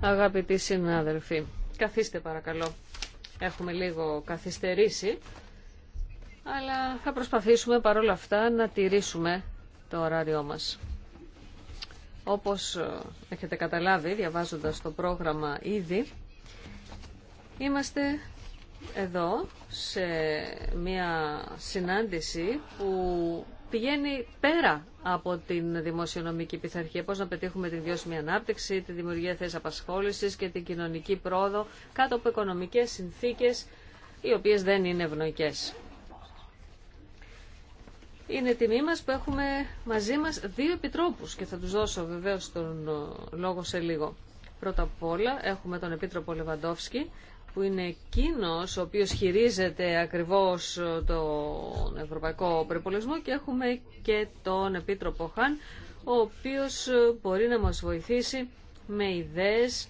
Αγαπητοί συνάδελφοι, καθίστε παρακαλώ. Έχουμε λίγο καθυστερήσει, αλλά θα προσπαθήσουμε παρόλα αυτά να τηρήσουμε το ωράριό μας. Όπως ε, έχετε καταλάβει, διαβάζοντας το πρόγραμμα ήδη, είμαστε εδώ σε μια συνάντηση που πηγαίνει πέρα από την δημοσιονομική πειθαρχία. Πώς να πετύχουμε την βιώσιμη ανάπτυξη, τη δημιουργία θέσης απασχόλησης και την κοινωνική πρόοδο κάτω από οικονομικές συνθήκες οι οποίες δεν είναι ευνοϊκές. Είναι τιμή μας που έχουμε μαζί μας δύο επιτρόπους και θα τους δώσω βεβαίως τον ε, λόγο σε λίγο. Πρώτα απ' όλα έχουμε τον Επίτροπο Λεβαντόφσκι, που είναι εκείνο ο οποίος χειρίζεται ακριβώς τον ευρωπαϊκό προπολογισμό και έχουμε και τον Επίτροπο Χάν, ο οποίος μπορεί να μας βοηθήσει με ιδέες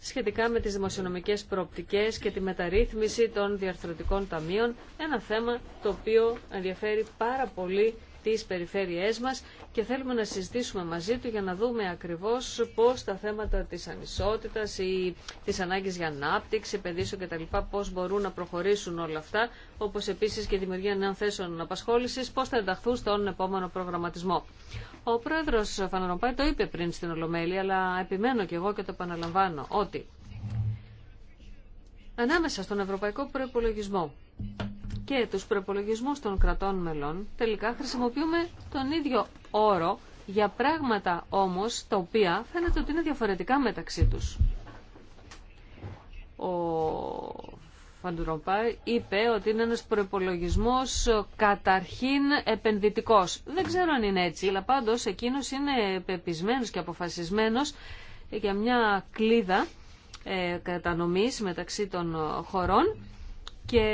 σχετικά με τις δημοσιονομικές προοπτικές και τη μεταρρύθμιση των διαρθρωτικών ταμείων, ένα θέμα το οποίο ενδιαφέρει πάρα πολύ τις περιφέρειές μας και θέλουμε να συζητήσουμε μαζί του για να δούμε ακριβώς πώς τα θέματα της ανισότητας ή της ανάγκης για ανάπτυξη, επενδύσεων κτλ. πώς μπορούν να προχωρήσουν όλα αυτά, όπως επίσης και η δημιουργία νέων θέσεων απασχόλησης, πώς θα ενταχθούν στον επόμενο προγραμματισμό. Ο πρόεδρος Φαναρομπάη το είπε πριν στην Ολομέλη, αλλά επιμένω και εγώ και το επαναλαμβάνω ότι ανάμεσα στον ευρωπαϊκό προπολογισμό και τους προπολογισμούς των κρατών μελών, τελικά χρησιμοποιούμε τον ίδιο όρο για πράγματα όμως τα οποία φαίνεται ότι είναι διαφορετικά μεταξύ τους. Ο Φαντουροπά είπε ότι είναι ένας προϋπολογισμός καταρχήν επενδυτικός. Δεν ξέρω αν είναι έτσι, αλλά πάντως εκείνος είναι πεπισμένος και αποφασισμένος για μια κλίδα ε, κατανομής μεταξύ των χωρών και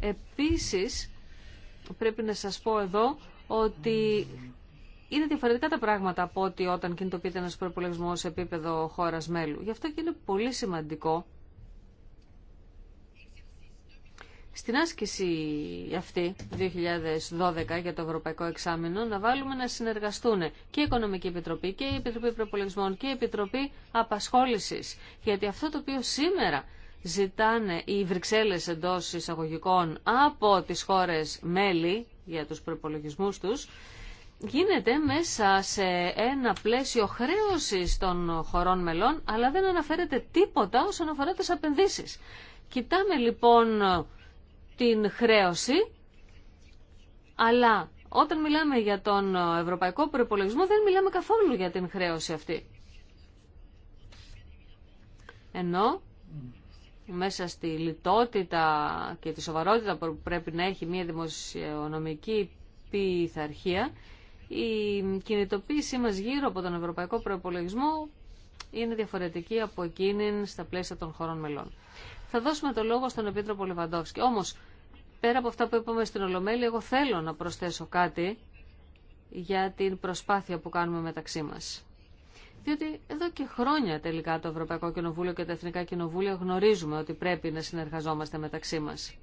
Επίσης, πρέπει να σας πω εδώ ότι είναι διαφορετικά τα πράγματα από ότι όταν κινητοποιείται ένας προπολογισμό σε επίπεδο χώρας μέλου. Γι' αυτό και είναι πολύ σημαντικό στην άσκηση αυτή 2012 για το Ευρωπαϊκό Εξάμεινο να βάλουμε να συνεργαστούν και η Οικονομική Επιτροπή και η Επιτροπή Προπολογισμών και η Επιτροπή Απασχόλησης. Γιατί αυτό το οποίο σήμερα ζητάνε οι Βρυξέλλες εντό εισαγωγικών από τις χώρες μέλη για τους προπολογισμού τους, γίνεται μέσα σε ένα πλαίσιο χρέωσης των χωρών μελών, αλλά δεν αναφέρεται τίποτα όσον αφορά τις απενδύσεις. Κοιτάμε λοιπόν την χρέωση, αλλά όταν μιλάμε για τον ευρωπαϊκό προπολογισμό δεν μιλάμε καθόλου για την χρέωση αυτή. Ενώ μέσα στη λιτότητα και τη σοβαρότητα που πρέπει να έχει μια δημοσιονομική πειθαρχία, η κινητοποίησή μας γύρω από τον ευρωπαϊκό προπολογισμό είναι διαφορετική από εκείνη στα πλαίσια των χωρών μελών. Θα δώσουμε το λόγο στον Επίτροπο Λεβαντόφσκι. Όμως, πέρα από αυτά που είπαμε στην Ολομέλη, εγώ θέλω να προσθέσω κάτι για την προσπάθεια που κάνουμε μεταξύ μας. Διότι εδώ και χρόνια τελικά το Ευρωπαϊκό Κοινοβούλιο και τα Εθνικά Κοινοβούλια γνωρίζουμε ότι πρέπει να συνεργαζόμαστε μεταξύ μας.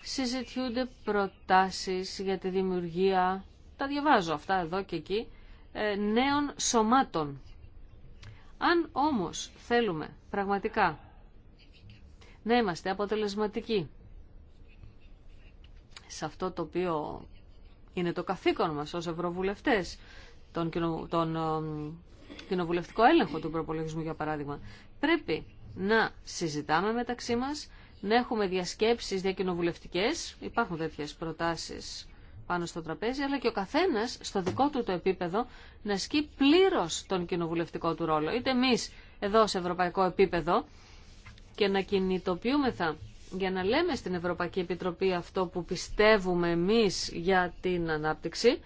Συζητιούνται προτάσεις για τη δημιουργία, τα διαβάζω αυτά εδώ και εκεί, ε, νέων σωμάτων. Αν όμως θέλουμε πραγματικά να είμαστε αποτελεσματικοί σε αυτό το οποίο είναι το καθήκον μας ως ευρωβουλευτές, τον, κοινο, τον ε, κοινοβουλευτικό έλεγχο του προπολογισμού, για παράδειγμα. Πρέπει να συζητάμε μεταξύ μας, να έχουμε διασκέψεις διακοινοβουλευτικές, υπάρχουν τέτοιες προτάσεις πάνω στο τραπέζι, αλλά και ο καθένας στο δικό του το επίπεδο να ασκεί πλήρως τον κοινοβουλευτικό του ρόλο. Είτε εμεί εδώ σε ευρωπαϊκό επίπεδο και να κινητοποιούμεθα για να λέμε στην Ευρωπαϊκή Επιτροπή αυτό που πιστεύουμε εμείς για την ανάπτυξη,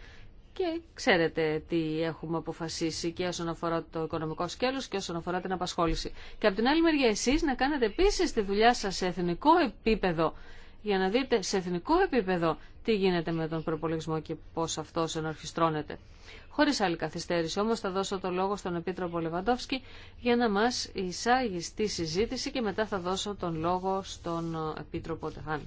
και ξέρετε τι έχουμε αποφασίσει και όσον αφορά το οικονομικό σκέλος και όσον αφορά την απασχόληση. Και από την άλλη μεριά εσείς να κάνετε επίσης τη δουλειά σας σε εθνικό επίπεδο για να δείτε σε εθνικό επίπεδο τι γίνεται με τον προπολογισμό και πώς αυτός ενορχιστρώνεται. Χωρίς άλλη καθυστέρηση όμως θα δώσω το λόγο στον Επίτροπο Λεβαντόφσκι για να μας εισάγει στη συζήτηση και μετά θα δώσω τον λόγο στον Επίτροπο Τεχάν.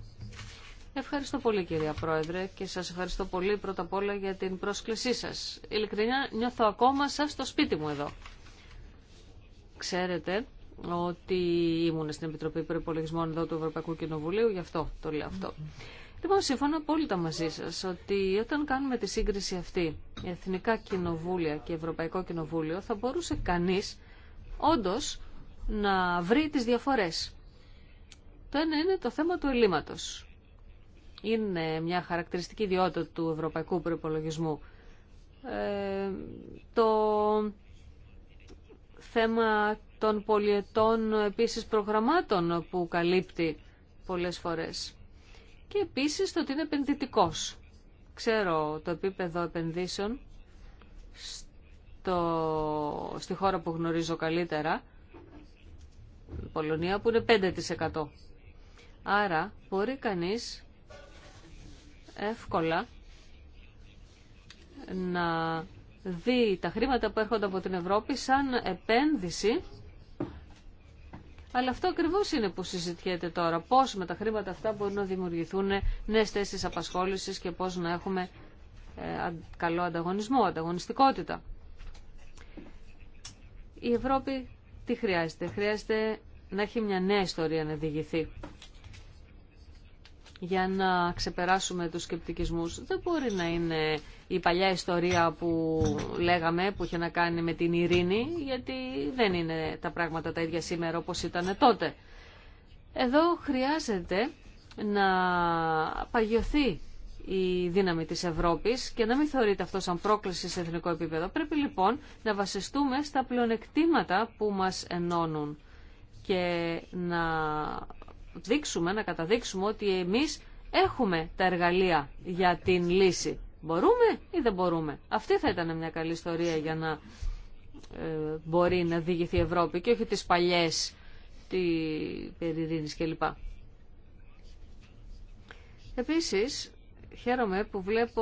Ευχαριστώ πολύ κυρία Πρόεδρε και σας ευχαριστώ πολύ πρώτα απ' όλα για την πρόσκλησή σας. Ειλικρινά νιώθω ακόμα σας στο σπίτι μου εδώ. Ξέρετε ότι ήμουν στην Επιτροπή Προπολογισμών εδώ του Ευρωπαϊκού Κοινοβουλίου, γι' αυτό το λέω αυτό. Λοιπόν, συμφωνώ απόλυτα μαζί σα ότι όταν κάνουμε τη σύγκριση αυτή, Εθνικά Κοινοβούλια και Ευρωπαϊκό Κοινοβούλιο, θα μπορούσε κανεί όντω να βρει τι διαφορέ. Το ένα είναι το θέμα του ελλείμματος είναι μια χαρακτηριστική ιδιότητα του ευρωπαϊκού προϋπολογισμού. Ε, το θέμα των πολιετών επίσης προγραμμάτων που καλύπτει πολλές φορές. Και επίσης το ότι είναι επενδυτικό. Ξέρω το επίπεδο επενδύσεων στο, στη χώρα που γνωρίζω καλύτερα, Πολωνία, που είναι 5%. Άρα μπορεί κανείς εύκολα να δει τα χρήματα που έρχονται από την Ευρώπη σαν επένδυση αλλά αυτό ακριβώ είναι που συζητιέται τώρα. Πώ με τα χρήματα αυτά μπορούν να δημιουργηθούν νέε θέσει απασχόληση και πώ να έχουμε ε, καλό ανταγωνισμό, ανταγωνιστικότητα. Η Ευρώπη τι χρειάζεται. Χρειάζεται να έχει μια νέα ιστορία να διηγηθεί για να ξεπεράσουμε τους σκεπτικισμούς. Δεν μπορεί να είναι η παλιά ιστορία που λέγαμε, που είχε να κάνει με την ειρήνη, γιατί δεν είναι τα πράγματα τα ίδια σήμερα όπως ήταν τότε. Εδώ χρειάζεται να παγιωθεί η δύναμη της Ευρώπης και να μην θεωρείται αυτό σαν πρόκληση σε εθνικό επίπεδο. Πρέπει λοιπόν να βασιστούμε στα πλεονεκτήματα που μας ενώνουν και να να καταδείξουμε ότι εμείς έχουμε τα εργαλεία για την λύση. Μπορούμε ή δεν μπορούμε. Αυτή θα ήταν μια καλή ιστορία για να ε, μπορεί να διηγηθεί η Ευρώπη και όχι τις παλιές τη Περιδίνης κλπ. Επίσης, χαίρομαι που βλέπω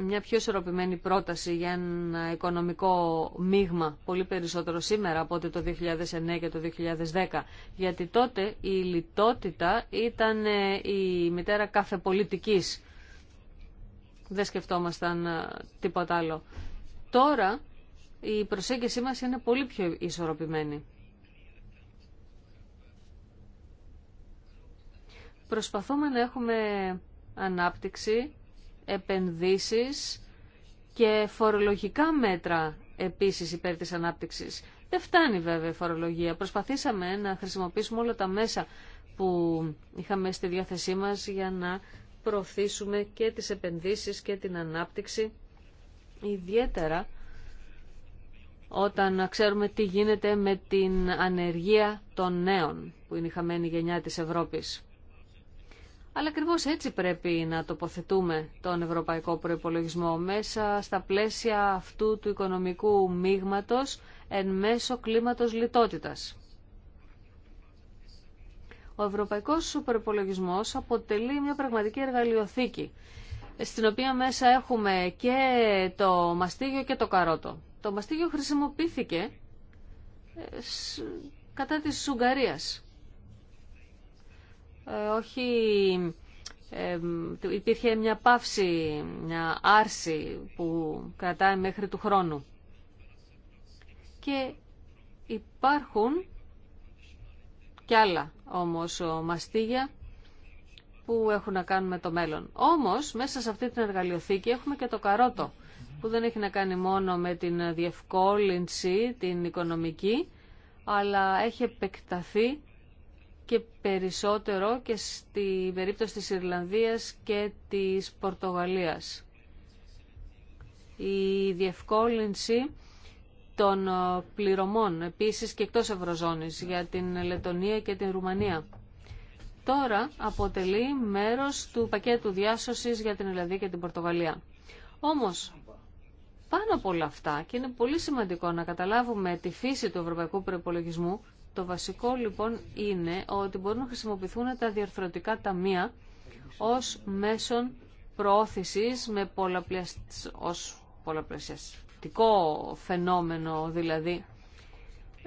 μια πιο ισορροπημένη πρόταση για ένα οικονομικό μείγμα πολύ περισσότερο σήμερα από ότι το 2009 και το 2010 γιατί τότε η λιτότητα ήταν ε, η μητέρα κάθε πολιτικής δεν σκεφτόμασταν ε, τίποτα άλλο τώρα η προσέγγιση μας είναι πολύ πιο ισορροπημένη προσπαθούμε να έχουμε ανάπτυξη επενδύσεις και φορολογικά μέτρα επίσης υπέρ της ανάπτυξης. Δεν φτάνει βέβαια η φορολογία. Προσπαθήσαμε να χρησιμοποιήσουμε όλα τα μέσα που είχαμε στη διάθεσή μας για να προωθήσουμε και τις επενδύσεις και την ανάπτυξη, ιδιαίτερα όταν ξέρουμε τι γίνεται με την ανεργία των νέων, που είναι η χαμένη γενιά της Ευρώπης. Αλλά ακριβώ έτσι πρέπει να τοποθετούμε τον ευρωπαϊκό προπολογισμό μέσα στα πλαίσια αυτού του οικονομικού μείγματο εν μέσω κλίματος λιτότητας. Ο ευρωπαϊκός προπολογισμό αποτελεί μια πραγματική εργαλειοθήκη, στην οποία μέσα έχουμε και το μαστίγιο και το καρότο. Το μαστίγιο χρησιμοποιήθηκε ε, κατά της Ουγγαρίας ε, όχι ε, υπήρχε μια παύση, μια άρση που κρατάει μέχρι του χρόνου. Και υπάρχουν κι άλλα όμως μαστίγια που έχουν να κάνουν με το μέλλον. Όμως μέσα σε αυτή την εργαλειοθήκη έχουμε και το καρότο που δεν έχει να κάνει μόνο με την διευκόλυνση, την οικονομική, αλλά έχει επεκταθεί και περισσότερο και στην περίπτωση της Ιρλανδίας και της Πορτογαλίας. Η διευκόλυνση των ε, πληρωμών επίσης και εκτός Ευρωζώνης για την Λετωνία και την Ρουμανία. Τώρα αποτελεί μέρος του πακέτου διάσωσης για την Ιρλανδία και την Πορτογαλία. Όμως, πάνω από όλα αυτά, και είναι πολύ σημαντικό να καταλάβουμε τη φύση του ευρωπαϊκού προπολογισμού, το βασικό λοιπόν είναι ότι μπορούν να χρησιμοποιηθούν τα διαρθρωτικά ταμεία ως μέσον προώθησης με πολλαπλασ... ως πολλαπλασιαστικό φαινόμενο δηλαδή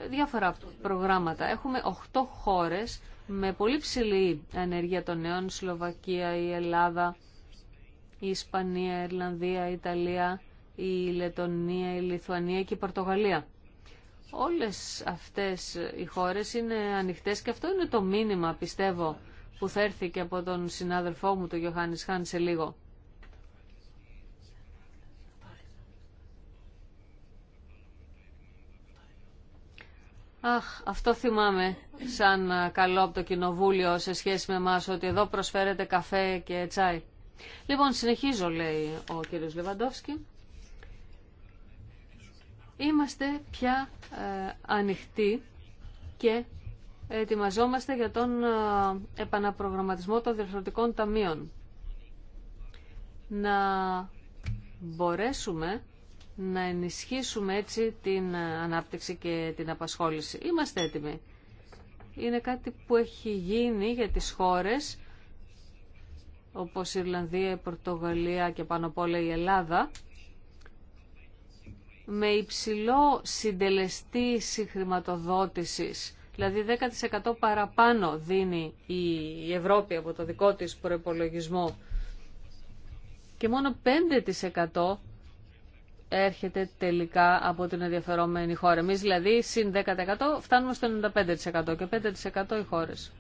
διάφορα προγράμματα. Έχουμε 8 χώρες με πολύ ψηλή ενέργεια των νέων, Σλοβακία, η Ελλάδα, η Ισπανία, η Ιρλανδία, η Ιταλία, η Λετωνία, η Λιθουανία και η Πορτογαλία. Όλες αυτές οι χώρες είναι ανοιχτές και αυτό είναι το μήνυμα, πιστεύω, που θα έρθει και από τον συνάδελφό μου, τον Γιωχάνης Χάν, σε λίγο. Αχ, αυτό θυμάμαι σαν καλό από το κοινοβούλιο σε σχέση με εμά ότι εδώ προσφέρεται καφέ και τσάι. Λοιπόν, συνεχίζω, λέει ο κύριος Λεβαντόφσκι είμαστε πια ε, ανοιχτοί και ετοιμαζόμαστε για τον ε, επαναπρογραμματισμό των διευθυντικών ταμείων. Να μπορέσουμε να ενισχύσουμε έτσι την ε, ανάπτυξη και την απασχόληση. Είμαστε έτοιμοι. Είναι κάτι που έχει γίνει για τις χώρες όπως η Ιρλανδία, η Πορτογαλία και πάνω απ' όλα η Ελλάδα με υψηλό συντελεστή συγχρηματοδότησης, δηλαδή 10% παραπάνω δίνει η Ευρώπη από το δικό της προϋπολογισμό και μόνο 5% έρχεται τελικά από την ενδιαφερόμενη χώρα. Εμεί δηλαδή συν 10% φτάνουμε στο 95% και 5% οι χώρες.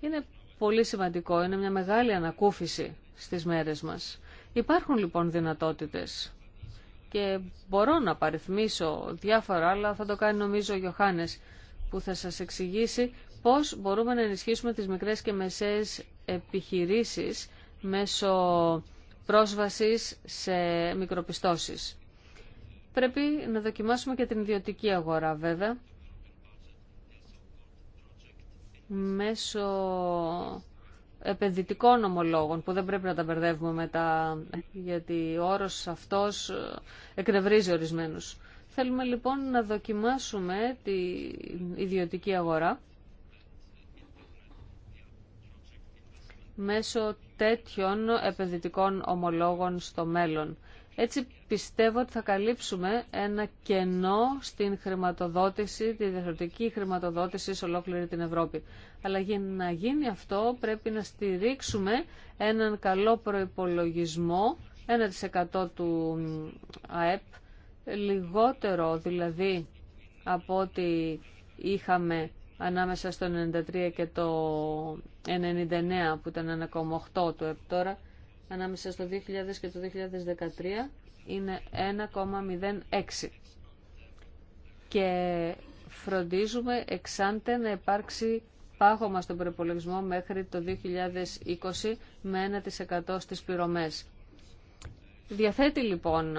Είναι πολύ σημαντικό, είναι μια μεγάλη ανακούφιση στις μέρες μας. Υπάρχουν λοιπόν δυνατότητες και μπορώ να παριθμίσω διάφορα, αλλά θα το κάνει νομίζω ο Γιωχάνες που θα σας εξηγήσει πώς μπορούμε να ενισχύσουμε τις μικρές και μεσαίες επιχειρήσεις μέσω πρόσβασης σε μικροπιστώσεις. Πρέπει να δοκιμάσουμε και την ιδιωτική αγορά βέβαια μέσω επενδυτικών ομολόγων που δεν πρέπει να τα μπερδεύουμε με γιατί ο όρος αυτός ε, εκνευρίζει ορισμένους. Θέλουμε λοιπόν να δοκιμάσουμε τη ιδιωτική αγορά μέσω τέτοιων επενδυτικών ομολόγων στο μέλλον. Έτσι πιστεύω ότι θα καλύψουμε ένα κενό στην χρηματοδότηση, τη διαφορετική χρηματοδότηση σε ολόκληρη την Ευρώπη. Αλλά για να γίνει αυτό πρέπει να στηρίξουμε έναν καλό προϋπολογισμό, 1% του ΑΕΠ, λιγότερο δηλαδή από ό,τι είχαμε ανάμεσα στο 93 και το 99 που ήταν 1,8 του ΕΠ τώρα ανάμεσα στο 2000 και το 2013 είναι 1,06. Και φροντίζουμε εξάντε να υπάρξει πάγωμα στον προπολογισμό μέχρι το 2020 με 1% στις πληρωμές. Διαθέτει λοιπόν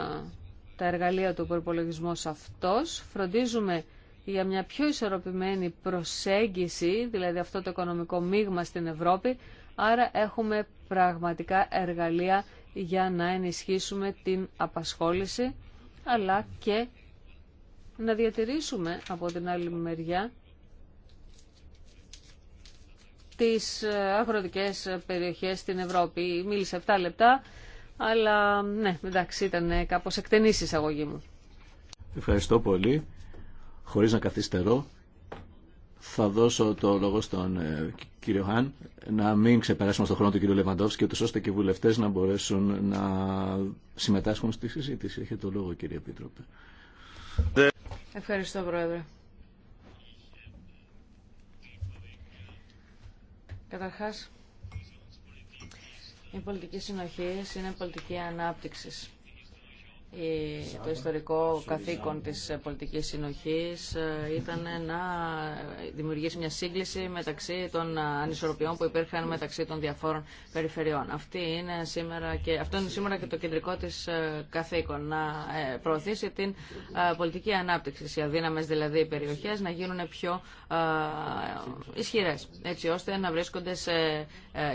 τα εργαλεία του προπολογισμού αυτός. Φροντίζουμε για μια πιο ισορροπημένη προσέγγιση, δηλαδή αυτό το οικονομικό μείγμα στην Ευρώπη, Άρα έχουμε πραγματικά εργαλεία για να ενισχύσουμε την απασχόληση αλλά και να διατηρήσουμε από την άλλη μεριά τις ε, αγροτικές περιοχές στην Ευρώπη. Μίλησα 7 λεπτά, αλλά ναι, εντάξει, ήταν κάπως εκτενής η εισαγωγή μου. Ευχαριστώ πολύ. Χωρίς να καθυστερώ, θα δώσω το λόγο στον ε, κύριο Χάν να μην ξεπεράσουμε στον χρόνο του κύριου Λεβαντόφσκη, ώστε και οι βουλευτέ να μπορέσουν να συμμετάσχουν στη συζήτηση. Έχετε το λόγο, κύριε Επίτροπε. Ευχαριστώ, Πρόεδρε. Καταρχάς, η πολιτική συνοχή είναι πολιτική ανάπτυξης το ιστορικό καθήκον της πολιτικής συνοχής ε, ήταν να δημιουργήσει μια σύγκληση μεταξύ των ε, ανισορροπιών που υπήρχαν μεταξύ των διαφόρων περιφερειών. Αυτή είναι σήμερα και, αυτό είναι σήμερα και το κεντρικό της ε, καθήκον, να προωθήσει την πολιτική ανάπτυξη, οι αδύναμες δηλαδή οι περιοχές να γίνουν πιο ισχυρές, έτσι ώστε να βρίσκονται σε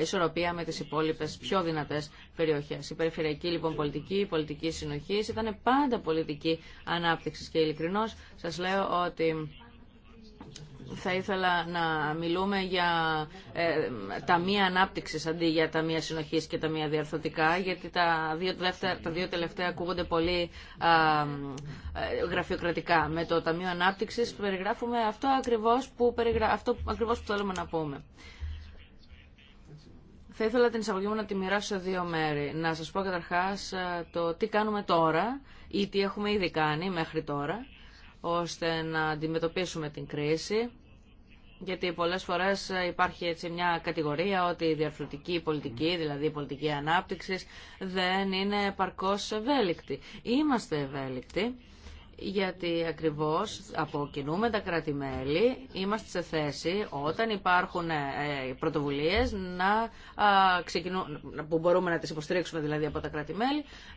ισορροπία με τις υπόλοιπες πιο δυνατές περιοχές. Η περιφερειακή λοιπόν πολιτική, η πολιτική συνοχή ήταν πάντα πολιτική ανάπτυξη και ειλικρινώς σας λέω ότι θα ήθελα να μιλούμε για ε, ταμεία ανάπτυξης αντί για ταμεία συνοχής και ταμεία διαρθωτικά, γιατί τα δύο τελευταία, τα τελευταία ακούγονται πολύ ε, γραφειοκρατικά. Με το Ταμείο Ανάπτυξης περιγράφουμε αυτό ακριβώς που, αυτό ακριβώς που θέλουμε να πούμε. Θα ήθελα την εισαγωγή μου να τη μοιράσω σε δύο μέρη. Να σας πω καταρχάς ε, το τι κάνουμε τώρα ή τι έχουμε ήδη κάνει μέχρι τώρα, ώστε να αντιμετωπίσουμε την κρίση. Γιατί πολλές φορές ε, υπάρχει έτσι μια κατηγορία ότι η διαρθρωτική πολιτική, δηλαδή η πολιτική ανάπτυξης, δεν είναι παρκώς ευέλικτη. Είμαστε ευέλικτοι γιατί ακριβώς αποκινούμε τα κράτη-μέλη, είμαστε σε θέση όταν υπάρχουν ε, πρωτοβουλίες να, που μπορούμε να τις υποστηρίξουμε δηλαδή από τα κρατη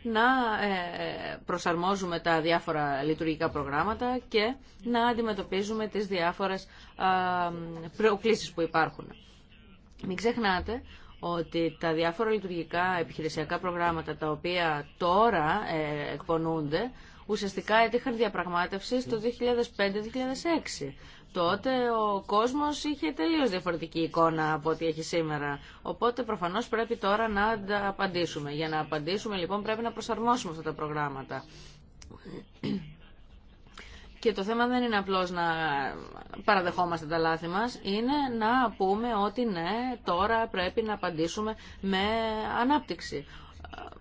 να ε, ε, προσαρμόζουμε τα διάφορα λειτουργικά προγράμματα και να αντιμετωπίζουμε τις διάφορες προκλήσεις που υπάρχουν. Μην ξεχνάτε ότι τα διάφορα λειτουργικά επιχειρησιακά προγράμματα τα οποία τώρα εκπονούνται ουσιαστικά έτυχαν διαπραγμάτευση το 2005-2006. Τότε ο κόσμος είχε τελείως διαφορετική εικόνα από ό,τι έχει σήμερα. Οπότε προφανώς πρέπει τώρα να απαντήσουμε. Για να απαντήσουμε λοιπόν πρέπει να προσαρμόσουμε αυτά τα προγράμματα. Και το θέμα δεν είναι απλώς να παραδεχόμαστε τα λάθη μας, είναι να πούμε ότι ναι, τώρα πρέπει να απαντήσουμε με ανάπτυξη.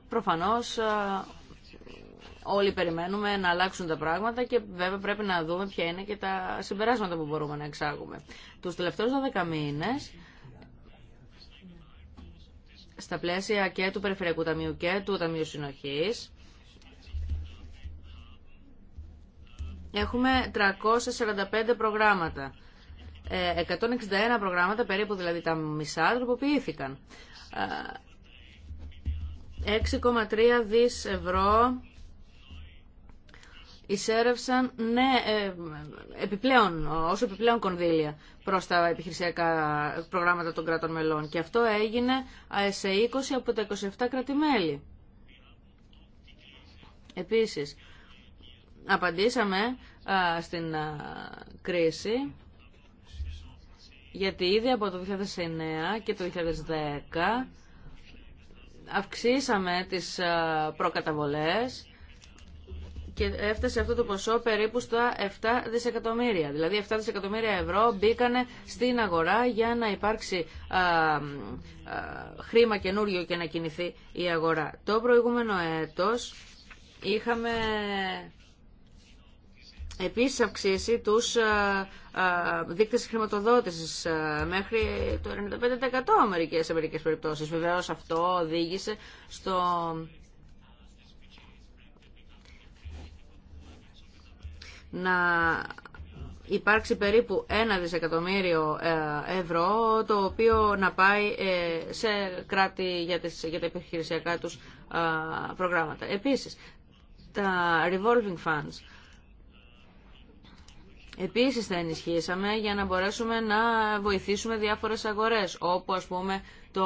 Προφανώς όλοι περιμένουμε να αλλάξουν τα πράγματα και βέβαια πρέπει να δούμε ποια είναι και τα συμπεράσματα που μπορούμε να εξάγουμε. Τους τελευταίους 12 μήνες, στα πλαίσια και του Περιφερειακού Ταμείου και του Ταμείου Συνοχής, έχουμε 345 προγράμματα. 161 ε, προγράμματα, περίπου δηλαδή τα μισά, τροποποιήθηκαν. 6,3 ε, δις ευρώ εισέρευσαν ναι, ε, επιπλέον, όσο επιπλέον κονδύλια προς τα επιχειρησιακά προγράμματα των κρατών μελών. Και αυτό έγινε ε, σε 20 από τα 27 κρατημέλη. Επίσης, απαντήσαμε στην κρίση γιατί ήδη από το 2009 και το 2010 αυξήσαμε τις προκαταβολές και έφτασε αυτό το ποσό περίπου στα 7 δισεκατομμύρια. Δηλαδή 7 δισεκατομμύρια ευρώ μπήκανε στην αγορά για να υπάρξει α, α, χρήμα καινούριο και να κινηθεί η αγορά. Το προηγούμενο έτος είχαμε επίσης αυξήσει τους δείκτες χρηματοδότησης μέχρι το 95% σε μερικές περιπτώσεις. Βεβαίως αυτό οδήγησε στο να υπάρξει περίπου ένα δισεκατομμύριο ε, ευρώ το οποίο να πάει ε, σε κράτη για, τις, για τα επιχειρησιακά τους ε, προγράμματα. Επίσης, τα revolving funds Επίσης θα ενισχύσαμε για να μπορέσουμε να βοηθήσουμε διάφορες αγορές, όπου ας πούμε το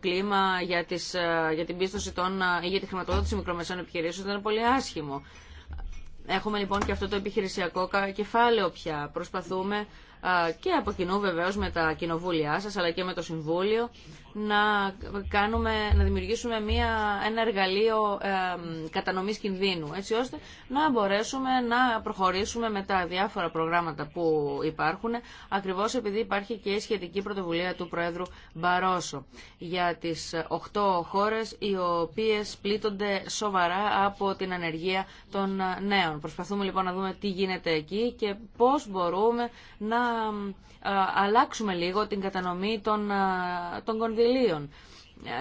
κλίμα για, τις, για την πίστοση των, ή για τη χρηματοδότηση μικρομεσαίων επιχειρήσεων ήταν πολύ άσχημο. Έχουμε λοιπόν και αυτό το επιχειρησιακό κεφάλαιο πια. Προσπαθούμε και από κοινού βεβαίω με τα κοινοβούλια σας αλλά και με το Συμβούλιο να, κάνουμε, να δημιουργήσουμε μια, ένα εργαλείο ε, κατανομής κινδύνου, έτσι ώστε να μπορέσουμε να προχωρήσουμε με τα διάφορα προγράμματα που υπάρχουν, ακριβώς επειδή υπάρχει και η σχετική πρωτοβουλία του Προέδρου Μπαρόσο για τις 8 χώρες οι οποίες πλήττονται σοβαρά από την ανεργία των νέων. Προσπαθούμε λοιπόν να δούμε τι γίνεται εκεί και πώς μπορούμε να ε, αλλάξουμε λίγο την κατανομή των, ε, των κονδυλίων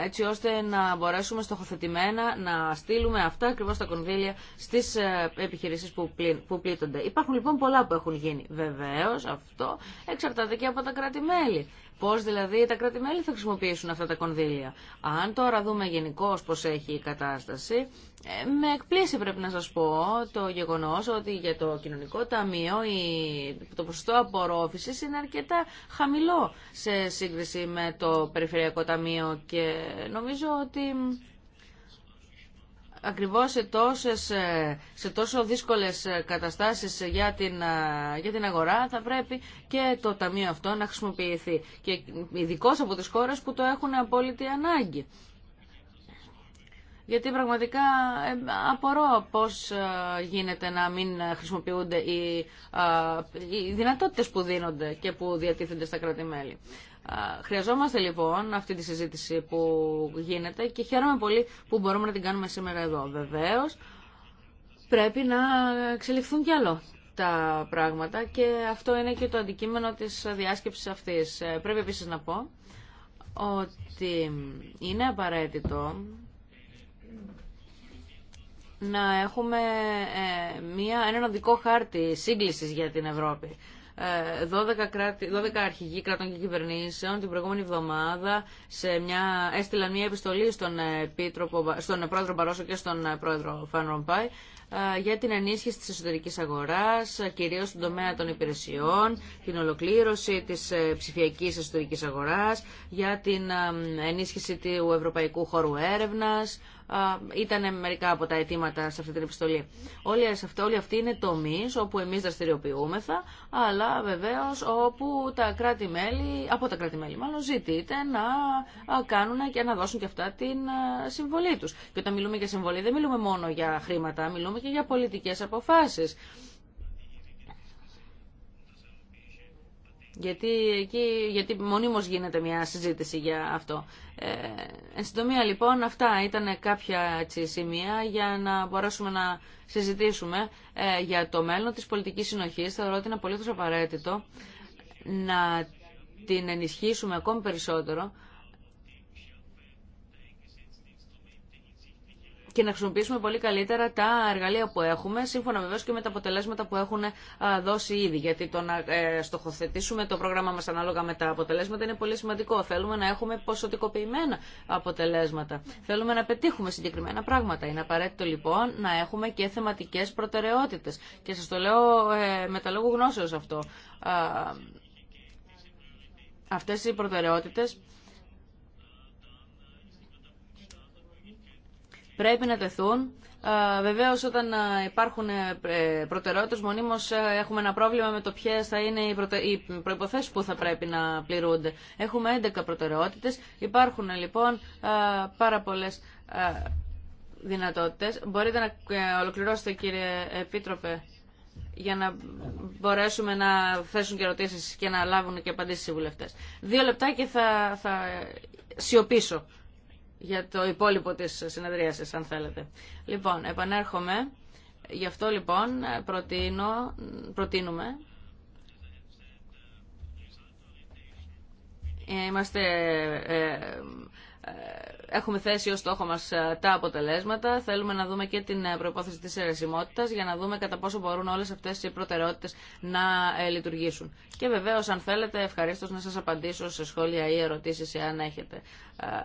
έτσι ώστε να μπορέσουμε στοχοθετημένα να στείλουμε αυτά ακριβώ τα κονδύλια στι ε, επιχειρήσει που πλήττονται. Υπάρχουν λοιπόν πολλά που έχουν γίνει. Βεβαίω αυτό εξαρτάται και από τα κράτη-μέλη. Πώ δηλαδή τα κράτη-μέλη θα χρησιμοποιήσουν αυτά τα κονδύλια. Αν τώρα δούμε γενικώ πώς έχει η κατάσταση, ε, με εκπλήσει πρέπει να σας πω το γεγονός ότι για το κοινωνικό ταμείο το ποσοστό απορρόφησης είναι αρκετά χαμηλό σε σύγκριση με το περιφερειακό ταμείο και νομίζω ότι ακριβώς σε, τόσες, ε, σε τόσο δύσκολες ε, καταστάσεις για την, ε, για την αγορά θα πρέπει και το ταμείο αυτό να χρησιμοποιηθεί και ειδικώ από τις χώρες που το έχουν απόλυτη ανάγκη. Γιατί πραγματικά απορώ πώς γίνεται να μην χρησιμοποιούνται οι, οι δυνατότητες που δίνονται και που διατίθενται στα κράτη-μέλη. Χρειαζόμαστε λοιπόν αυτή τη συζήτηση που γίνεται και χαίρομαι πολύ που μπορούμε να την κάνουμε σήμερα εδώ. Βεβαίω, πρέπει να εξελιχθούν κι άλλο τα πράγματα και αυτό είναι και το αντικείμενο της διάσκεψης αυτής. Ε, πρέπει επίσης να πω ότι είναι απαραίτητο να έχουμε ε, μία, έναν οδικό χάρτη σύγκλησης για την Ευρώπη. 12, ε, αρχηγοί κρατών και κυβερνήσεων την προηγούμενη εβδομάδα σε μια, έστειλαν μια επιστολή στον, στον πρόεδρο Μπαρόσο και στον πρόεδρο Φαν Ρομπάι ε, για την ενίσχυση της εσωτερικής αγοράς, κυρίως στον τομέα των υπηρεσιών, την ολοκλήρωση της ε, ψηφιακής εσωτερικής αγοράς, για την ενίσχυση του ευρωπαϊκού χώρου έρευνας, ήταν μερικά από τα αιτήματα σε αυτή την επιστολή. Όλοι, αυτό, όλοι αυτοί είναι τομεί όπου εμεί δραστηριοποιούμεθα, αλλά βεβαίω όπου τα κράτη-μέλη, από τα κράτη-μέλη μάλλον, ζητείται να κάνουν και να δώσουν και αυτά την συμβολή του. Και όταν μιλούμε για συμβολή, δεν μιλούμε μόνο για χρήματα, μιλούμε και για πολιτικέ αποφάσει. γιατί, εκεί, γιατί μονίμως γίνεται μια συζήτηση για αυτό. Ε, εν συντομία λοιπόν αυτά ήταν κάποια σημεία για να μπορέσουμε να συζητήσουμε ε, για το μέλλον της πολιτικής συνοχής. Θεωρώ ότι είναι απολύτως απαραίτητο να την ενισχύσουμε ακόμη περισσότερο και να χρησιμοποιήσουμε πολύ καλύτερα τα εργαλεία που έχουμε, σύμφωνα βεβαίω και με τα αποτελέσματα που έχουν δώσει ήδη. Γιατί το να ε, στοχοθετήσουμε το πρόγραμμα μα ανάλογα με τα αποτελέσματα είναι πολύ σημαντικό. Θέλουμε να έχουμε ποσοτικοποιημένα αποτελέσματα. Θέλουμε να πετύχουμε συγκεκριμένα πράγματα. Είναι απαραίτητο λοιπόν να έχουμε και θεματικέ προτεραιότητε. Και σα το λέω ε, με τα λόγου γνώσεω αυτό. Αυτέ οι προτεραιότητε. πρέπει να τεθούν. Ε, Βεβαίω, όταν ε, υπάρχουν ε, προτεραιότητε, μονίμω έχουμε ένα πρόβλημα με το ποιε θα είναι οι προποθέσει που θα πρέπει να πληρούνται. Έχουμε 11 προτεραιότητε. Υπάρχουν λοιπόν πάρα πολλέ δυνατότητε. Μπορείτε να ολοκληρώσετε, κύριε Επίτροπε, για να μπορέσουμε να θέσουν και ερωτήσει και να λάβουν και απαντήσει οι βουλευτέ. Δύο λεπτά και θα, θα σιωπήσω για το υπόλοιπο της συνεδρίασης, αν θέλετε. Λοιπόν, επανέρχομαι. Γι' αυτό λοιπόν προτείνω, προτείνουμε ε, είμαστε ε, ε, έχουμε θέσει ως στόχο μας ε, τα αποτελέσματα. Θέλουμε να δούμε και την ε, προπόθεση της αιρεσιμότητας για να δούμε κατά πόσο μπορούν όλες αυτές οι προτεραιότητες να ε, λειτουργήσουν. Και βεβαίως αν θέλετε ευχαρίστω να σας απαντήσω σε σχόλια ή ερωτήσεις εάν έχετε.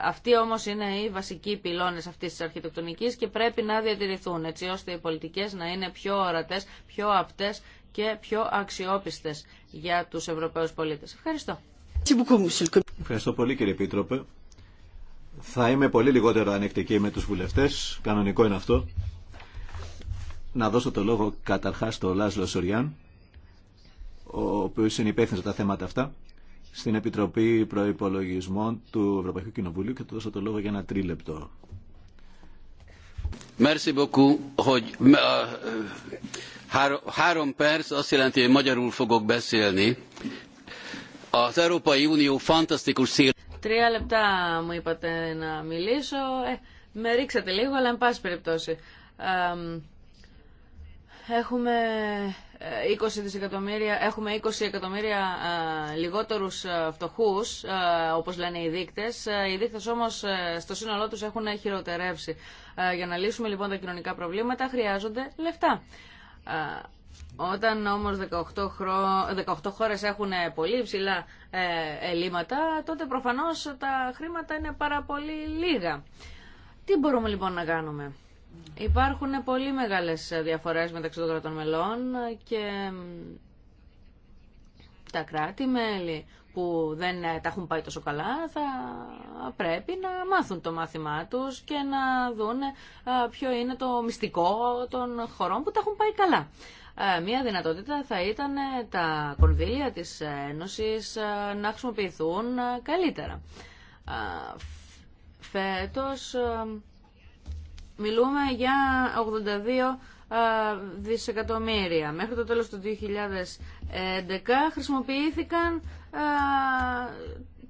Αυτοί όμως είναι οι βασικοί πυλώνες αυτής της αρχιτεκτονικής και πρέπει να διατηρηθούν έτσι ώστε οι πολιτικές να είναι πιο ορατές, πιο απτές και πιο αξιόπιστες για τους Ευρωπαίους πολίτε Ευχαριστώ. Ευχαριστώ πολύ κύριε Πίτροπε. Θα είμαι πολύ λιγότερο ανεκτική με τους βουλευτές, κανονικό είναι αυτό. Να δώσω το λόγο καταρχάς στο Λάζλο Σοριάν, ο οποίος είναι υπεύθυνος για τα θέματα αυτά, στην Επιτροπή Προϋπολογισμών του Ευρωπαϊκού Κοινοβουλίου και του δώσω το λόγο για ένα τρίλεπτο. Merci beaucoup, hogy ε, három perc azt jelenti, hogy magyarul fogok beszélni. Az Európai Unió fantasztikus Τρία λεπτά μου είπατε να μιλήσω. Ε, με ρίξατε λίγο, αλλά εν πάση περιπτώσει. Έχουμε 20 ε, έχουμε 20 εκατομμύρια λιγότερους φτωχούς, όπως λένε οι δείκτες. Ε, οι δείκτες όμως ε, στο σύνολό τους έχουν χειροτερεύσει. Για να λύσουμε λοιπόν τα κοινωνικά προβλήματα χρειάζονται λεφτά. Όταν όμω 18, χρο... 18 χώρες έχουν πολύ ψηλά ε, ελλείμματα, τότε προφανώς τα χρήματα είναι πάρα πολύ λίγα. Τι μπορούμε λοιπόν να κάνουμε. Υπάρχουν πολύ μεγάλες διαφορές μεταξύ των κρατών μελών και τα κράτη-μέλη που δεν ε, τα έχουν πάει τόσο καλά θα πρέπει να μάθουν το μάθημά τους και να δουν ποιο είναι το μυστικό των χωρών που τα έχουν πάει καλά. Ε, μία δυνατότητα θα ήταν ε, τα κονδύλια της Ένωσης ε, να χρησιμοποιηθούν καλύτερα. Φέτος μιλούμε για 82 δισεκατομμύρια. Μέχρι το τέλος του 2011 χρησιμοποιήθηκαν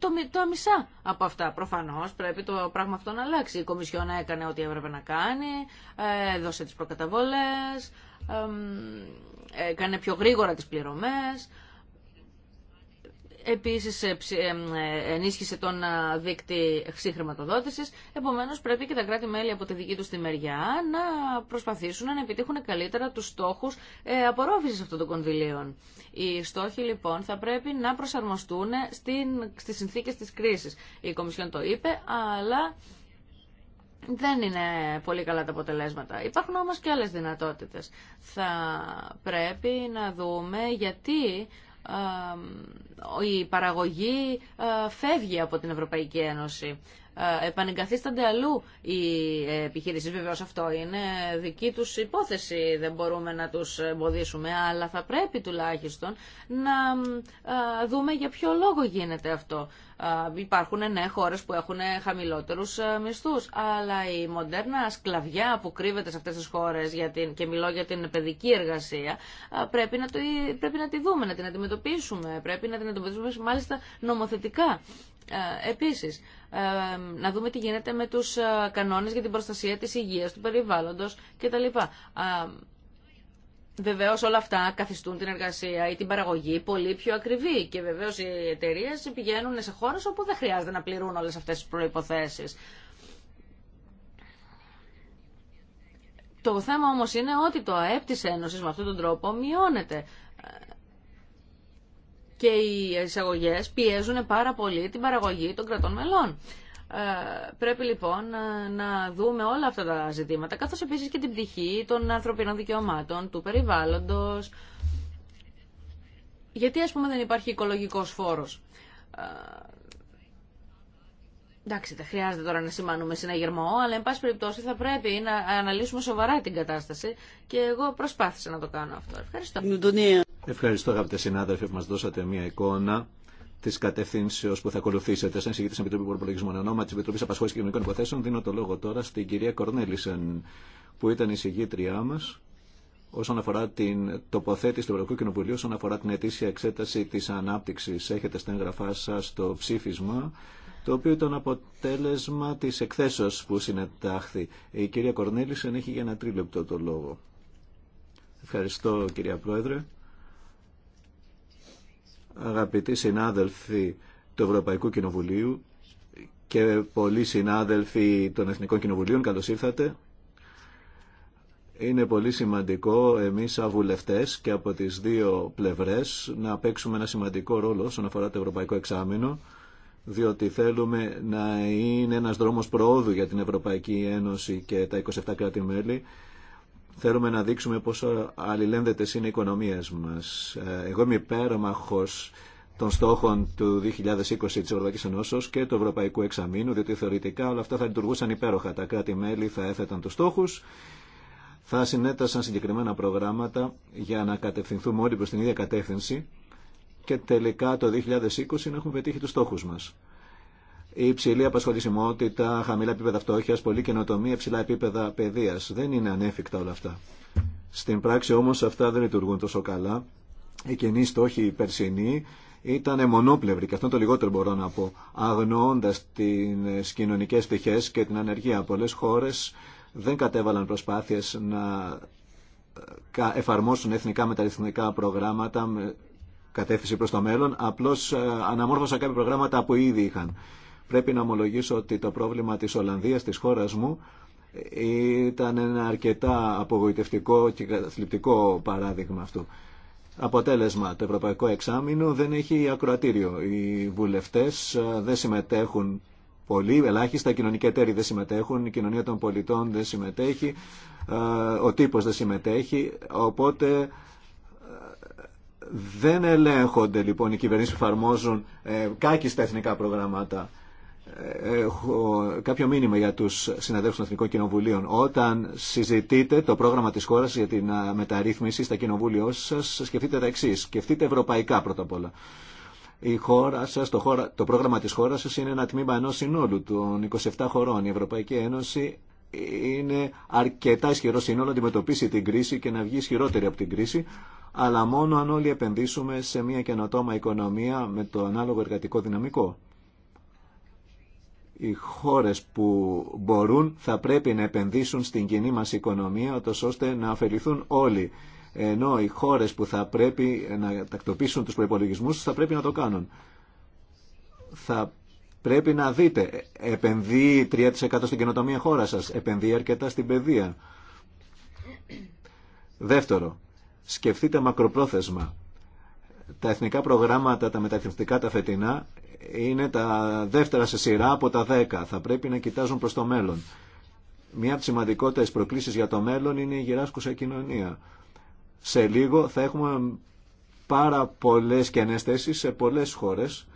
το, το μισά από αυτά. Προφανώ πρέπει το πράγμα αυτό να αλλάξει. Η Κομισιόνα έκανε ό,τι έπρεπε να κάνει, ε, έδωσε τι προκαταβολέ, έκανε πιο γρήγορα τι πληρωμέ. Επίσης ε, ε, ε, ενίσχυσε τον δίκτυ χρηματοδότηση. επομένως πρέπει και τα κράτη-μέλη από τη δική τους τη μεριά να προσπαθήσουν να επιτύχουν καλύτερα τους στόχους απορρόφησης αυτών των κονδυλίων. Οι στόχοι λοιπόν θα πρέπει να προσαρμοστούν στις συνθήκες της κρίσης. Η Κομισιόν το είπε, αλλά δεν είναι πολύ καλά τα αποτελέσματα. Υπάρχουν όμως και άλλες δυνατότητες. Θα πρέπει να δούμε γιατί η παραγωγή ε, φεύγει από την Ευρωπαϊκή Ένωση. Ε, επανεγκαθίστανται αλλού οι ε, επιχειρήσει. Βεβαίω αυτό είναι δική του υπόθεση, δεν μπορούμε να του εμποδίσουμε, αλλά θα πρέπει τουλάχιστον να ε, δούμε για ποιο λόγο γίνεται αυτό. Υπάρχουν ναι χώρε που έχουν χαμηλότερου μισθού, αλλά η μοντέρνα σκλαβιά που κρύβεται σε αυτέ τι χώρε και μιλώ για την παιδική εργασία πρέπει να, το, πρέπει να τη δούμε, να την αντιμετωπίσουμε. Πρέπει να την αντιμετωπίσουμε μάλιστα νομοθετικά. Ε, επίσης, ε, να δούμε τι γίνεται με τους ε, κανόνες για την προστασία της υγείας, του περιβάλλοντος κτλ. Βεβαίω όλα αυτά καθιστούν την εργασία ή την παραγωγή πολύ πιο ακριβή και βεβαίω οι εταιρείε πηγαίνουν σε χώρε όπου δεν χρειάζεται να πληρούν όλε αυτέ τι προποθέσει. Το θέμα όμω είναι ότι το ΑΕΠ τη Ένωση με αυτόν τον τρόπο μειώνεται και οι εισαγωγές πιέζουν πάρα πολύ την παραγωγή των κρατών μελών. Ε, πρέπει λοιπόν ε, να δούμε όλα αυτά τα ζητήματα, καθώς επίσης και την πτυχή των ανθρωπίνων δικαιωμάτων, του περιβάλλοντος. Γιατί ας πούμε δεν υπάρχει οικολογικός φόρος. Ε, Εντάξει, δεν χρειάζεται τώρα να σημάνουμε συναγερμό, αλλά εν πάση περιπτώσει θα πρέπει να αναλύσουμε σοβαρά την κατάσταση και εγώ προσπάθησα να το κάνω αυτό. Ευχαριστώ. Ευχαριστώ αγαπητέ συνάδελφοι που μα δώσατε μια εικόνα τη κατευθύνσεω που θα ακολουθήσετε. Σαν συγκεκριτή τη Επιτροπή Προπολογισμών, ονόμα τη Επιτροπή Απασχόληση και Κοινωνικών Υποθέσεων, δίνω το λόγο τώρα στην κυρία Κορνέλισεν, που ήταν η συγγήτριά μα όσον αφορά την τοποθέτηση του Ευρωπαϊκού Κοινοβουλίου, όσον αφορά την ετήσια εξέταση τη ανάπτυξη. Έχετε στα έγγραφά σα το ψήφισμα το οποίο ήταν αποτέλεσμα της εκθέσεως που συνετάχθη. Η κυρία Κορνέλησεν έχει για ένα τρίλεπτο το λόγο. Ευχαριστώ κυρία Πρόεδρε. Αγαπητοί συνάδελφοι του Ευρωπαϊκού Κοινοβουλίου και πολλοί συνάδελφοι των Εθνικών Κοινοβουλίων, καλώς ήρθατε. Είναι πολύ σημαντικό εμείς σαν και από τις δύο πλευρές να παίξουμε ένα σημαντικό ρόλο όσον αφορά το Ευρωπαϊκό Εξάμεινο διότι θέλουμε να είναι ένας δρόμος προόδου για την Ευρωπαϊκή Ένωση και τα 27 κράτη-μέλη. Θέλουμε να δείξουμε πόσο αλληλένδετες είναι οι οικονομίες μας. Ε, εγώ είμαι υπέρομαχος των στόχων του 2020 της Ευρωπαϊκής Ενώσεως και του Ευρωπαϊκού Εξαμήνου, διότι θεωρητικά όλα αυτά θα λειτουργούσαν υπέροχα. Τα κράτη-μέλη θα έθεταν τους στόχους, θα συνέτασαν συγκεκριμένα προγράμματα για να κατευθυνθούμε όλοι προς την ίδια κατεύθυνση και τελικά το 2020 να έχουμε πετύχει του στόχου μα. Η υψηλή απασχολησιμότητα, χαμηλά επίπεδα φτώχεια, πολλή καινοτομία, υψηλά επίπεδα παιδεία. Δεν είναι ανέφικτα όλα αυτά. Στην πράξη όμω αυτά δεν λειτουργούν τόσο καλά. Οι καινοί στόχοι περσινοί ήταν μονόπλευροι και αυτό το λιγότερο μπορώ να πω. Αγνοώντα τι κοινωνικέ πτυχέ και την ανεργία. Πολλέ χώρε δεν κατέβαλαν προσπάθειε να εφαρμόσουν εθνικά μεταρρυθμικά προγράμματα κατεύθυνση προ το μέλλον, απλώς ε, αναμόρφωσα κάποια προγράμματα που ήδη είχαν. Πρέπει να ομολογήσω ότι το πρόβλημα τη Ολλανδία, τη χώρα μου, ήταν ένα αρκετά απογοητευτικό και καταθλιπτικό παράδειγμα αυτού. Αποτέλεσμα, το Ευρωπαϊκό Εξάμεινο δεν έχει ακροατήριο. Οι βουλευτές ε, δεν συμμετέχουν πολύ, ελάχιστα, οι κοινωνικοί εταίροι δεν συμμετέχουν, η κοινωνία των πολιτών δεν συμμετέχει, ε, ο τύπος δεν συμμετέχει, οπότε δεν ελέγχονται λοιπόν οι κυβερνήσεις που εφαρμόζουν ε, κάκιστα εθνικά προγράμματα. Ε, έχω κάποιο μήνυμα για τους συναδέλφους των Εθνικών Κοινοβουλίων. Όταν συζητείτε το πρόγραμμα της χώρας για την ε, μεταρρύθμιση στα κοινοβούλια σας, σκεφτείτε τα εξή. Σκεφτείτε ευρωπαϊκά πρώτα απ' όλα. Η χώρα σας, το, πρόγραμμα της χώρας σας είναι ένα τμήμα ενός συνόλου των 27 χωρών. Η Ευρωπαϊκή Ένωση είναι αρκετά ισχυρό σύνολο να αντιμετωπίσει την κρίση και να βγει ισχυρότερη από την κρίση αλλά μόνο αν όλοι επενδύσουμε σε μια καινοτόμα οικονομία με το ανάλογο εργατικό δυναμικό. Οι χώρες που μπορούν θα πρέπει να επενδύσουν στην κοινή μας οικονομία, ώστε να αφαιρηθούν όλοι. Ενώ οι χώρες που θα πρέπει να τακτοποιήσουν τους προϋπολογισμούς θα πρέπει να το κάνουν. Θα πρέπει να δείτε, επενδύει 3% στην καινοτομία χώρα σας, επενδύει αρκετά στην παιδεία. Δεύτερο, σκεφτείτε μακροπρόθεσμα. Τα εθνικά προγράμματα, τα μεταρρυθμιστικά, τα φετινά, είναι τα δεύτερα σε σειρά από τα δέκα. Θα πρέπει να κοιτάζουν προς το μέλλον. Μία από τις σημαντικότερες προκλήσεις για το μέλλον είναι η γυράσκουσα κοινωνία. Σε λίγο θα έχουμε πάρα πολλές κενές θέσεις σε πολλές χώρες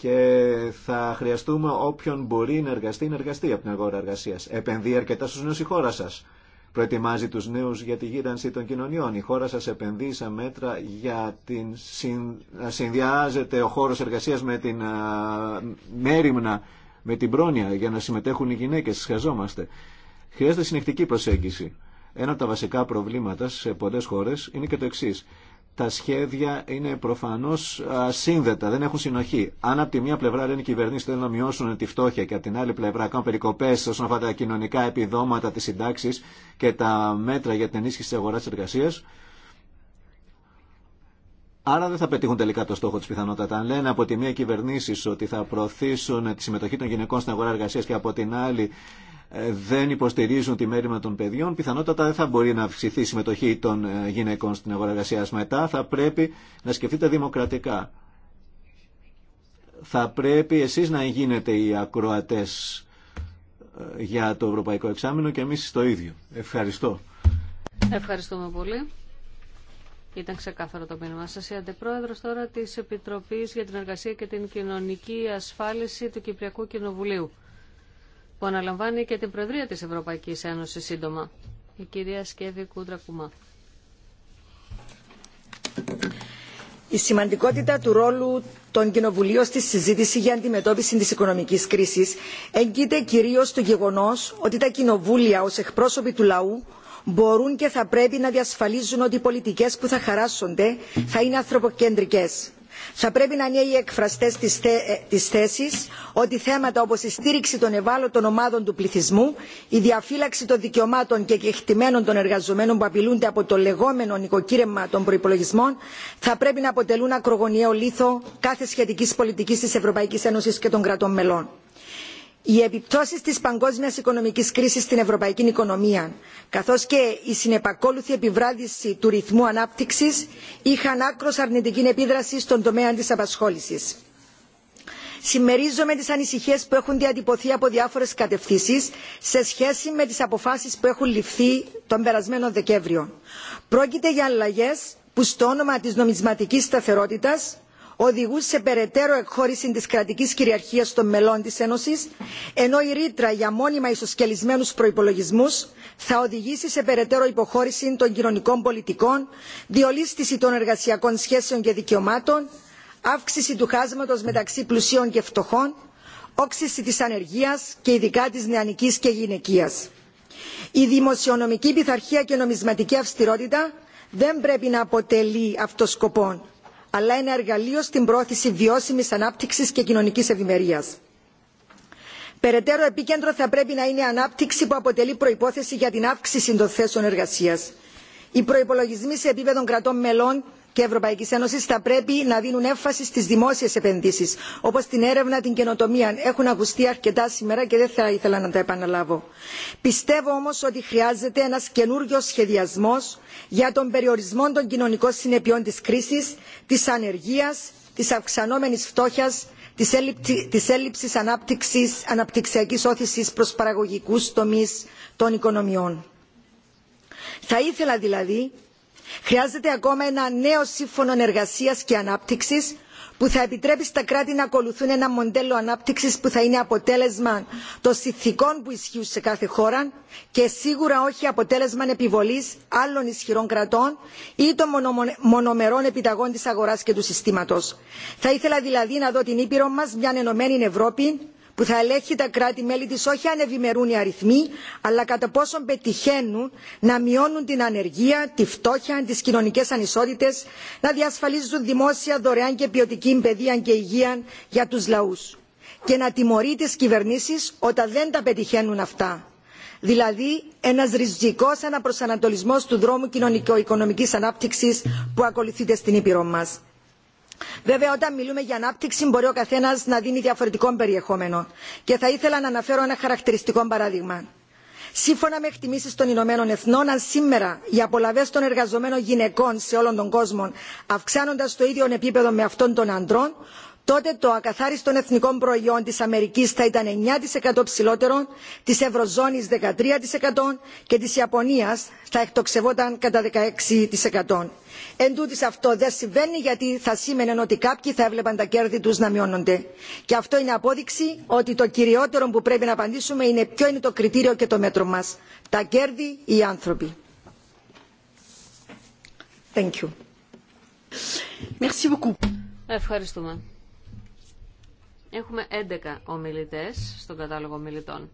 και θα χρειαστούμε όποιον μπορεί να εργαστεί, να εργαστεί από την αγορά εργασία. Επενδύει αρκετά στους νέους η χώρα σας προετοιμάζει τους νέους για τη γύρανση των κοινωνιών. Η χώρα σας επενδύει σε μέτρα για την συν... να συνδυάζεται ο χώρος εργασίας με την μέρημνα, με την πρόνοια για να συμμετέχουν οι γυναίκες. Σχεζόμαστε. Χρειάζεται συνεχτική προσέγγιση. Ένα από τα βασικά προβλήματα σε πολλές χώρες είναι και το εξής τα σχέδια είναι προφανώ σύνδετα, δεν έχουν συνοχή. Αν από τη μία πλευρά λένε οι κυβερνήσει θέλουν να μειώσουν τη φτώχεια και από την άλλη πλευρά κάνουν περικοπέ όσον αφορά τα κοινωνικά επιδόματα, τι συντάξει και τα μέτρα για την ενίσχυση τη αγορά τη εργασία, Άρα δεν θα πετύχουν τελικά το στόχο τη πιθανότητα. Αν λένε από τη μία κυβερνήσει ότι θα προωθήσουν τη συμμετοχή των γυναικών στην αγορά εργασία και από την άλλη ε, δεν υποστηρίζουν τη μέρημα των παιδιών, πιθανότατα δεν θα μπορεί να αυξηθεί η συμμετοχή των ε, γυναικών στην αγορά εργασία. Μετά θα πρέπει να σκεφτείτε δημοκρατικά. Θα πρέπει εσείς να γίνετε οι ακροατές ε, για το Ευρωπαϊκό Εξάμεινο και εμείς το ίδιο. Ευχαριστώ. Ευχαριστούμε πολύ. Ήταν ξεκάθαρο το μήνυμα σα. Η αντιπρόεδρο τώρα τη Επιτροπή για την Εργασία και την Κοινωνική Ασφάλιση του Κυπριακού Κοινοβουλίου που αναλαμβάνει και την Προεδρία της Ευρωπαϊκής Ένωσης σύντομα, η κυρία Σκέβη Κούντρα Κουμά. Η σημαντικότητα του ρόλου των κοινοβουλίων στη συζήτηση για αντιμετώπιση της οικονομικής κρίσης εγκείται κυρίως στο γεγονός ότι τα κοινοβούλια ως εκπρόσωποι του λαού μπορούν και θα πρέπει να διασφαλίζουν ότι οι πολιτικές που θα χαράσσονται θα είναι ανθρωποκεντρικές θα πρέπει να είναι οι εκφραστέ τη ε, θέση ότι θέματα όπω η στήριξη των ευάλωτων ομάδων του πληθυσμού, η διαφύλαξη των δικαιωμάτων και κεκτημένων των εργαζομένων που απειλούνται από το λεγόμενο νοικοκύρεμα των προπολογισμών, θα πρέπει να αποτελούν ακρογωνιαίο λίθο κάθε σχετική πολιτική τη Ευρωπαϊκή Ένωση και των κρατών μελών οι επιπτώσει τη παγκόσμια οικονομική κρίση στην ευρωπαϊκή οικονομία καθώ και η συνεπακόλουθη επιβράδυνση του ρυθμού ανάπτυξη, είχαν άκρο αρνητική επίδραση στον τομέα της απασχόλησης. συμμερίζομαι τι ανησυχίε που έχουν διατυπωθεί από διάφορε κατευθύνσεις σε σχέση με τι αποφάσει που έχουν ληφθεί τον περασμένο δεκέμβριο. πρόκειται για αλλαγέ που στο όνομα της νομισματικής σταθερότητας οδηγούν σε περαιτέρω εκχώρηση της κρατικής κυριαρχίας των μελών της ένωσης ενώ η ρήτρα για μόνιμα ισοσκελισμένους προϋπολογισμούς θα οδηγήσει σε περαιτέρω υποχώρηση των κοινωνικών πολιτικών διολίσθηση των εργασιακών σχέσεων και δικαιωμάτων αύξηση του χάσματος μεταξύ πλουσίων και φτωχών όξιση της ανεργίας και ειδικά της νεανικής και γυναικείας. η δημοσιονομική πειθαρχία και νομισματική αυστηρότητα δεν πρέπει να αποτελεί σκοπό αλλά ένα εργαλείο στην πρόθεση βιώσιμης ανάπτυξης και κοινωνικής ευημερίας. Περαιτέρω επίκεντρο θα πρέπει να είναι η ανάπτυξη που αποτελεί προϋπόθεση για την αύξηση των θέσεων εργασίας. Οι προϋπολογισμοί σε επίπεδο κρατών μελών και Ευρωπαϊκή Ένωση θα πρέπει να δίνουν έμφαση στι δημόσιε επενδύσει, όπω την έρευνα, την καινοτομία. Έχουν ακουστεί αρκετά σήμερα και δεν θα ήθελα να τα επαναλάβω. Πιστεύω όμω ότι χρειάζεται ένα καινούριο σχεδιασμό για τον περιορισμό των κοινωνικών συνεπειών τη κρίση, τη ανεργία, τη αυξανόμενη φτώχεια, τη έλλειψη αναπτυξιακή όθηση προ παραγωγικού τομεί των οικονομιών. Θα ήθελα δηλαδή Χρειάζεται ακόμα ένα νέο σύμφωνο εργασίας και ανάπτυξης που θα επιτρέπει στα κράτη να ακολουθούν ένα μοντέλο ανάπτυξης που θα είναι αποτέλεσμα των συνθηκών που ισχύουν σε κάθε χώρα και σίγουρα όχι αποτέλεσμα επιβολής άλλων ισχυρών κρατών ή των μονομερών επιταγών της αγοράς και του συστήματος. Θα ήθελα δηλαδή να δω την Ήπειρο μας μια ενωμένη Ευρώπη που θα ελέγχει τα κράτη-μέλη της όχι αν ευημερούν οι αριθμοί, αλλά κατά πόσον πετυχαίνουν να μειώνουν την ανεργία, τη φτώχεια, τις κοινωνικές ανισότητες, να διασφαλίζουν δημόσια δωρεάν και ποιοτική παιδεία και υγεία για τους λαούς και να τιμωρεί τις κυβερνήσεις όταν δεν τα πετυχαίνουν αυτά. Δηλαδή ένας ριζικός αναπροσανατολισμός του δρόμου κοινωνικο-οικονομικής ανάπτυξης που ακολουθείται στην Ήπειρο μας βέβαια όταν μιλούμε για ανάπτυξη μπορεί ο καθένα να δίνει διαφορετικό περιεχόμενο και θα ήθελα να αναφέρω ένα χαρακτηριστικό παράδειγμα. σύμφωνα με εκτιμήσει των ηνωμένων εθνών αν σήμερα οι απολαυέ των εργαζομένων γυναικών σε όλον τον κόσμο αυξάνονται στο ίδιο επίπεδο με αυτών των αντρών τότε το ακαθάριστο εθνικό προϊόν της αμερικής θα ήταν 9% ψηλότερο της ευρωζώνης 13% και της ιαπωνίας θα εκτοξευόταν κατά 16%. Εν αυτό δεν συμβαίνει γιατί θα σήμαινε ότι κάποιοι θα έβλεπαν τα κέρδη τους να μειώνονται. Και αυτό είναι απόδειξη ότι το κυριότερο που πρέπει να απαντήσουμε είναι ποιο είναι το κριτήριο και το μέτρο μας. Τα κέρδη ή οι άνθρωποι. Ευχαριστούμε. Έχουμε 11 ομιλητές στον κατάλογο ομιλητών.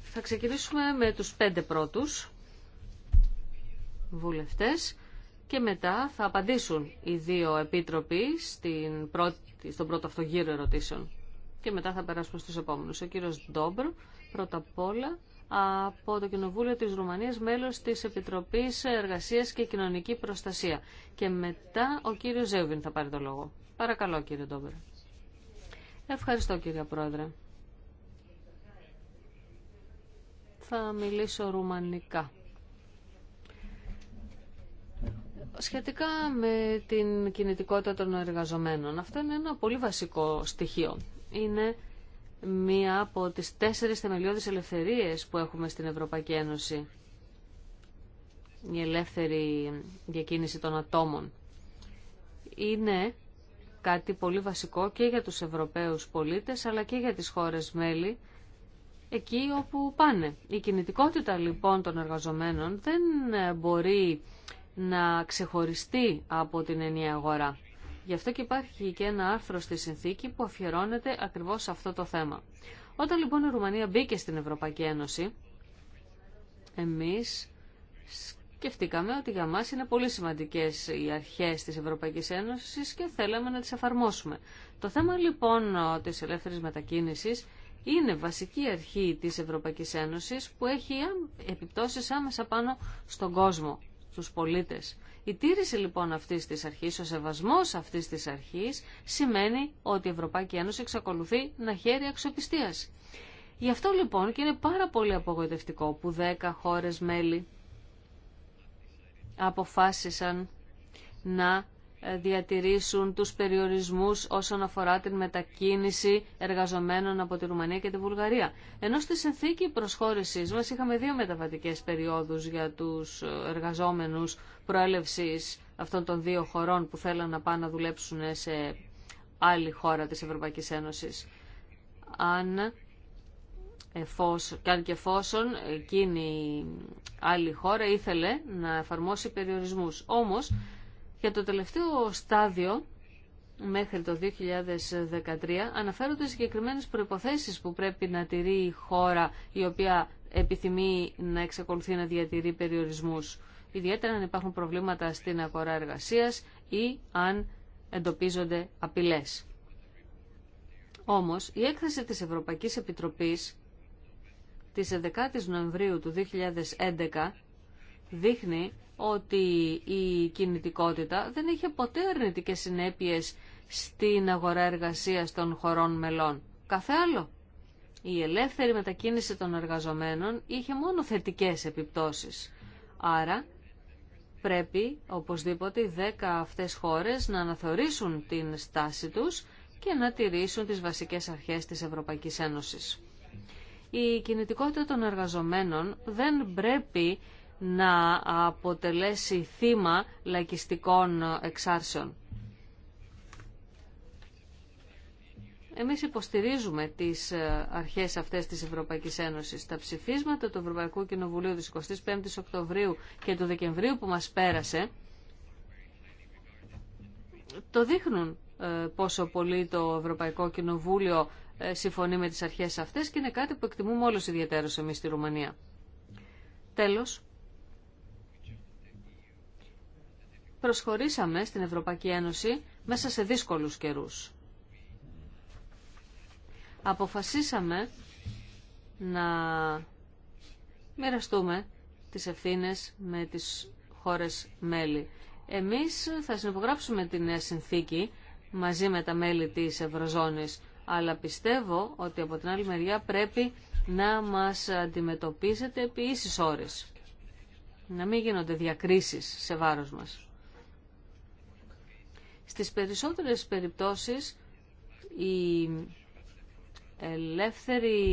Θα ξεκινήσουμε με τους πέντε πρώτους βουλευτές και μετά θα απαντήσουν οι δύο επίτροποι στην πρώτη, στον πρώτο αυτό ερωτήσεων. Και μετά θα περάσουμε στους επόμενους. Ο κύριος Ντόμπρ, πρώτα απ' όλα, από το Κοινοβούλιο της Ρουμανίας, μέλος της Επιτροπής Εργασίας και Κοινωνική Προστασία. Και μετά ο κύριος Ζεύβιν θα πάρει το λόγο. Παρακαλώ κύριε Ντόμπρ. Ευχαριστώ κύριε Πρόεδρε. Θα μιλήσω ρουμανικά. Σχετικά με την κινητικότητα των εργαζομένων, αυτό είναι ένα πολύ βασικό στοιχείο. Είναι μία από τις τέσσερις θεμελιώδεις ελευθερίες που έχουμε στην Ευρωπαϊκή Ένωση. Η ελεύθερη διακίνηση των ατόμων. Είναι κάτι πολύ βασικό και για τους Ευρωπαίους πολίτες αλλά και για τις χώρες μέλη εκεί όπου πάνε. Η κινητικότητα λοιπόν των εργαζομένων δεν μπορεί να ξεχωριστεί από την ενιαία αγορά. Γι' αυτό και υπάρχει και ένα άρθρο στη συνθήκη που αφιερώνεται ακριβώς σε αυτό το θέμα. Όταν λοιπόν η Ρουμανία μπήκε στην Ευρωπαϊκή Ένωση, εμείς σκεφτήκαμε ότι για μας είναι πολύ σημαντικές οι αρχές της Ευρωπαϊκής Ένωσης και θέλαμε να τις εφαρμόσουμε. Το θέμα λοιπόν της ελεύθερης μετακίνησης είναι βασική αρχή της Ευρωπαϊκής Ένωσης που έχει επιπτώσεις άμεσα πάνω στον κόσμο, στους πολίτες. Η τήρηση λοιπόν αυτής της αρχής, ο σεβασμός αυτής της αρχής σημαίνει ότι η Ευρωπαϊκή Ένωση εξακολουθεί να χαίρει αξιοπιστία. Γι' αυτό λοιπόν και είναι πάρα πολύ απογοητευτικό που 10 χώρε μέλη αποφάσισαν να ε, διατηρήσουν τους περιορισμούς όσον αφορά την μετακίνηση εργαζομένων από τη Ρουμανία και τη Βουλγαρία. Ενώ στη συνθήκη προσχώρησης μας είχαμε δύο μεταβατικές περιόδους για τους ε, εργαζόμενους προέλευσης αυτών των δύο χωρών που θέλαν να πάνε να δουλέψουν σε άλλη χώρα της Ευρωπαϊκής Ένωσης. Αν εφόσον, και αν και εφόσον εκείνη η άλλη χώρα ήθελε να εφαρμόσει περιορισμούς. Όμως, για το τελευταίο στάδιο, μέχρι το 2013, αναφέρονται συγκεκριμένες προϋποθέσεις που πρέπει να τηρεί η χώρα η οποία επιθυμεί να εξακολουθεί να διατηρεί περιορισμούς. Ιδιαίτερα αν υπάρχουν προβλήματα στην αγορά εργασίας ή αν εντοπίζονται απειλές. Όμως, η έκθεση της Ευρωπαϊκής Επιτροπής της 11ης Νοεμβρίου του 2011 δείχνει ότι η κινητικότητα δεν είχε ποτέ αρνητικές συνέπειες στην αγορά εργασίας των χωρών μελών. Καθ' άλλο, η ελεύθερη μετακίνηση των εργαζομένων είχε μόνο θετικές επιπτώσεις. Άρα, πρέπει οπωσδήποτε οι δέκα αυτές χώρες να αναθεωρήσουν την στάση τους και να τηρήσουν τις βασικές αρχές της Ευρωπαϊκής Ένωσης. Η κινητικότητα των εργαζομένων δεν πρέπει να αποτελέσει θύμα λαϊκιστικών εξάρσεων. Εμείς υποστηρίζουμε τις ε, αρχές αυτές της Ευρωπαϊκής Ένωσης. Τα ψηφίσματα του Ευρωπαϊκού Κοινοβουλίου της 25ης Οκτωβρίου και του Δεκεμβρίου που μας πέρασε το δείχνουν ε, πόσο πολύ το Ευρωπαϊκό Κοινοβούλιο ε, συμφωνεί με τις αρχές αυτές και είναι κάτι που εκτιμούμε όλος ιδιαίτερως εμείς στη Ρουμανία. Τέλος, προσχωρήσαμε στην Ευρωπαϊκή Ένωση μέσα σε δύσκολους καιρούς. Αποφασίσαμε να μοιραστούμε τις ευθύνες με τις χώρες μέλη. Εμείς θα συνεπογράψουμε τη νέα συνθήκη μαζί με τα μέλη της Ευρωζώνης αλλά πιστεύω ότι από την άλλη μεριά πρέπει να μας αντιμετωπίσετε επί ίσης ώρες. Να μην γίνονται διακρίσεις σε βάρος μας. Στις περισσότερες περιπτώσεις η ελεύθερη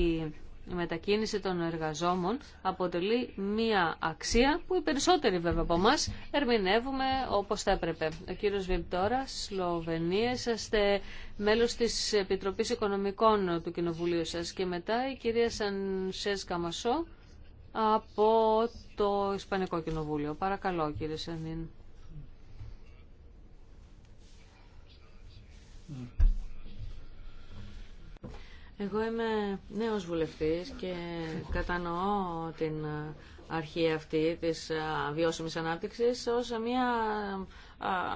η μετακίνηση των εργαζόμων αποτελεί μία αξία που οι περισσότεροι βέβαια από εμά ερμηνεύουμε όπως θα έπρεπε. Ο κύριος Βιμπτόρα, Σλοβενία, είσαστε μέλος της Επιτροπής Οικονομικών του Κοινοβουλίου σας και μετά η κυρία Σανσές Καμασό από το Ισπανικό Κοινοβούλιο. Παρακαλώ κύριε Σανίν. Ε, εγώ είμαι νέος βουλευτής και κατανοώ την αρχή αυτή της βιώσιμης ανάπτυξης ως μια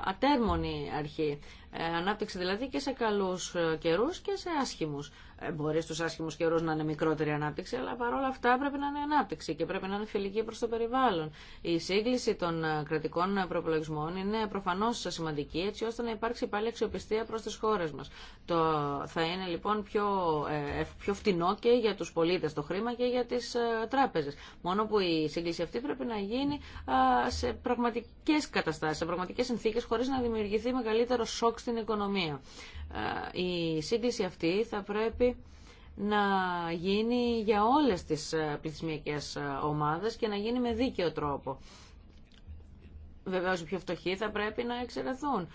ατέρμονη αρχή. Ε, ανάπτυξη δηλαδή και σε καλούς ε, καιρούς και σε άσχημους μπορεί στους άσχημου καιρού να είναι μικρότερη ανάπτυξη, αλλά παρόλα αυτά πρέπει να είναι ανάπτυξη και πρέπει να είναι φιλική προ το περιβάλλον. Η σύγκληση των ε, κρατικών ε, προπολογισμών είναι προφανώ σημαντική, έτσι ώστε να υπάρξει πάλι αξιοπιστία προ τι χώρε μα. Το θα είναι λοιπόν πιο, ε, πιο φτηνό και για του πολίτε το χρήμα και για τις τράπεζε. Μόνο που η σύγκληση αυτή πρέπει να γίνει σε πραγματικέ καταστάσει, σε πραγματικέ συνθήκε, χωρί να δημιουργηθεί μεγαλύτερο σοκ στην οικονομία. Η σύγκληση αυτή θα πρέπει να γίνει για όλες τις πληθυσμιακές ομάδες και να γίνει με δίκαιο τρόπο. Βεβαίω οι πιο φτωχοί θα πρέπει να εξαιρεθούν.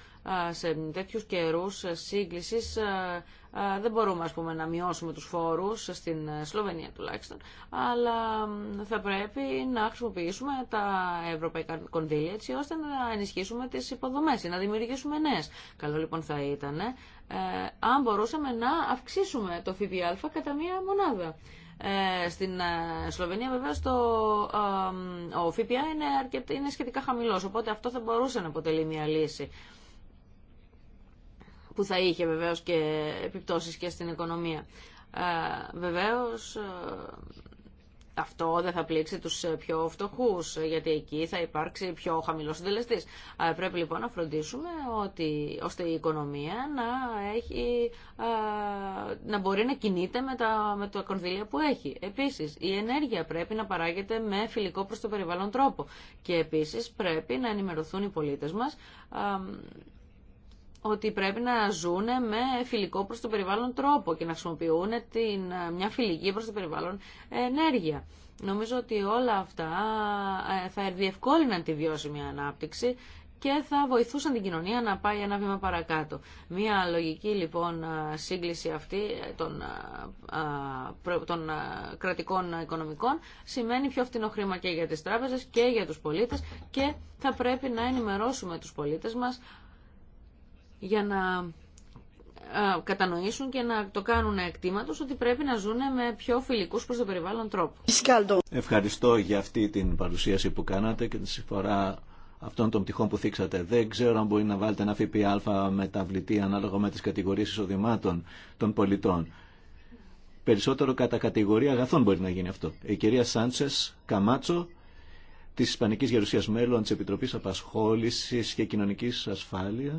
Σε τέτοιου καιρού σύγκληση δεν μπορούμε ας πούμε, να μειώσουμε του φόρου, στην ε, Σλοβενία τουλάχιστον, αλλά θα πρέπει να χρησιμοποιήσουμε τα ευρωπαϊκά κονδύλια έτσι ώστε να ενισχύσουμε τι υποδομέ ή να δημιουργήσουμε νέε. Καλό λοιπόν θα ήταν ε, αν μπορούσαμε να αυξήσουμε το ΦΠΑ κατά μία μονάδα. Ε, στην ε, Σλοβενία βεβαίω ε, ο ΦΠΑ είναι, είναι σχετικά χαμηλός, οπότε αυτό θα μπορούσε να αποτελεί μια λύση που θα είχε βεβαίως και επιπτώσεις και στην οικονομία. Ε, βεβαίως αυτό δεν θα πλήξει τους ε, πιο φτωχούς, ε, γιατί εκεί θα υπάρξει πιο χαμηλός συντελεστής. Ε, πρέπει λοιπόν να φροντίσουμε ότι, ώστε η οικονομία να, έχει, να μπορεί να κινείται με τα, με κονδύλια που έχει. Επίσης, η ενέργεια πρέπει να παράγεται με φιλικό προς το περιβάλλον τρόπο. Και επίσης πρέπει να ενημερωθούν οι πολίτες μας ότι πρέπει να ζουν με φιλικό προς το περιβάλλον τρόπο και να χρησιμοποιούν την, μια φιλική προς το περιβάλλον ενέργεια. Νομίζω ότι όλα αυτά ε, θα διευκόλυναν τη βιώσιμη ανάπτυξη και θα βοηθούσαν την κοινωνία να πάει ένα βήμα παρακάτω. Μία λογική λοιπόν ε, σύγκληση αυτή ε, των, κρατικών οικονομικών σημαίνει πιο φτηνό χρήμα και για τις τράπεζες και για τους πολίτες και θα πρέπει να ενημερώσουμε τους πολίτες μας για να κατανοήσουν και να το κάνουν εκτίματος ότι πρέπει να ζουν με πιο φιλικούς προς το περιβάλλον τρόπο. Ευχαριστώ για αυτή την παρουσίαση που κάνατε και τη συμφορά αυτών των πτυχών που θίξατε. Δεν ξέρω αν μπορεί να βάλετε ένα ΦΠΑ μεταβλητή ανάλογα με τις κατηγορίες εισοδημάτων των πολιτών. Περισσότερο κατά κατηγορία αγαθών μπορεί να γίνει αυτό. Η κυρία Σάντσε Καμάτσο τη Ισπανική Γερουσία Μέλλον τη Επιτροπή Απασχόληση και Κοινωνική Ασφάλεια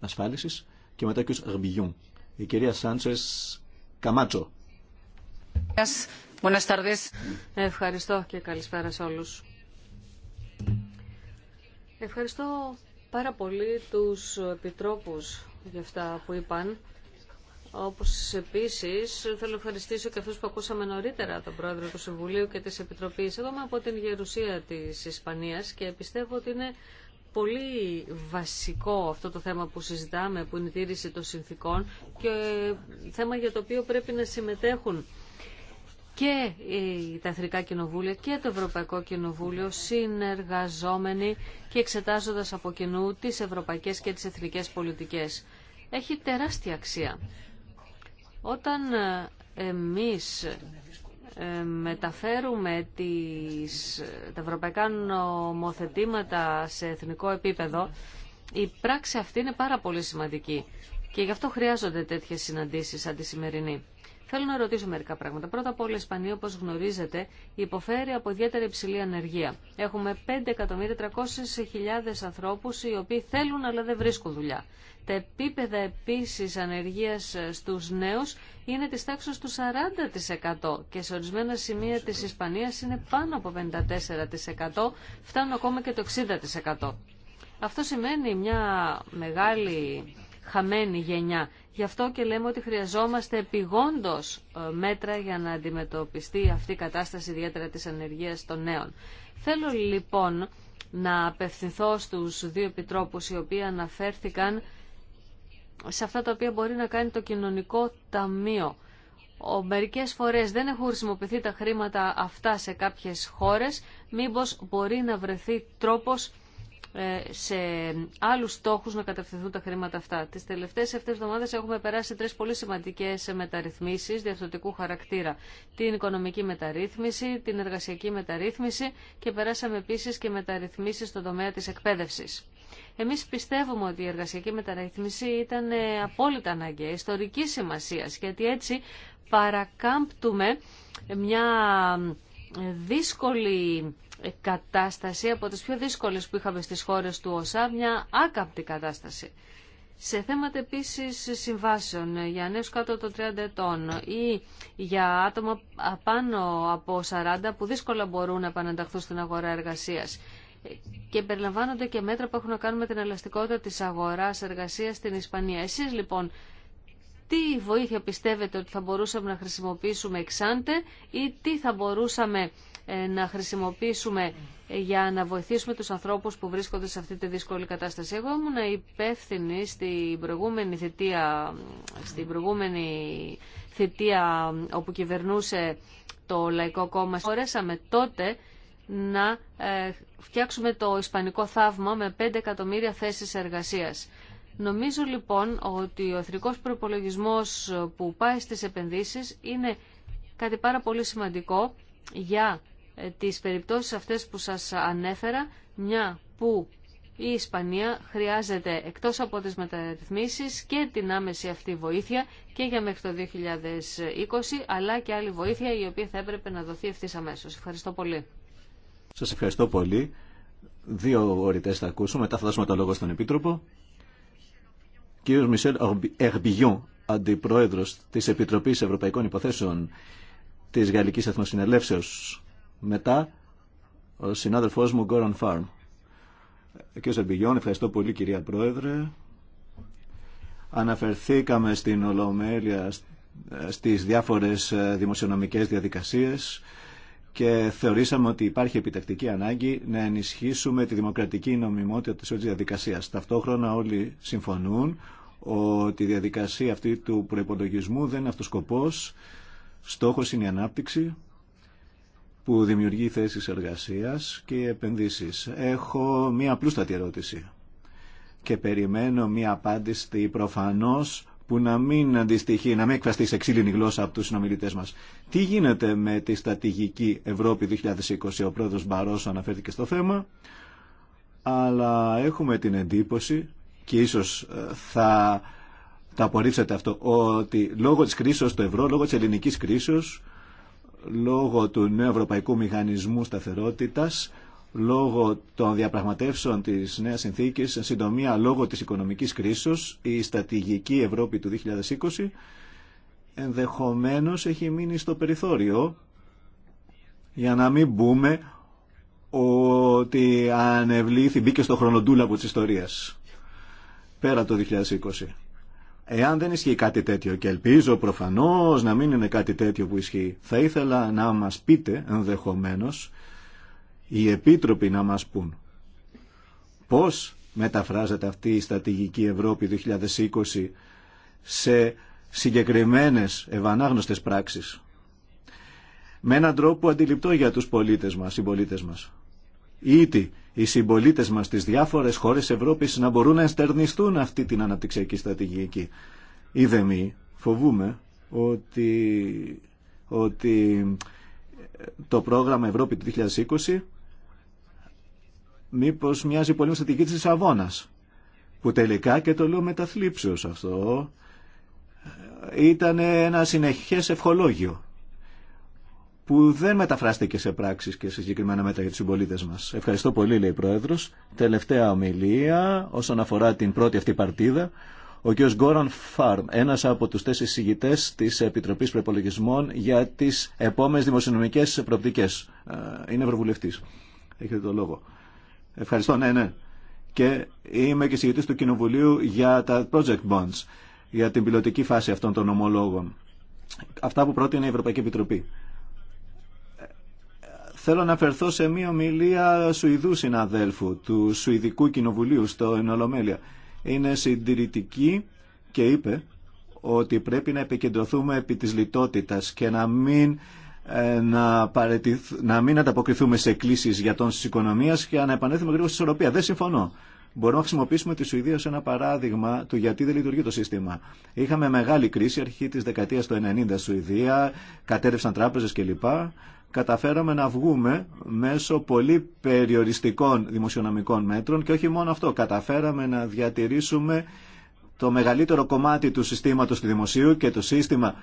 Ασφάλισης και μετά και ο Ρμπιγιούν. Η κυρία Σάντσες Καμάτσο. Ευχαριστώ και καλησπέρα σε όλους. Ευχαριστώ πάρα πολύ τους επιτρόπους για αυτά που είπαν. Όπως επίσης θέλω να ευχαριστήσω και αυτούς που ακούσαμε νωρίτερα, τον Πρόεδρο του Συμβουλίου και της Επιτροπής. Εγώ είμαι από την Γερουσία της Ισπανίας και πιστεύω ότι είναι πολύ βασικό αυτό το θέμα που συζητάμε, που είναι η τήρηση των συνθήκων και θέμα για το οποίο πρέπει να συμμετέχουν και τα Εθνικά Κοινοβούλια και το Ευρωπαϊκό Κοινοβούλιο συνεργαζόμενοι και εξετάζοντας από κοινού τις ευρωπαϊκές και τις εθνικές πολιτικές. Έχει τεράστια αξία. Όταν ε, εμείς μεταφέρουμε τις, τα ευρωπαϊκά νομοθετήματα σε εθνικό επίπεδο, η πράξη αυτή είναι πάρα πολύ σημαντική και γι' αυτό χρειάζονται τέτοιες συναντήσεις σαν τη σημερινή. Θέλω να ρωτήσω μερικά πράγματα. Πρώτα απ' όλα, η Ισπανία, όπω γνωρίζετε, υποφέρει από ιδιαίτερη υψηλή ανεργία. Έχουμε 5.300.000 ανθρώπου οι οποίοι θέλουν αλλά δεν βρίσκουν δουλειά. Τα επίπεδα επίση ανεργία στου νέου είναι τη τάξη του 40% και σε ορισμένα σημεία τη Ισπανία είναι πάνω από 54%, φτάνουν ακόμα και το 60%. Αυτό σημαίνει μια μεγάλη χαμένη γενιά. Γι' αυτό και λέμε ότι χρειαζόμαστε επιγόντω ε, μέτρα για να αντιμετωπιστεί αυτή η κατάσταση ιδιαίτερα της ανεργίας των νέων. Θέλω λοιπόν να απευθυνθώ στους δύο επιτρόπους οι οποίοι αναφέρθηκαν σε αυτά τα οποία μπορεί να κάνει το κοινωνικό ταμείο. Ο, μερικές φορές δεν έχουν χρησιμοποιηθεί τα χρήματα αυτά σε κάποιες χώρες, μήπως μπορεί να βρεθεί τρόπος ε, σε άλλους στόχους να κατευθυνθούν τα χρήματα αυτά. Τις τελευταίες αυτές εβδομάδες έχουμε περάσει τρεις πολύ σημαντικές μεταρρυθμίσεις διαφθορτικού χαρακτήρα. Την οικονομική μεταρρύθμιση, την εργασιακή μεταρρύθμιση και περάσαμε επίσης και μεταρρυθμίσεις στον τομέα της εκπαίδευσης. Εμείς πιστεύουμε ότι η εργασιακή μεταρρύθμιση ήταν ε, απόλυτα αναγκαία, ιστορική σημασία, γιατί έτσι παρακάμπτουμε μια ε, δύσκολη κατάσταση από τις πιο δύσκολες που είχαμε στις χώρες του ΟΣΑ, μια άκαμπτη κατάσταση. Σε θέματα επίσης συμβάσεων για νέους κάτω των 30 ετών ή για άτομα πάνω από 40 που δύσκολα μπορούν να επανανταχθούν στην αγορά εργασίας και περιλαμβάνονται και μέτρα που έχουν να κάνουν με την ελαστικότητα της αγοράς εργασίας στην Ισπανία. Εσείς λοιπόν τι βοήθεια πιστεύετε ότι θα μπορούσαμε να χρησιμοποιήσουμε εξάντε ή τι θα μπορούσαμε ε, να χρησιμοποιήσουμε για να βοηθήσουμε τους ανθρώπους που βρίσκονται σε αυτή τη δύσκολη κατάσταση. Εγώ ήμουν υπεύθυνη στην προηγούμενη θητεία, στην προηγούμενη θητεία όπου κυβερνούσε το Λαϊκό Κόμμα. Μπορέσαμε τότε να ε, φτιάξουμε το Ισπανικό Θαύμα με 5 εκατομμύρια θέσεις εργασίας. Νομίζω λοιπόν ότι ο εθνικός προπολογισμό που πάει στις επενδύσεις είναι κάτι πάρα πολύ σημαντικό για τις περιπτώσεις αυτές που σας ανέφερα, μια που η Ισπανία χρειάζεται εκτός από τις μεταρρυθμίσεις και την άμεση αυτή βοήθεια και για μέχρι το 2020, αλλά και άλλη βοήθεια η οποία θα έπρεπε να δοθεί ευθύ αμέσως. Ευχαριστώ πολύ. Σας ευχαριστώ πολύ. Δύο οριτές θα ακούσουμε, μετά θα δώσουμε το λόγο στον Επίτροπο. κύριο Μισελ Ερμπιγιόν, Αντιπρόεδρος της Επιτροπής Ευρωπαϊκών Υποθέσεων της Γαλλικής Εθνοσυνελεύσεως μετά ο συνάδελφός μου Γκόραν Φάρμ. Ε, Κύριε Σερμπιγιόν, ευχαριστώ πολύ κυρία Πρόεδρε. Αναφερθήκαμε στην Ολομέλεια ε, στις διάφορες ε, δημοσιονομικές διαδικασίες και θεωρήσαμε ότι υπάρχει επιτακτική ανάγκη να ενισχύσουμε τη δημοκρατική νομιμότητα της όλης διαδικασίας. Ταυτόχρονα όλοι συμφωνούν ότι η διαδικασία αυτή του προπολογισμού δεν είναι αυτός σκοπός. Στόχος είναι η ανάπτυξη που δημιουργεί θέσεις εργασίας και επενδύσεις. Έχω μία απλούστατη ερώτηση και περιμένω μία απάντηση προφανώς που να μην αντιστοιχεί, να μην εκφραστεί σε ξύλινη γλώσσα από τους συνομιλητές μας. Τι γίνεται με τη στατηγική Ευρώπη 2020, ο πρόεδρος Μπαρόσο αναφέρθηκε στο θέμα, αλλά έχουμε την εντύπωση και ίσως ε, θα τα απορρίψετε αυτό, ότι λόγω της κρίσης του ευρώ, λόγω της ελληνικής κρίσης, λόγω του νέου Ευρωπαϊκού Μηχανισμού Σταθερότητας, λόγω των διαπραγματεύσεων της νέας συνθήκης, εν συντομία λόγω της οικονομικής κρίσης, η στρατηγική Ευρώπη του 2020 ενδεχομένως έχει μείνει στο περιθώριο για να μην πούμε ότι ανεβλήθη, μπήκε στο χρονοτούλαπο της ιστορίας πέρα το 2020. Εάν δεν ισχύει κάτι τέτοιο και ελπίζω προφανώς να μην είναι κάτι τέτοιο που ισχύει, θα ήθελα να μας πείτε ενδεχομένως οι επίτροποι να μας πούν πώς μεταφράζεται αυτή η στρατηγική Ευρώπη 2020 σε συγκεκριμένες ευανάγνωστες πράξεις με έναν τρόπο αντιληπτό για τους πολίτες μας, συμπολίτες μας. Ήτι οι συμπολίτε μα στι διάφορε χώρε Ευρώπη να μπορούν να εστερνιστούν αυτή την αναπτυξιακή στρατηγική. Είδεμη, φοβούμε ότι, ότι ε, το πρόγραμμα Ευρώπη του 2020 μήπως μοιάζει πολύ με στρατηγική της Αβώνας που τελικά και το λέω μεταθλίψεως αυτό ε, ήταν ένα συνεχές ευχολόγιο που δεν μεταφράστηκε σε πράξεις και σε συγκεκριμένα μέτρα για τους συμπολίτε μας. Ευχαριστώ πολύ, λέει η Πρόεδρος. Τελευταία ομιλία όσον αφορά την πρώτη αυτή παρτίδα. Ο κ. Γκόραν Φάρμ, ένας από τους τέσσερις συγητές της Επιτροπής Προπολογισμών για τις επόμενες δημοσιονομικές προοπτικές. Ε, είναι ευρωβουλευτής. Έχετε το λόγο. Ευχαριστώ, ναι, ναι. Και είμαι και συγητής του Κοινοβουλίου για τα project bonds, για την πιλωτική φάση αυτών των ομολόγων. Αυτά που πρότεινε η Ευρωπαϊκή Επιτροπή. Θέλω να αφαιρθώ σε μία ομιλία Σουηδού συναδέλφου του Σουηδικού Κοινοβουλίου στο Ενολομέλεια. Είναι συντηρητική και είπε ότι πρέπει να επικεντρωθούμε επί της λιτότητας και να μην, ε, να, παρετηθ, να μην ανταποκριθούμε σε κλήσει για τον της οικονομίας και να επανέλθουμε γρήγορα στην σωροπία. Δεν συμφωνώ. Μπορούμε να χρησιμοποιήσουμε τη Σουηδία ως ένα παράδειγμα του γιατί δεν λειτουργεί το σύστημα. Είχαμε μεγάλη κρίση αρχή της δεκαετίας του 90 Σουηδία, κατέρευσαν τράπεζες κλπ καταφέραμε να βγούμε μέσω πολύ περιοριστικών δημοσιονομικών μέτρων και όχι μόνο αυτό, καταφέραμε να διατηρήσουμε το μεγαλύτερο κομμάτι του συστήματος του δημοσίου και το σύστημα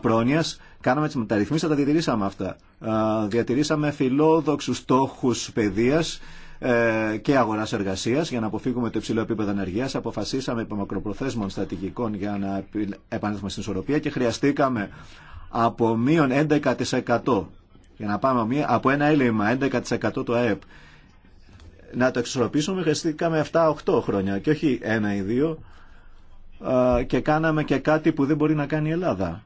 πρόνοιας. Κάναμε τις μεταρρυθμίσεις, τα διατηρήσαμε αυτά. Διατηρήσαμε φιλόδοξους στόχους παιδείας ε, και αγοράς εργασίας για να αποφύγουμε το υψηλό επίπεδο ενεργείας. Αποφασίσαμε επί μακροπροθέσμων στρατηγικών για να επανέλθουμε στην ισορροπία και χρειαστήκαμε από μείον 11% για να πάμε από ένα έλλειμμα 11% του ΑΕΠ να το εξορροπήσουμε χρειαστήκαμε 7-8 χρόνια και όχι ένα ή δύο και κάναμε και κάτι που δεν μπορεί να κάνει η Ελλάδα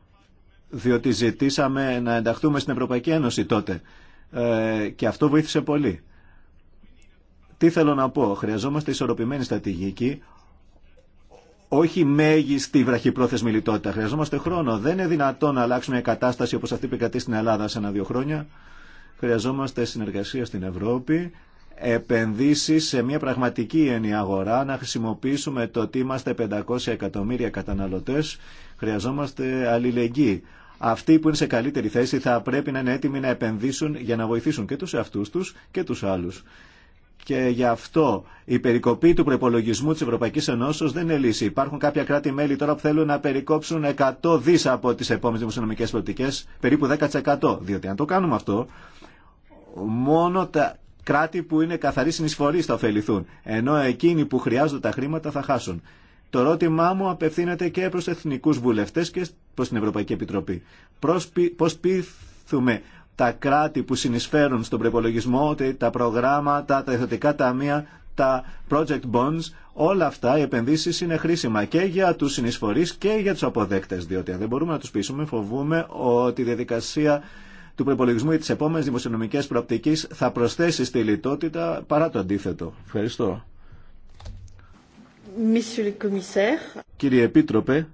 διότι ζητήσαμε να ενταχθούμε στην Ευρωπαϊκή Ένωση τότε ε, και αυτό βοήθησε πολύ. Τι θέλω να πω, χρειαζόμαστε ισορροπημένη στρατηγική όχι μέγιστη βραχυπρόθεσμη λιτότητα. Χρειαζόμαστε χρόνο. Δεν είναι δυνατόν να αλλάξουμε μια κατάσταση όπω αυτή που επικρατεί στην Ελλάδα σε ένα-δύο χρόνια. Χρειαζόμαστε συνεργασία στην Ευρώπη, επενδύσει σε μια πραγματική έννοια αγορά, να χρησιμοποιήσουμε το ότι είμαστε 500 εκατομμύρια καταναλωτέ, Χρειαζόμαστε αλληλεγγύη. Αυτοί που είναι σε καλύτερη θέση θα πρέπει να είναι έτοιμοι να επενδύσουν για να βοηθήσουν και του εαυτού του και του άλλου. Και γι' αυτό η περικοπή του προπολογισμού τη Ευρωπαϊκή Ενώσεω δεν είναι λύση. Υπάρχουν κάποια κράτη-μέλη τώρα που θέλουν να περικόψουν 100 δι από τι επόμενε δημοσιονομικέ πολιτικέ, περίπου 10%. Διότι αν το κάνουμε αυτό, μόνο τα κράτη που είναι καθαροί συνεισφορεί θα ωφεληθούν. Ενώ εκείνοι που χρειάζονται τα χρήματα θα χάσουν. Το ερώτημά μου απευθύνεται και προ εθνικού βουλευτέ και προ την Ευρωπαϊκή Επιτροπή. Πώ πείθουμε τα κράτη που συνεισφέρουν στον προπολογισμό, τα προγράμματα, τα εθνικά ταμεία, τα project bonds, όλα αυτά οι επενδύσει είναι χρήσιμα και για του συνεισφορεί και για του αποδέκτε. Διότι αν δεν μπορούμε να του πείσουμε, φοβούμε ότι η διαδικασία του προπολογισμού ή τη επόμενη δημοσιονομική προοπτική θα προσθέσει στη λιτότητα παρά το αντίθετο. Ευχαριστώ. Κύριε Επίτροπε,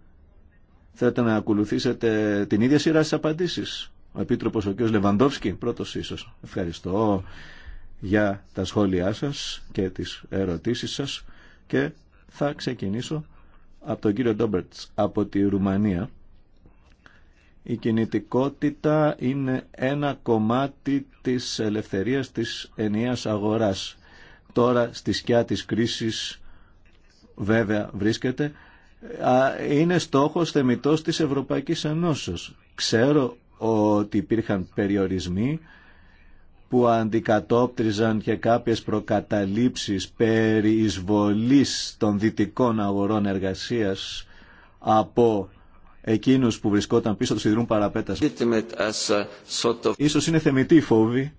θέλετε να ακολουθήσετε την ίδια σειρά στις απαντήσεις ο Επίτροπος ο κ. Λεβαντόφσκι, πρώτος ίσως. Ευχαριστώ για τα σχόλιά σας και τις ερωτήσεις σας και θα ξεκινήσω από τον κύριο Ντόμπερτς από τη Ρουμανία. Η κινητικότητα είναι ένα κομμάτι της ελευθερίας της ενιαίας αγοράς. Τώρα στη σκιά της κρίσης βέβαια βρίσκεται. Είναι στόχος θεμητός της Ευρωπαϊκής Ενώσεως. Ξέρω ότι υπήρχαν περιορισμοί που αντικατόπτριζαν και κάποιες προκαταλήψεις περί εισβολής των δυτικών αγορών εργασίας από εκείνους που βρισκόταν πίσω του σιδηρούν παραπέτας. Ίσως είναι θεμητή η φόβη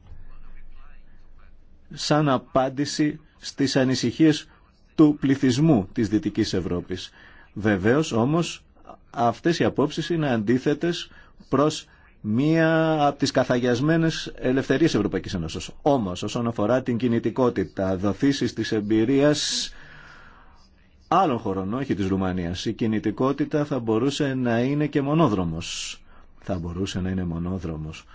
σαν απάντηση στις ανησυχίες του πληθυσμού της Δυτικής Ευρώπης. Βεβαίως όμως αυτές οι απόψεις είναι αντίθετες προς μία από τις καθαγιασμένες ελευθερίες Ευρωπαϊκής Ένωσης. Όμως, όσον αφορά την κινητικότητα, δοθήσεις της εμπειρίας άλλων χωρών, όχι της Ρουμανίας, η κινητικότητα θα μπορούσε να είναι και μονόδρομος. Θα μπορούσε να είναι μονόδρομος.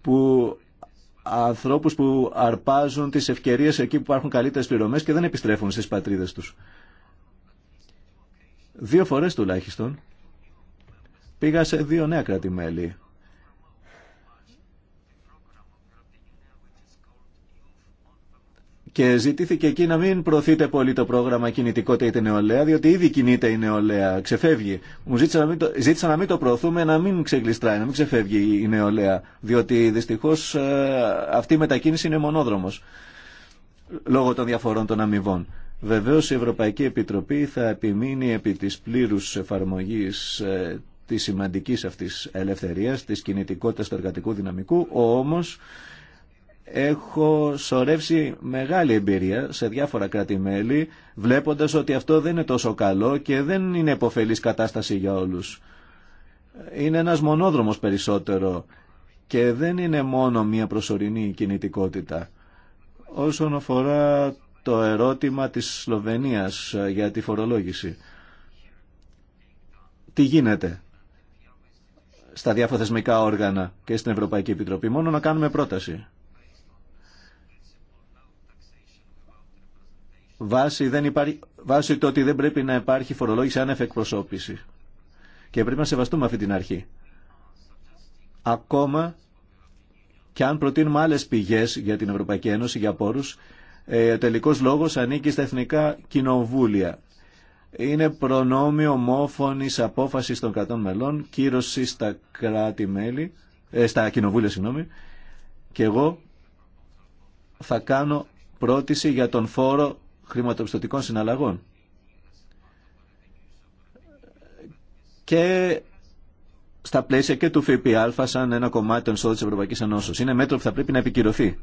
Που ανθρώπους που αρπάζουν τις ευκαιρίες εκεί που υπάρχουν καλύτερες πληρωμές και δεν επιστρέφουν στις πατρίδες τους. Δύο φορές τουλάχιστον Πήγα σε δύο νέα κράτη-μέλη. Και ζητήθηκε εκεί να μην προωθείται πολύ το πρόγραμμα κινητικότητα ή την νεολαία, διότι ήδη κινείται η νεολαία, ξεφεύγει. Μου να μην το, ζήτησα να μην το προωθούμε, να μην ξεγλιστράει, να μην ξεφεύγει η νεολαία, διότι δυστυχώ ε, αυτή η μετακίνηση είναι μονόδρομος, λόγω των διαφορών των αμοιβών. Βεβαίως η Ευρωπαϊκή Επιτροπή θα επιμείνει επί της πλήρους εφαρμογής ε, τη σημαντική αυτής ελευθερίας, της κινητικότητας του εργατικού δυναμικού, όμως έχω σωρεύσει μεγάλη εμπειρία σε διάφορα κράτη-μέλη, βλέποντας ότι αυτό δεν είναι τόσο καλό και δεν είναι υποφελή κατάσταση για όλους. Είναι ένας μονόδρομος περισσότερο και δεν είναι μόνο μια προσωρινή κινητικότητα. Όσον αφορά το ερώτημα της Σλοβενίας ε, για τη φορολόγηση. Τι γίνεται στα διάφορα θεσμικά όργανα και στην Ευρωπαϊκή Επιτροπή, μόνο να κάνουμε πρόταση. Βάση, δεν υπάρχει, βάση το ότι δεν πρέπει να υπάρχει φορολόγηση άνευ εκπροσώπηση. Και πρέπει να σεβαστούμε αυτή την αρχή. Ακόμα και αν προτείνουμε άλλες πηγές για την Ευρωπαϊκή Ένωση, για πόρους, ε, τελικός λόγος ανήκει στα εθνικά κοινοβούλια είναι προνόμιο ομόφωνης απόφασης των κρατών μελών, κύρωση στα κρατη ε, στα κοινοβούλια, συγγνώμη, και εγώ θα κάνω πρότηση για τον φόρο χρηματοπιστωτικών συναλλαγών. Και στα πλαίσια και του ΦΠΑ σαν ένα κομμάτι των εισόδων τη Ευρωπαϊκή Ενώσεω. Είναι μέτρο που θα πρέπει να επικυρωθεί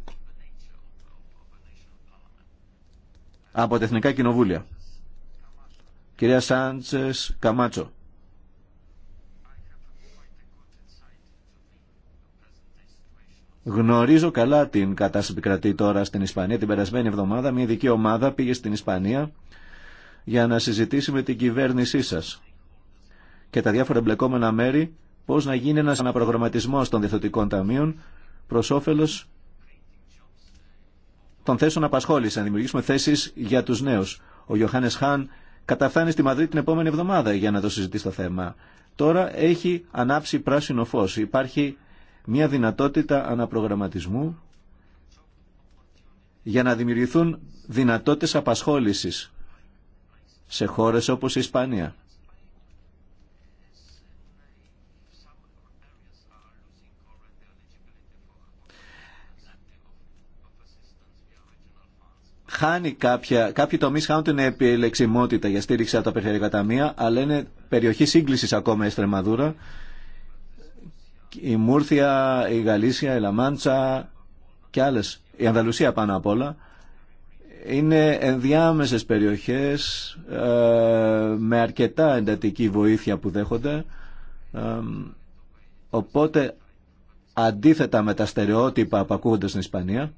από τα Εθνικά Κοινοβούλια. Κυρία Σάντσες Καμάτσο. Γνωρίζω καλά την κατάσταση που κρατεί τώρα στην Ισπανία. Την περασμένη εβδομάδα μια ειδική ομάδα πήγε στην Ισπανία για να συζητήσει με την κυβέρνησή σας και τα διάφορα εμπλεκόμενα μέρη πώς να γίνει ένας αναπρογραμματισμός των διεθνωτικών ταμείων προς όφελος των θέσεων απασχόληση να δημιουργήσουμε θέσεις για τους νέους. Ο Χάν καταφθάνει στη Μαδρίτη την επόμενη εβδομάδα για να το συζητήσει το θέμα. Τώρα έχει ανάψει πράσινο φως. Υπάρχει μια δυνατότητα αναπρογραμματισμού για να δημιουργηθούν δυνατότητες απασχόλησης σε χώρες όπως η Ισπανία. χάνει κάποια, κάποιοι τομεί χάνουν την επιλεξιμότητα για στήριξη από τα περιφερειακά ταμεία, αλλά είναι περιοχή σύγκληση ακόμα η Στρεμαδούρα. Η Μούρθια, η Γαλήσια, η Λαμάντσα και άλλε. Η Ανδαλουσία πάνω απ' όλα. Είναι ενδιάμεσες περιοχές ε, με αρκετά εντατική βοήθεια που δέχονται. Ε, οπότε αντίθετα με τα στερεότυπα που ακούγονται στην Ισπανία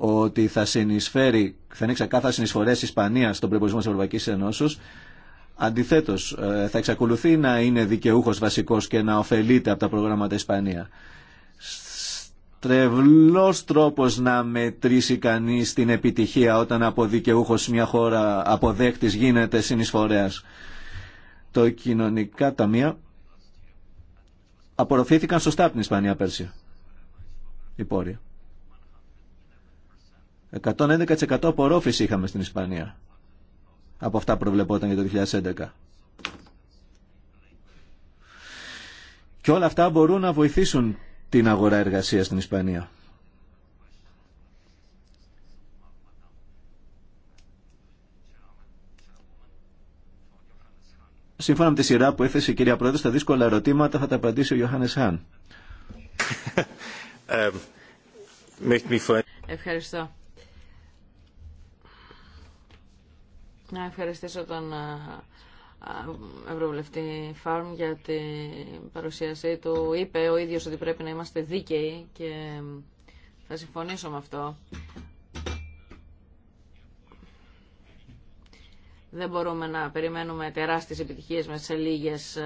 ότι θα συνεισφέρει, θα είναι ξεκάθαρα συνεισφορέ τη Ισπανία στον προπολογισμό τη Ευρωπαϊκή Ενώσεω. Αντιθέτω, ε, θα εξακολουθεί να είναι δικαιούχο βασικό και να ωφελείται από τα προγράμματα Ισπανία. Τρευλό τρόπο να μετρήσει κανεί την επιτυχία όταν από δικαιούχο μια χώρα αποδέκτη γίνεται συνεισφορέα. Το κοινωνικά ταμεία απορροφήθηκαν σωστά από την Ισπανία πέρσι. Η 111% απορρόφηση είχαμε στην Ισπανία από αυτά που προβλεπόταν για το 2011. Και όλα αυτά μπορούν να βοηθήσουν την αγορά εργασίας στην Ισπανία. Σύμφωνα με τη σειρά που έθεσε η κυρία Πρόεδρε, στα δύσκολα ερωτήματα θα τα απαντήσει ο Ιωάννης Χάν. Ε, Ευχαριστώ. Να ευχαριστήσω τον ε, ε, Ευρωβουλευτή Φάρμ για την παρουσίασή του. Είπε ο ίδιος ότι πρέπει να είμαστε δίκαιοι και ε, θα συμφωνήσω με αυτό. Δεν μπορούμε να περιμένουμε τεράστιες επιτυχίες μέσα σε λίγες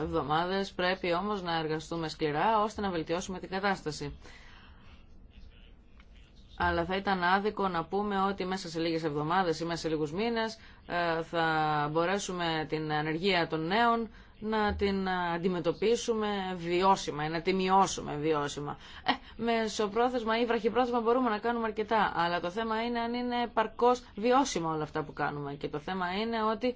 εβδομάδες. Πρέπει όμως να εργαστούμε σκληρά ώστε να βελτιώσουμε την κατάσταση αλλά θα ήταν άδικο να πούμε ότι μέσα σε λίγες εβδομάδες ή μέσα σε λίγους μήνες ε, θα μπορέσουμε την ανεργία των νέων να την αντιμετωπίσουμε βιώσιμα, ή να τη μειώσουμε βιώσιμα. Ε, μεσοπρόθεσμα ή βραχυπρόθεσμα μπορούμε να κάνουμε αρκετά, αλλά το θέμα είναι αν είναι παρκώς βιώσιμα όλα αυτά που κάνουμε. Και το θέμα είναι ότι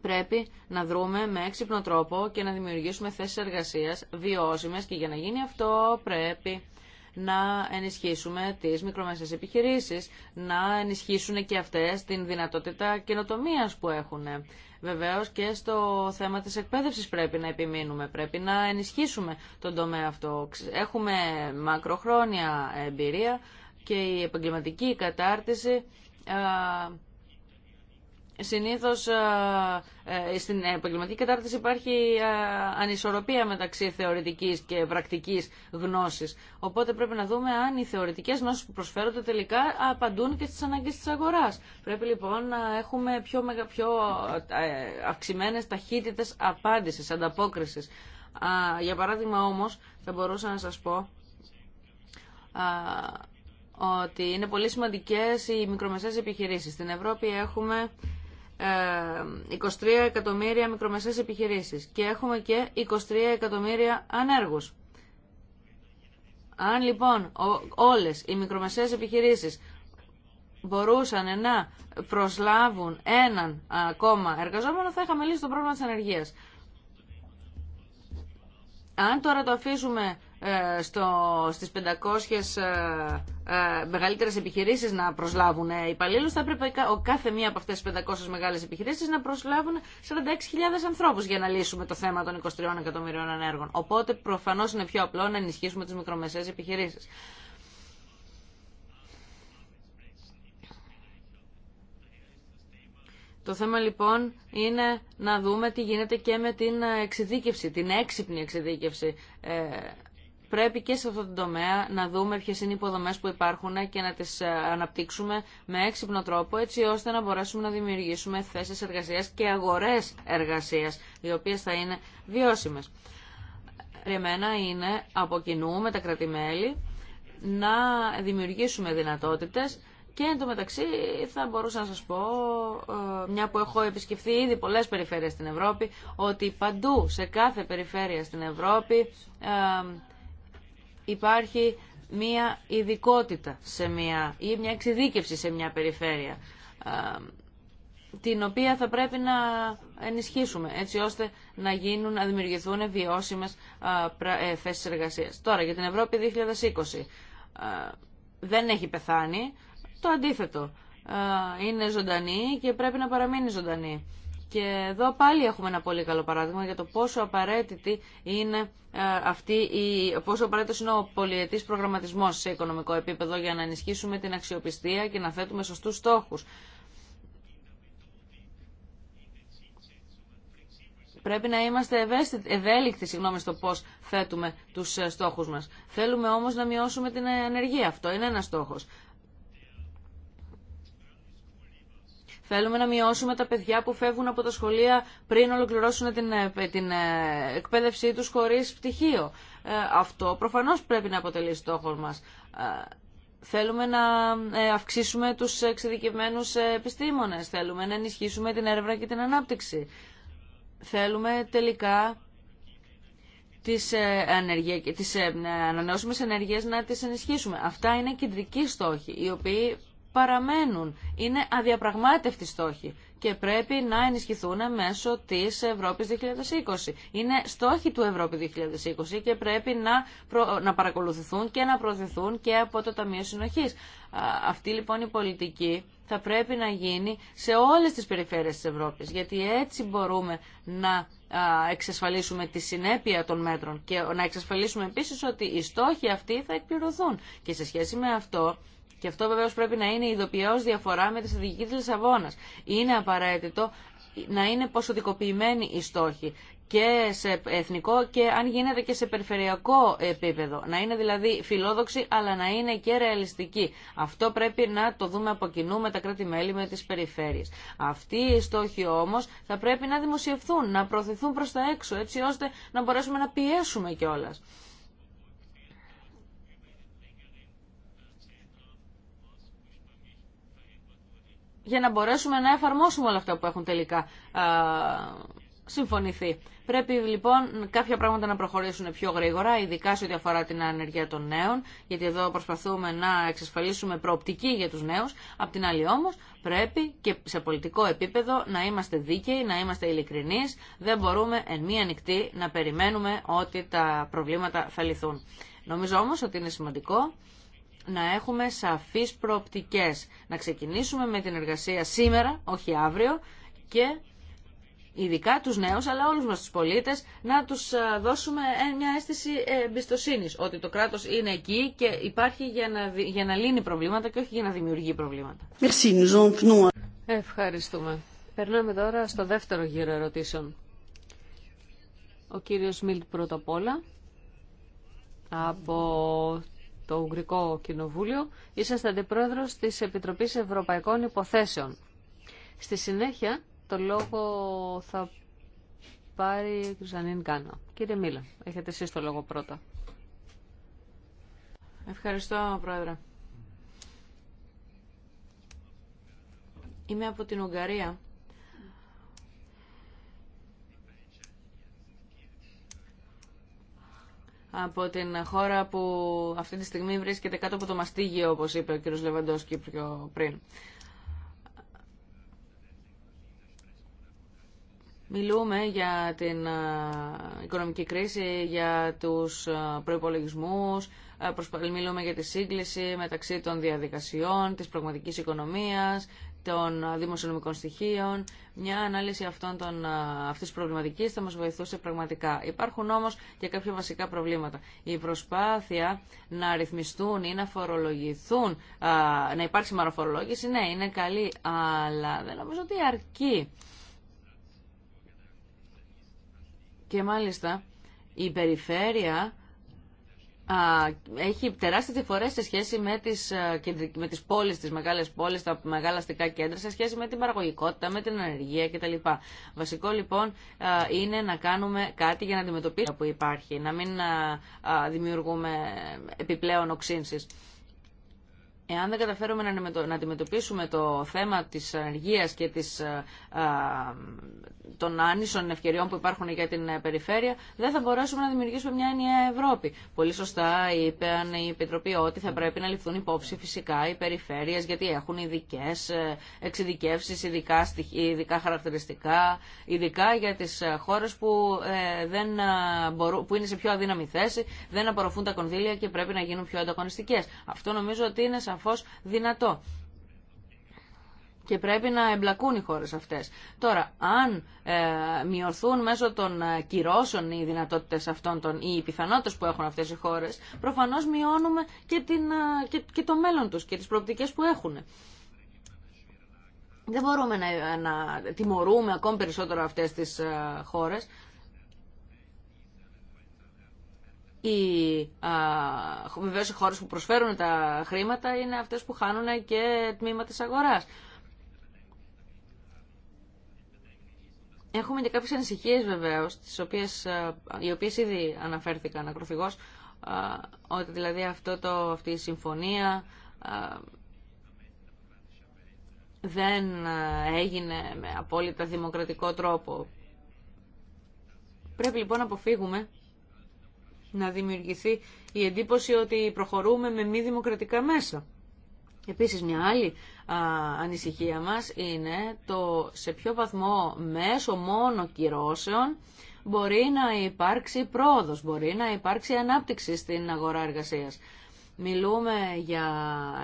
πρέπει να δρούμε με έξυπνο τρόπο και να δημιουργήσουμε θέσεις εργασίας βιώσιμες και για να γίνει αυτό πρέπει να ενισχύσουμε τις μικρομεσαίες επιχειρήσεις, να ενισχύσουν και αυτές την δυνατότητα καινοτομία που έχουν. Βεβαίως και στο θέμα της εκπαίδευσης πρέπει να επιμείνουμε, πρέπει να ενισχύσουμε τον τομέα αυτό. Έχουμε μακροχρόνια εμπειρία και η επαγγελματική κατάρτιση Συνήθως ε, ε, στην επαγγελματική κατάρτιση υπάρχει ε, ανισορροπία μεταξύ θεωρητικής και πρακτικής γνώσης. Οπότε πρέπει να δούμε αν οι θεωρητικές γνώσεις που προσφέρονται τελικά απαντούν και στις ανάγκες της αγοράς. Πρέπει λοιπόν να έχουμε πιο, μεγα, πιο αυξημένες ταχύτητες απάντησης, ανταπόκρισης. Για παράδειγμα όμως θα μπορούσα να σας πω ότι είναι πολύ σημαντικές οι μικρομεσαίες επιχειρήσεις. Στην Ευρώπη έχουμε 23 ε, εκατομμύρια μικρομεσαίες επιχειρήσεις και έχουμε και 23 εκατομμύρια ανέργους. Αν λοιπόν όλες οι μικρομεσαίες επιχειρήσεις μπορούσαν να προσλάβουν έναν ακόμα εργαζόμενο θα είχαμε λύσει το πρόβλημα της ανεργίας. Αν τώρα το αφήσουμε ε, στο, στις 500 ε, ε, μεγαλύτερες επιχειρήσεις να προσλάβουν υπαλλήλους, θα έπρεπε ο κάθε μία από αυτές τις 500 μεγάλες επιχειρήσεις να προσλάβουν 46.000 ανθρώπους για να λύσουμε το θέμα των 23 εκατομμυρίων ανέργων. Οπότε προφανώς είναι πιο απλό να ενισχύσουμε τις μικρομεσαίες επιχειρήσεις. Το θέμα λοιπόν είναι να δούμε τι γίνεται και με την εξειδίκευση, την έξυπνη εξειδίκευση πρέπει και σε αυτό το τομέα να δούμε ποιε είναι οι υποδομέ που υπάρχουν και να τις ε, αναπτύξουμε με έξυπνο τρόπο έτσι ώστε να μπορέσουμε να δημιουργήσουμε θέσεις εργασίας και αγορές εργασία, οι οποίες θα είναι βιώσιμες. Ε, εμένα είναι από κοινού με τα κρατημέλη να δημιουργήσουμε δυνατότητες και εν τω μεταξύ θα μπορούσα να σας πω, ε, μια που έχω επισκεφθεί ήδη πολλές περιφέρειες στην Ευρώπη, ότι παντού σε κάθε περιφέρεια στην Ευρώπη υπάρχει μία ειδικότητα σε μια, ή μια εξειδίκευση σε μια περιφέρεια την οποία θα πρέπει να ενισχύσουμε έτσι ώστε να, γίνουν, να δημιουργηθούν βιώσιμες ε, θέσεις εργασίας. Τώρα για την Ευρώπη 2020 δεν έχει πεθάνει, το αντίθετο είναι ζωντανή και πρέπει να παραμείνει ζωντανή. Και εδώ πάλι έχουμε ένα πολύ καλό παράδειγμα για το πόσο απαραίτητη είναι ε, αυτή η, πόσο απαραίτητο είναι ο πολυετής προγραμματισμό σε οικονομικό επίπεδο για να ενισχύσουμε την αξιοπιστία και να θέτουμε σωστού στόχου. Πρέπει να είμαστε ευέλικτοι συγγνώμη, στο πώ θέτουμε του ε, στόχου μα. Θέλουμε όμω να μειώσουμε την ε, ανεργία. Αυτό είναι ένα στόχο. Θέλουμε να μειώσουμε τα παιδιά που φεύγουν από τα σχολεία πριν ολοκληρώσουν την, ε, την ε, εκπαίδευσή τους χωρίς πτυχίο. Ε, αυτό προφανώς πρέπει να αποτελεί στόχο μας. Θέλουμε να αυξήσουμε τους εξειδικευμένους επιστήμονες, θέλουμε να ενισχύσουμε την έρευνα και την ανάπτυξη. Θέλουμε τελικά τις, ανεργία, τις ανανεώσιμες ενεργείες να τις ενισχύσουμε. Αυτά είναι κεντρικοί στόχοι, οι οποίοι παραμένουν. Είναι αδιαπραγμάτευτοι στόχοι και πρέπει να ενισχυθούν μέσω της Ευρώπης 2020. Είναι στόχοι του Ευρώπη 2020 και πρέπει να, να παρακολουθηθούν και να προωθηθούν και από το Ταμείο Συνοχής. Αυτή λοιπόν η πολιτική θα πρέπει να γίνει σε όλες τις περιφέρειες της Ευρώπης, γιατί έτσι μπορούμε να εξασφαλίσουμε τη συνέπεια των μέτρων και να εξασφαλίσουμε επίσης ότι οι στόχοι αυτοί θα εκπληρωθούν. Και σε σχέση με αυτό και αυτό βεβαίω πρέπει να είναι ειδοποιώ διαφορά με τη στρατηγική τη Λισαβόνα. Είναι απαραίτητο να είναι ποσοτικοποιημένοι οι στόχοι και σε εθνικό και αν γίνεται και σε περιφερειακό επίπεδο. Να είναι δηλαδή φιλόδοξοι αλλά να είναι και ρεαλιστικοί. Αυτό πρέπει να το δούμε από κοινού με τα κράτη-μέλη, με τις περιφέρειες. Αυτοί οι στόχοι όμως θα πρέπει να δημοσιευθούν, να προωθηθούν προς τα έξω έτσι ώστε να μπορέσουμε να πιέσουμε κιόλας. για να μπορέσουμε να εφαρμόσουμε όλα αυτά που έχουν τελικά συμφωνηθεί. Πρέπει λοιπόν κάποια πράγματα να προχωρήσουν πιο γρήγορα, ειδικά σε ό,τι αφορά την ανεργία των νέων, γιατί εδώ προσπαθούμε να εξασφαλίσουμε προοπτική για τους νέους. Απ' την άλλη όμως πρέπει και σε πολιτικό επίπεδο να είμαστε δίκαιοι, να είμαστε ειλικρινεί. Δεν μπορούμε εν μία νυχτή να περιμένουμε ότι τα προβλήματα θα λυθούν. Νομίζω όμως ότι είναι σημαντικό να έχουμε σαφείς προοπτικές. Να ξεκινήσουμε με την εργασία σήμερα, όχι αύριο, και ειδικά τους νέους, αλλά όλους μας τους πολίτες, να τους ε, δώσουμε ε, μια αίσθηση εμπιστοσύνη ότι το κράτος είναι εκεί και υπάρχει για να, για να λύνει προβλήματα και όχι για να δημιουργεί προβλήματα. Ευχαριστούμε. Περνάμε τώρα στο δεύτερο γύρο ερωτήσεων. Ο κύριος Μίλτ πρώτα απ' όλα από το Ουγγρικό Κοινοβούλιο, Είσαστε αντιπρόεδρο της Επιτροπής Ευρωπαϊκών Υποθέσεων. Στη συνέχεια, το λόγο θα πάρει η Κρυζανίν Κάνα. Κύριε Μίλα, έχετε εσείς το λόγο πρώτα. Ευχαριστώ, Πρόεδρε. Είμαι από την Ουγγαρία από την χώρα που αυτή τη στιγμή βρίσκεται κάτω από το μαστίγιο, όπως είπε ο κ. Λεβαντόσκι πιο πριν. Μιλούμε για την ε, οικονομική κρίση, για τους ε, προϋπολογισμούς, ε, μιλούμε για τη σύγκληση μεταξύ των διαδικασιών, της πραγματικής οικονομίας, των ε, δημοσιονομικών στοιχείων. Μια ανάλυση αυτών των, ε, αυτής της προβληματικής θα μας βοηθούσε πραγματικά. Υπάρχουν όμως και κάποια βασικά προβλήματα. Η προσπάθεια να ρυθμιστούν ή να φορολογηθούν, να υπάρξει μαροφορολόγηση, ναι, είναι καλή, αλλά δεν νομίζω ότι αρκεί. Και μάλιστα η περιφέρεια έχει τεράστιες διαφορές σε σχέση με τις, ε, με τις πόλεις, τις μεγάλες πόλεις, τα μεγάλα αστικά κέντρα, σε σχέση με την παραγωγικότητα, με την ανεργία κτλ. Βασικό λοιπόν ε, είναι να κάνουμε κάτι για να αντιμετωπίσουμε που υπάρχει, να μην ε, δημιουργούμε επιπλέον οξύνσεις. Εάν δεν καταφέρουμε να αντιμετωπίσουμε το θέμα της ανεργίας και της, ε, ε, των άνισων ευκαιριών που υπάρχουν για την ε, περιφέρεια, δεν θα μπορέσουμε να δημιουργήσουμε μια ενιαία Ευρώπη. Πολύ σωστά είπαν η Επιτροπή ότι θα πρέπει να ληφθούν υπόψη φυσικά οι περιφέρειες, γιατί έχουν ειδικέ εξειδικεύσει, ειδικά, ειδικά χαρακτηριστικά, ειδικά για τις χώρες που, δεν που είναι σε πιο αδύναμη θέση, δεν απορροφούν τα κονδύλια και πρέπει να γίνουν πιο ανταγωνιστικές. Αυτό νομίζω ότι είναι σαφ φως δυνατό. Και πρέπει να εμπλακούν οι χώρες αυτές. Τώρα, αν ε, μειωθούν μέσω των ε, κυρώσεων οι δυνατότητες αυτών των, ή οι πιθανότητες που έχουν αυτές οι χώρες, προφανώς μειώνουμε και, την, ε, και, το μέλλον τους και τις προοπτικές που έχουν. Δεν μπορούμε να, να τιμωρούμε ακόμη περισσότερο αυτές τις ε, χώρες. οι, βεβαίως οι χώρες που προσφέρουν τα χρήματα είναι αυτές που χάνουν και τμήμα της αγοράς. Έχουμε και κάποιες ανησυχίες βεβαίως, τις οι οποίες ήδη αναφέρθηκαν ακροφηγώ, ότι δηλαδή αυτό το, αυτή η συμφωνία δεν έγινε με απόλυτα δημοκρατικό τρόπο. Πρέπει λοιπόν να αποφύγουμε να δημιουργηθεί η εντύπωση ότι προχωρούμε με μη δημοκρατικά μέσα. Επίσης μια άλλη ανησυχία μας είναι το σε ποιο βαθμό μέσω μόνο κυρώσεων μπορεί να υπάρξει πρόοδος, μπορεί να υπάρξει ανάπτυξη στην αγορά εργασίας. Μιλούμε για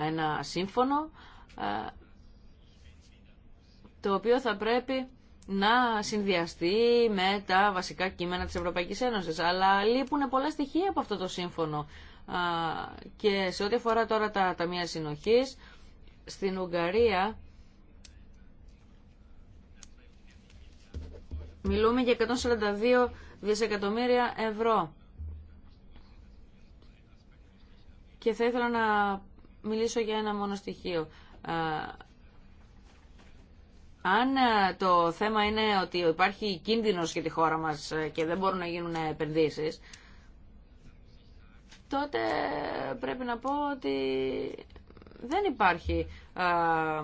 ένα σύμφωνο το οποίο θα πρέπει να συνδυαστεί με τα βασικά κείμενα της Ευρωπαϊκής Ένωσης. Αλλά λείπουν πολλά στοιχεία από αυτό το σύμφωνο. Και σε ό,τι αφορά τώρα τα ταμεία συνοχής, στην Ουγγαρία μιλούμε για 142 δισεκατομμύρια ευρώ. Και θα ήθελα να μιλήσω για ένα μόνο στοιχείο. Αν ε, το θέμα είναι ότι υπάρχει κίνδυνος για τη χώρα μας ε, και δεν μπορούν να γίνουν επενδύσεις, τότε πρέπει να πω ότι δεν υπάρχει, α, ε,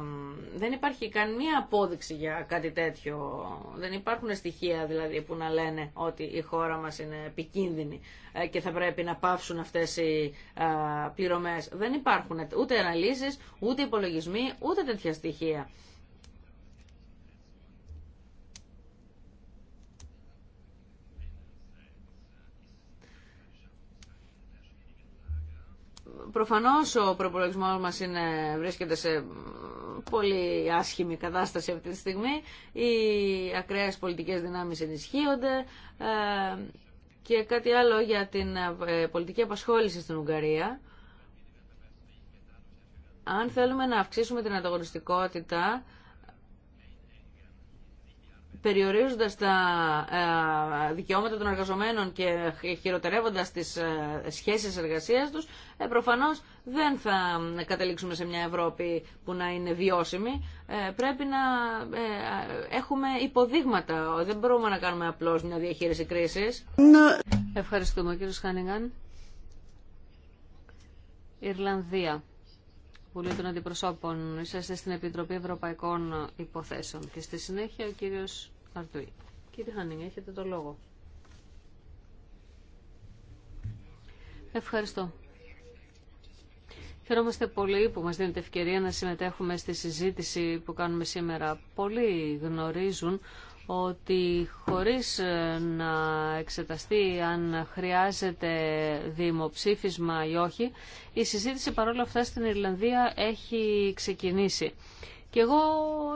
δεν υπάρχει καμία απόδειξη για κάτι τέτοιο. Δεν υπάρχουν στοιχεία δηλαδή που να λένε ότι η χώρα μας είναι επικίνδυνη και θα πρέπει να πάυσουν αυτές οι Δεν υπάρχουν ούτε αναλύσεις, ούτε υπολογισμοί, ούτε τέτοια στοιχεία. Προφανώ ο προπολογισμό μα βρίσκεται σε πολύ άσχημη κατάσταση αυτή τη στιγμή. Οι ακραίε πολιτικές δυνάμει ενισχύονται. Ε, και κάτι άλλο για την ε, πολιτική απασχόληση στην Ουγγαρία. Αν θέλουμε να αυξήσουμε την ανταγωνιστικότητα, περιορίζοντας τα ε, δικαιώματα των εργαζομένων και χειροτερεύοντας τις ε, σχέσεις εργασίας τους, ε, προφανώ δεν θα καταλήξουμε σε μια Ευρώπη που να είναι βιώσιμη. Πρέπει να έχουμε υποδείγματα. Δεν μπορούμε να κάνουμε απλώ μια διαχείριση κρίση. Ναι. Ευχαριστούμε κύριο Χάνιγκαν. Ιρλανδία. Βουλή των Αντιπροσώπων. Είσαστε στην Επιτροπή Ευρωπαϊκών Υποθέσεων. Και στη συνέχεια ο κύριος Κύριε Χάνινγκ, έχετε το λόγο. Ευχαριστώ. Χαιρόμαστε πολύ που μας δίνετε ευκαιρία να συμμετέχουμε στη συζήτηση που κάνουμε σήμερα. Πολλοί γνωρίζουν ότι χωρίς ε, να εξεταστεί αν χρειάζεται δημοψήφισμα ή όχι, η συζήτηση παρόλα αυτά στην Ιρλανδία έχει ξεκινήσει. Και εγώ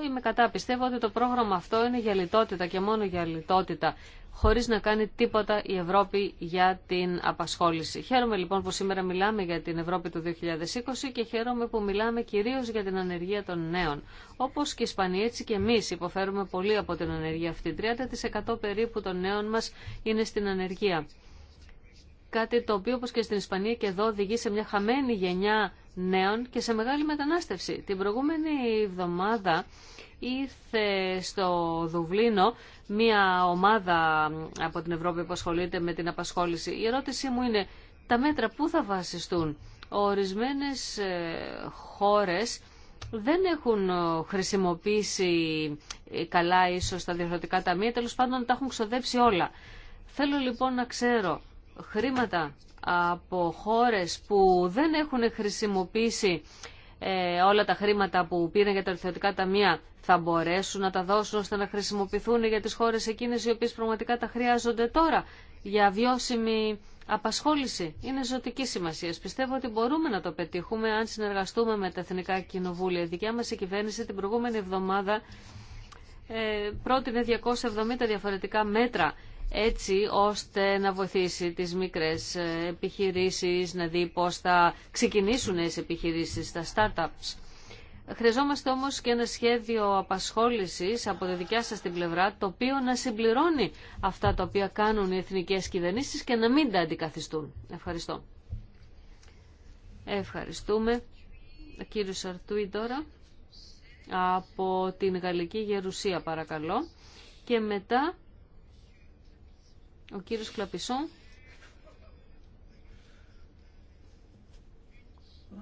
είμαι κατά. Πιστεύω ότι το πρόγραμμα αυτό είναι για λιτότητα και μόνο για λιτότητα, χωρίς να κάνει τίποτα η Ευρώπη για την απασχόληση. Χαίρομαι λοιπόν που σήμερα μιλάμε για την Ευρώπη του 2020 και χαίρομαι που μιλάμε κυρίως για την ανεργία των νέων. Όπως και οι Ισπανοί, έτσι και εμείς υποφέρουμε πολύ από την ανεργία αυτή. 30% περίπου των νέων μα είναι στην ανεργία. Κάτι το οποίο όπως και στην Ισπανία και εδώ οδηγεί σε μια χαμένη γενιά νέων και σε μεγάλη μετανάστευση. Την προηγούμενη εβδομάδα ήρθε στο Δουβλίνο μια ομάδα από την Ευρώπη που ασχολείται με την απασχόληση. Η ερώτησή μου είναι τα μέτρα πού θα βασιστούν. Ορισμένες ε, χώρες δεν έχουν ε, χρησιμοποιήσει ε, καλά ίσως τα διευθυντικά ταμεία, τέλος πάντων τα έχουν ξοδέψει όλα. Θέλω λοιπόν να ξέρω χρήματα από χώρες που δεν έχουν χρησιμοποιήσει ε, όλα τα χρήματα που πήραν για τα ορθωτικά ταμεία θα μπορέσουν να τα δώσουν ώστε να χρησιμοποιηθούν για τις χώρες εκείνες οι οποίες πραγματικά τα χρειάζονται τώρα για βιώσιμη απασχόληση. Είναι ζωτική σημασία. Πιστεύω ότι μπορούμε να το πετύχουμε αν συνεργαστούμε με τα Εθνικά Κοινοβούλια. Η δικιά μας η κυβέρνηση την προηγούμενη εβδομάδα ε, πρότεινε 270 διαφορετικά μέτρα έτσι ώστε να βοηθήσει τις μικρές ε, επιχειρήσεις, να δει πώς θα ξεκινήσουν οι επιχειρήσεις, τα startups. Χρειαζόμαστε όμως και ένα σχέδιο απασχόλησης από τη δικιά σας την πλευρά, το οποίο να συμπληρώνει αυτά τα οποία κάνουν οι εθνικές κυβερνήσεις και να μην τα αντικαθιστούν. Ευχαριστώ. Ευχαριστούμε. Κύριο Σαρτούι τώρα από την Γαλλική Γερουσία παρακαλώ και μετά ο κύριος Κλαπισό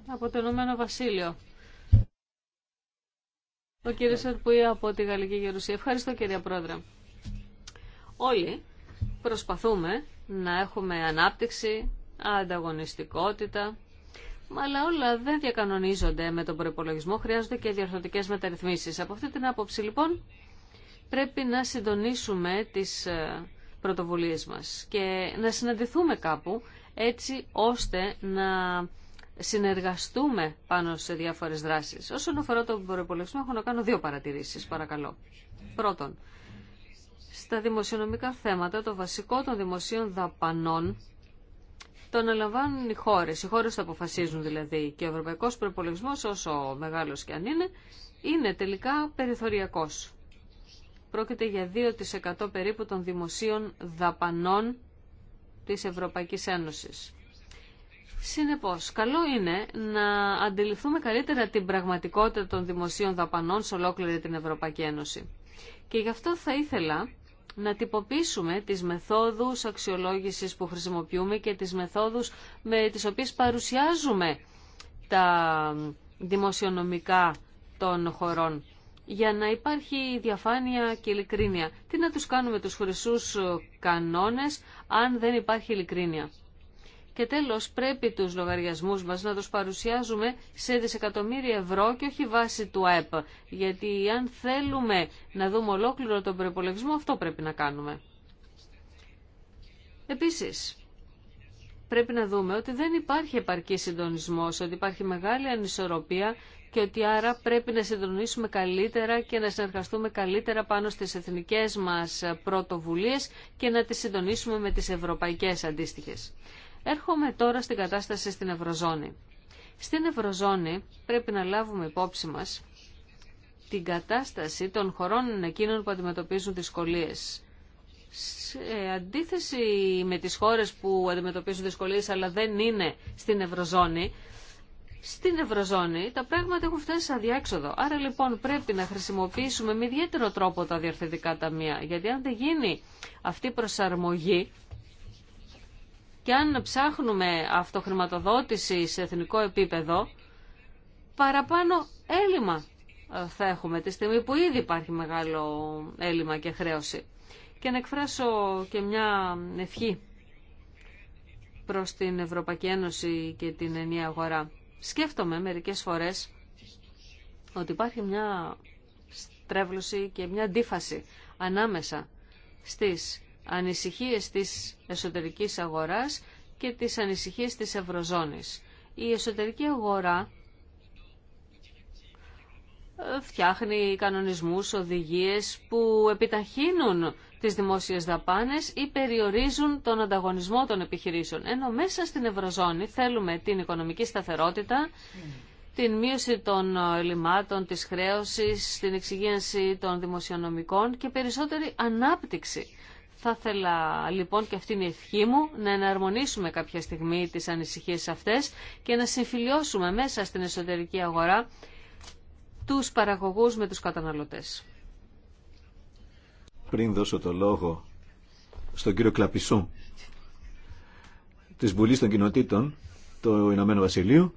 από το Ηνωμένο Βασίλειο. Ο κύριος ναι. Ερπουή από τη Γαλλική Γερουσία. Ευχαριστώ κύριε Πρόεδρε. Όλοι προσπαθούμε να έχουμε ανάπτυξη, ανταγωνιστικότητα, αλλά όλα δεν διακανονίζονται με τον προπολογισμό, χρειάζονται και διορθωτικέ μεταρρυθμίσεις. Από αυτή την άποψη λοιπόν πρέπει να συντονίσουμε τις ε, πρωτοβουλίες και να συναντηθούμε κάπου έτσι ώστε να συνεργαστούμε πάνω σε διάφορες δράσεις. Όσον αφορά τον προπολογισμό, έχω να κάνω δύο παρατηρήσεις, παρακαλώ. Πρώτον, στα δημοσιονομικά θέματα, το βασικό των δημοσίων δαπανών το αναλαμβάνουν οι χώρε, Οι χώρε το αποφασίζουν δηλαδή και ο Ευρωπαϊκό προπολογισμό, όσο μεγάλο και αν είναι, είναι τελικά περιθωριακό. Πρόκειται για 2% περίπου των δημοσίων δαπανών της Ευρωπαϊκής Ένωσης. Συνεπώς, καλό είναι να αντιληφθούμε καλύτερα την πραγματικότητα των δημοσίων δαπανών σε ολόκληρη την Ευρωπαϊκή Ένωση. Και γι' αυτό θα ήθελα να τυποποιήσουμε τις μεθόδους αξιολόγησης που χρησιμοποιούμε και τις μεθόδους με τις οποίες παρουσιάζουμε τα δημοσιονομικά των χωρών για να υπάρχει διαφάνεια και ειλικρίνεια. Τι να τους κάνουμε τους χρυσούς κανόνες αν δεν υπάρχει ειλικρίνεια. Και τέλος πρέπει τους λογαριασμούς μας να τους παρουσιάζουμε σε δισεκατομμύρια ευρώ και όχι βάση του ΑΕΠ. Γιατί αν θέλουμε να δούμε ολόκληρο τον προπολογισμό αυτό πρέπει να κάνουμε. Επίσης, πρέπει να δούμε ότι δεν υπάρχει επαρκή συντονισμός, ότι υπάρχει μεγάλη ανισορροπία και ότι άρα πρέπει να συντονίσουμε καλύτερα και να συνεργαστούμε καλύτερα πάνω στις εθνικές μας πρωτοβουλίες και να τις συντονίσουμε με τις ευρωπαϊκές αντίστοιχες. Έρχομαι τώρα στην κατάσταση στην Ευρωζώνη. Στην Ευρωζώνη πρέπει να λάβουμε υπόψη μας την κατάσταση των χωρών εκείνων που αντιμετωπίζουν δυσκολίες. Σε αντίθεση με τις χώρες που αντιμετωπίζουν δυσκολίες αλλά δεν είναι στην Ευρωζώνη, στην Ευρωζώνη τα πράγματα έχουν φτάσει σε αδιέξοδο. Άρα λοιπόν πρέπει να χρησιμοποιήσουμε με ιδιαίτερο τρόπο τα διευθυντικά ταμεία. Γιατί αν δεν γίνει αυτή η προσαρμογή και αν ψάχνουμε αυτοχρηματοδότηση σε εθνικό επίπεδο, παραπάνω έλλειμμα ε, θα έχουμε τη στιγμή που ήδη υπάρχει μεγάλο έλλειμμα και χρέωση. Και να εκφράσω και μια ευχή προς την Ευρωπαϊκή Ένωση και την ενιαία αγορά. Σκέφτομαι μερικές φορές ότι υπάρχει μια στρέβλωση και μια αντίφαση ανάμεσα στις ανησυχίες της εσωτερικής αγοράς και τις ανησυχίες της Ευρωζώνης. Η εσωτερική αγορά ε, φτιάχνει κανονισμούς, οδηγίες που επιταχύνουν τις δημόσιες δαπάνες ή περιορίζουν τον ανταγωνισμό των επιχειρήσεων. Ενώ μέσα στην Ευρωζώνη θέλουμε την οικονομική σταθερότητα, την μείωση των ελλημάτων, της χρέωσης, την εξυγίανση των δημοσιονομικών και περισσότερη ανάπτυξη. Θα ήθελα λοιπόν και αυτή είναι η ευχή μου να εναρμονίσουμε κάποια στιγμή τις ανησυχίες αυτές και να συμφιλιώσουμε μέσα στην εσωτερική αγορά τους παραγωγούς με τους καταναλωτές. Πριν δώσω το λόγο στον κύριο Κλαπισού της Βουλής των Κοινοτήτων του Ηνωμένου Βασιλείου,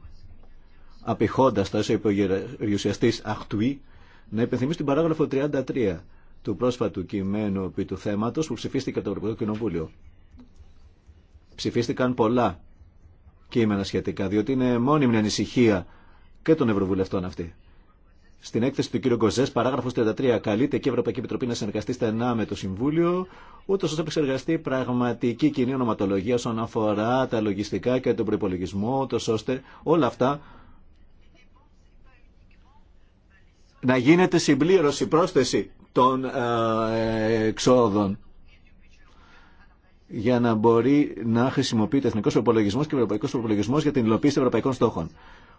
απειχώντας τα όσο είπε ο Αχτουή, να υπενθυμίσω την παράγραφο 33 του πρόσφατου κειμένου επί του θέματος που ψηφίστηκε το Ευρωπαϊκό Κοινοβούλιο. Ψηφίστηκαν πολλά κείμενα σχετικά, διότι είναι μόνιμη ανησυχία και των Ευρωβουλευτών αυτή. Στην έκθεση του κ. Γκοζέ, παράγραφο 33, καλείται και η Ευρωπαϊκή Επιτροπή να συνεργαστεί στενά με το Συμβούλιο, ούτω ώστε να επεξεργαστεί πραγματική κοινή ονοματολογία όσον αφορά τα λογιστικά και τον προπολογισμό, ούτω ώστε όλα αυτά να γίνεται συμπλήρωση, πρόσθεση των ε, εξόδων για να μπορεί να χρησιμοποιείται εθνικό προπολογισμό και ευρωπαϊκό προπολογισμό για την υλοποίηση των ευρωπαϊκών στόχων.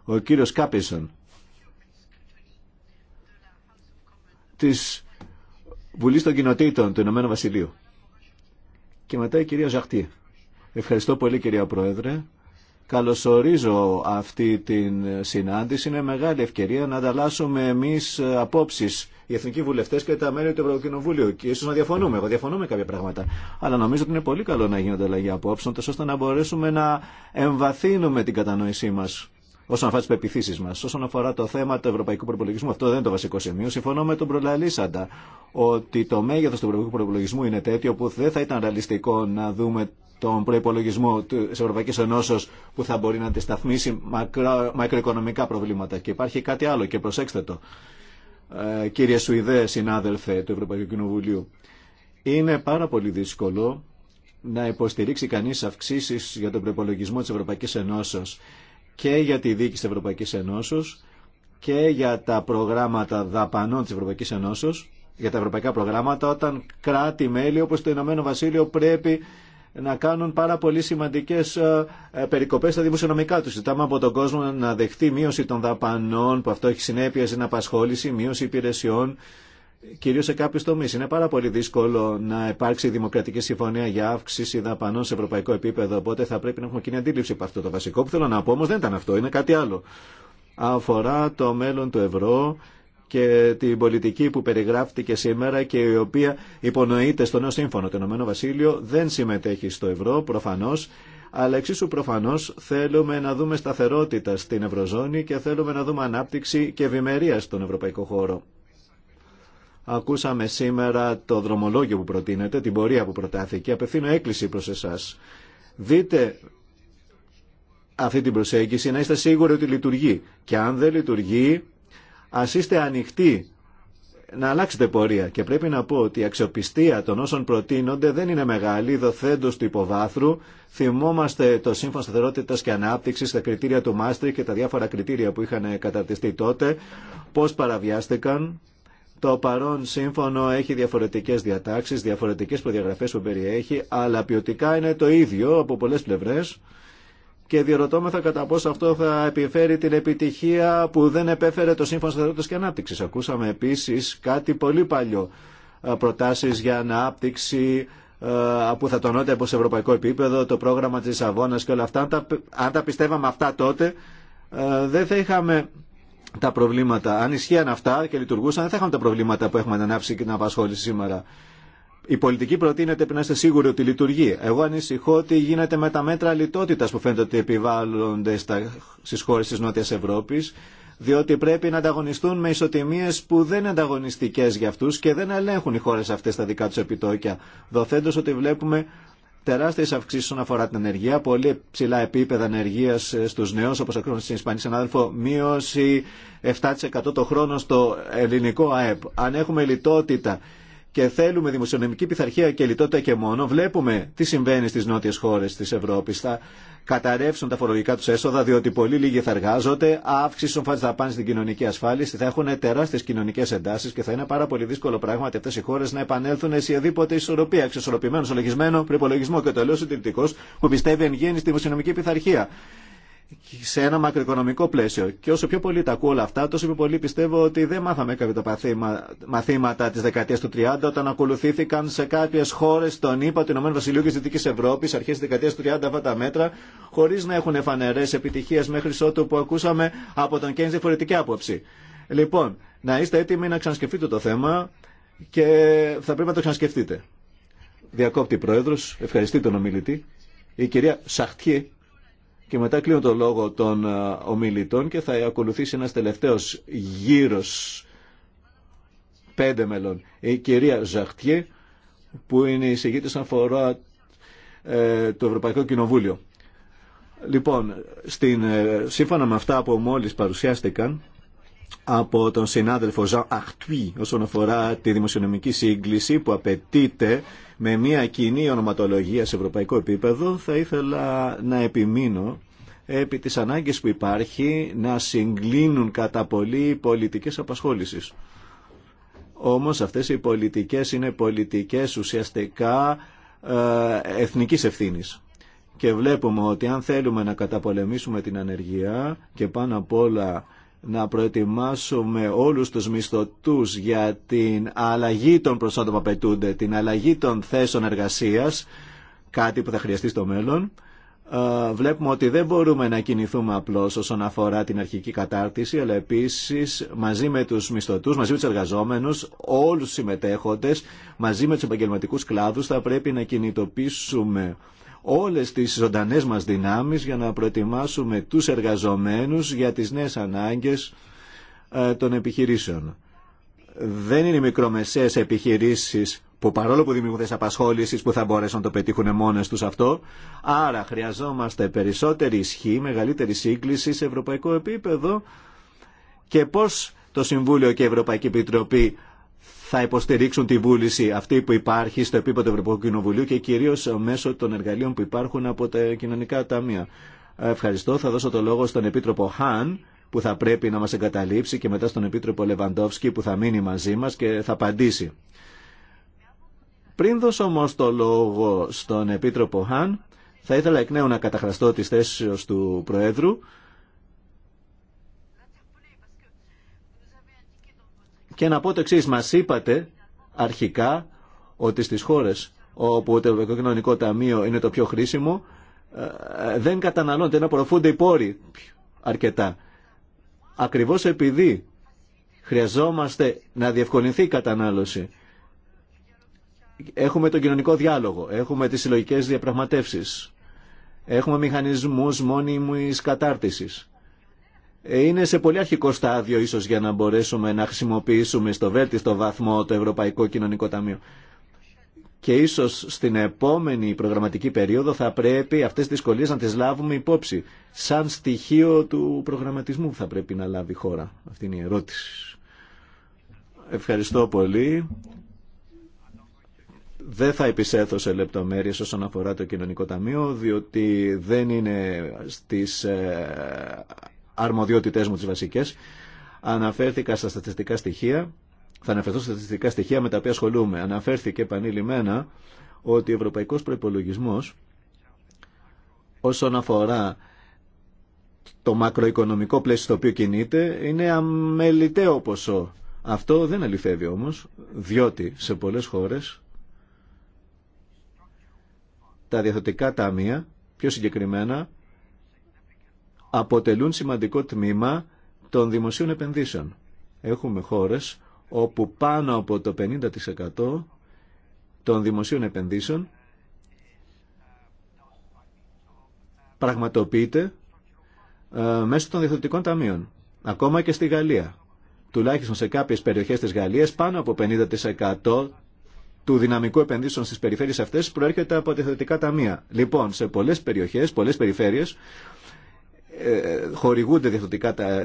Ο κύριο Κάπισον της Βουλής των Κοινοτήτων του Ηνωμένου Βασιλείου. Και μετά η κυρία Ζαχτή. Ευχαριστώ πολύ κυρία Πρόεδρε. Καλωσορίζω αυτή την συνάντηση. Είναι μεγάλη ευκαιρία να ανταλλάσσουμε εμείς απόψεις οι εθνικοί βουλευτέ και τα μέλη του Ευρωκοινοβουλίου. Και ίσω να διαφωνούμε. Εγώ διαφωνώ με κάποια πράγματα. Αλλά νομίζω ότι είναι πολύ καλό να γίνονται αλλαγή απόψεων, ώστε να μπορέσουμε να εμβαθύνουμε την κατανόησή μα όσον αφορά τι πεπιθήσει μα. Όσον αφορά το θέμα του ευρωπαϊκού προπολογισμού, αυτό δεν είναι το βασικό σημείο. Συμφωνώ με τον προλαλήσαντα ότι το μέγεθο του ευρωπαϊκού προπολογισμού είναι τέτοιο που δεν θα ήταν ρεαλιστικό να δούμε τον προπολογισμό τη Ευρωπαϊκή Ενώσεω που θα μπορεί να αντισταθμίσει μακρο, μακροοικονομικά προβλήματα. Και υπάρχει κάτι άλλο και προσέξτε το, ε, κύριε Σουηδέ, συνάδελφε του Ευρωπαϊκού Κοινοβουλίου. Είναι πάρα πολύ δύσκολο να υποστηρίξει κανεί αυξήσει για τον προπολογισμό τη Ευρωπαϊκή Ενώσεω και για τη δίκη της Ευρωπαϊκής Ενώσεως και για τα προγράμματα δαπανών της Ευρωπαϊκής Ενώσεως, για τα ευρωπαϊκά προγράμματα, όταν κράτη-μέλη όπως το Ηνωμένο Βασίλειο πρέπει να κάνουν πάρα πολύ σημαντικέ ε, ε, περικοπές στα δημοσιονομικά τους. Ζητάμε από τον κόσμο να δεχτεί μείωση των δαπανών, που αυτό έχει συνέπεια στην απασχόληση, μείωση υπηρεσιών, κυρίως σε κάποιους τομείς. Είναι πάρα πολύ δύσκολο να υπάρξει δημοκρατική συμφωνία για αύξηση δαπανών σε ευρωπαϊκό επίπεδο, οπότε θα πρέπει να έχουμε κοινή αντίληψη από αυτό. Το βασικό που θέλω να πω όμως δεν ήταν αυτό, είναι κάτι άλλο. Αφορά το μέλλον του ευρώ και την πολιτική που περιγράφτηκε σήμερα και η οποία υπονοείται στο νέο σύμφωνο. Το Ηνωμένο Βασίλειο δεν συμμετέχει στο ευρώ προφανώς, αλλά εξίσου προφανώς θέλουμε να δούμε σταθερότητα στην Ευρωζώνη και θέλουμε να δούμε ανάπτυξη και ευημερία στον ευρωπαϊκό χώρο. Ακούσαμε σήμερα το δρομολόγιο που προτείνεται, την πορεία που προτάθηκε. Απευθύνω έκκληση προς εσάς. Δείτε αυτή την προσέγγιση να είστε σίγουροι ότι λειτουργεί. Και αν δεν λειτουργεί, ας είστε ανοιχτοί να αλλάξετε πορεία. Και πρέπει να πω ότι η αξιοπιστία των όσων προτείνονται δεν είναι μεγάλη, δοθέντος του υποβάθρου. Θυμόμαστε το Σύμφωνο Σταθερότητα και Ανάπτυξη, τα κριτήρια του Μάστρικ και τα διάφορα κριτήρια που είχαν καταρτιστεί τότε, πώ παραβιάστηκαν το παρόν σύμφωνο έχει διαφορετικές διατάξεις, διαφορετικές προδιαγραφές που περιέχει, αλλά ποιοτικά είναι το ίδιο από πολλέ πλευρές και διερωτώμεθα κατά πόσο αυτό θα επιφέρει την επιτυχία που δεν επέφερε το Σύμφωνο Σταθερότητα και ανάπτυξη. Ακούσαμε επίσης κάτι πολύ παλιό, ε, προτάσεις για ανάπτυξη ε, που θα τονώνται από σε ευρωπαϊκό επίπεδο, το πρόγραμμα τη Αβώνα και όλα αυτά. Αν τα πιστεύαμε αυτά τότε, ε, δεν θα είχαμε τα προβλήματα. Αν ισχύαν αυτά και λειτουργούσαν, δεν θα είχαμε τα προβλήματα που έχουμε ανάψει και την απασχόληση σήμερα. Η πολιτική προτείνεται πριν να είστε σίγουροι ότι λειτουργεί. Εγώ ανησυχώ ότι γίνεται με τα μέτρα λιτότητα που φαίνεται ότι επιβάλλονται στι χώρε τη Νότια Ευρώπη, διότι πρέπει να ανταγωνιστούν με ισοτιμίε που δεν είναι ανταγωνιστικέ για αυτού και δεν ελέγχουν οι χώρε αυτέ τα δικά του επιτόκια. Δοθέντω ότι βλέπουμε τεράστιε αυξήσει όσον αφορά την ενεργεία, πολύ ψηλά επίπεδα ενεργεία ε, στου νέου, όπω ακούμε στην Ισπανία, συνάδελφο, μείωση 7% το χρόνο στο ελληνικό ΑΕΠ. Αν έχουμε λιτότητα και θέλουμε δημοσιονομική πειθαρχία και λιτότητα και μόνο, βλέπουμε τι συμβαίνει στι νότιε χώρε τη Ευρώπη. Θα καταρρεύσουν τα φορολογικά του έσοδα, διότι πολύ λίγοι θα εργάζονται, αύξηση των θα πάνε στην κοινωνική ασφάλιση, θα έχουν τεράστιε κοινωνικέ εντάσει και θα είναι πάρα πολύ δύσκολο πράγματι αυτέ οι χώρε να επανέλθουν σε οδήποτε ισορροπία, εξισορροπημένο, συλλογισμένο προπολογισμό. Και το λέω συντηρητικό που πιστεύει εν γέννη στη δημοσιονομική πειθαρχία σε ένα μακροοικονομικό πλαίσιο. Και όσο πιο πολύ τα ακούω όλα αυτά, τόσο πιο πολύ πιστεύω ότι δεν μάθαμε κάποια τα μαθήματα τη δεκαετία του 30 όταν ακολουθήθηκαν σε κάποιε χώρε τον ΗΠΑ, του Ηνωμένου Βασιλείου και τη Δυτική Ευρώπη, αρχέ τη δεκαετία του 30 αυτά τα μέτρα, χωρί να έχουν φανερέ επιτυχίε μέχρι ότου που ακούσαμε από τον Κέιν διαφορετική άποψη. Λοιπόν, να είστε έτοιμοι να ξανασκεφτείτε το θέμα και θα πρέπει να το ξανασκεφτείτε. Διακόπτη πρόεδρο. ευχαριστεί τον ομιλητή. Η κυρία Σαχτιέ και μετά κλείνω το λόγο των ε, ομιλητών και θα ακολουθήσει ένας τελευταίος γύρος πέντε μελών. Η κυρία Ζαχτιέ που είναι η εισηγήτης αφορά ε, το Ευρωπαϊκό Κοινοβούλιο. Λοιπόν, στην, ε, σύμφωνα με αυτά που μόλις παρουσιάστηκαν, από τον συνάδελφο Ζαν Αχτουί όσον αφορά τη δημοσιονομική σύγκληση που απαιτείται με μια κοινή ονοματολογία σε ευρωπαϊκό επίπεδο θα ήθελα να επιμείνω επί της ανάγκης που υπάρχει να συγκλίνουν κατά πολύ οι πολιτικές απασχόλησης. Όμως αυτές οι πολιτικές είναι πολιτικές ουσιαστικά ε, εθνικής ευθύνης. Και βλέπουμε ότι αν θέλουμε να καταπολεμήσουμε την ανεργία και πάνω απ' όλα να προετοιμάσουμε όλους τους μισθωτούς για την αλλαγή των προσόντων που απαιτούνται, την αλλαγή των θέσεων εργασίας, κάτι που θα χρειαστεί στο μέλλον. Ε, βλέπουμε ότι δεν μπορούμε να κινηθούμε απλώς όσον αφορά την αρχική κατάρτιση, αλλά επίσης μαζί με τους μισθωτούς, μαζί με τους εργαζόμενους, όλους τους συμμετέχοντες, μαζί με τους επαγγελματικούς κλάδους θα πρέπει να κινητοποιήσουμε όλες τις ζωντανές μας δυνάμεις για να προετοιμάσουμε τους εργαζομένους για τις νέες ανάγκες ε, των επιχειρήσεων. Δεν είναι οι μικρομεσαίες επιχειρήσεις που παρόλο που δημιουργούν θέσεις απασχόλησης που θα μπορέσουν να το πετύχουν μόνες τους αυτό, άρα χρειαζόμαστε περισσότερη ισχύ, μεγαλύτερη σύγκληση σε ευρωπαϊκό επίπεδο και πώς το Συμβούλιο και η Ευρωπαϊκή Επιτροπή θα υποστηρίξουν τη βούληση αυτή που υπάρχει στο επίπεδο του Ευρωπαϊκού Κοινοβουλίου και κυρίως μέσω των εργαλείων που υπάρχουν από τα κοινωνικά ταμεία. Ευχαριστώ. Θα δώσω το λόγο στον Επίτροπο Χάν που θα πρέπει να μας εγκαταλείψει και μετά στον Επίτροπο Λεβαντόφσκι που θα μείνει μαζί μας και θα απαντήσει. Πριν δώσω όμω το λόγο στον Επίτροπο Χάν, θα ήθελα εκ νέου να καταχραστώ τη θέσεις του Προέδρου Και να πω το εξή, μα είπατε αρχικά ότι στις χώρες όπου το Ευρωπαϊκό Κοινωνικό Ταμείο είναι το πιο χρήσιμο, ε, δεν καταναλώνται, δεν απορροφούνται οι πόροι αρκετά. Ακριβώς επειδή χρειαζόμαστε να διευκολυνθεί η κατανάλωση, έχουμε τον κοινωνικό διάλογο, έχουμε τις συλλογικές διαπραγματεύσεις, έχουμε μηχανισμούς μόνιμης κατάρτισης είναι σε πολύ αρχικό στάδιο ίσως για να μπορέσουμε να χρησιμοποιήσουμε στο βέλτιστο βαθμό το Ευρωπαϊκό Κοινωνικό Ταμείο. Και ίσως στην επόμενη προγραμματική περίοδο θα πρέπει αυτές τις δυσκολίες να τις λάβουμε υπόψη. Σαν στοιχείο του προγραμματισμού θα πρέπει να λάβει η χώρα. Αυτή είναι η ερώτηση. Ευχαριστώ πολύ. Δεν θα επισέθω σε λεπτομέρειες όσον αφορά το Κοινωνικό Ταμείο, διότι δεν είναι στις ε, αρμοδιότητές μου τις βασικές. Αναφέρθηκα στα στατιστικά στοιχεία, θα αναφερθώ στα στατιστικά στοιχεία με τα οποία ασχολούμαι. Αναφέρθηκε επανειλημμένα ότι ο ευρωπαϊκός προϋπολογισμός όσον αφορά το μακροοικονομικό πλαίσιο στο οποίο κινείται είναι αμεληταίο ποσό. Αυτό δεν αληθεύει όμως, διότι σε πολλές χώρες τα διαθετικά ταμεία, πιο συγκεκριμένα αποτελούν σημαντικό τμήμα των δημοσίων επενδύσεων. Έχουμε χώρες όπου πάνω από το 50% των δημοσίων επενδύσεων πραγματοποιείται ε, μέσω των διευθυντικών ταμείων. Ακόμα και στη Γαλλία. Τουλάχιστον σε κάποιες περιοχές της Γαλλίας πάνω από 50% του δυναμικού επενδύσεων στις περιφέρειες αυτές προέρχεται από θετικά ταμεία. Λοιπόν, σε πολλές περιοχές, πολλές περιφέρειες χορηγούνται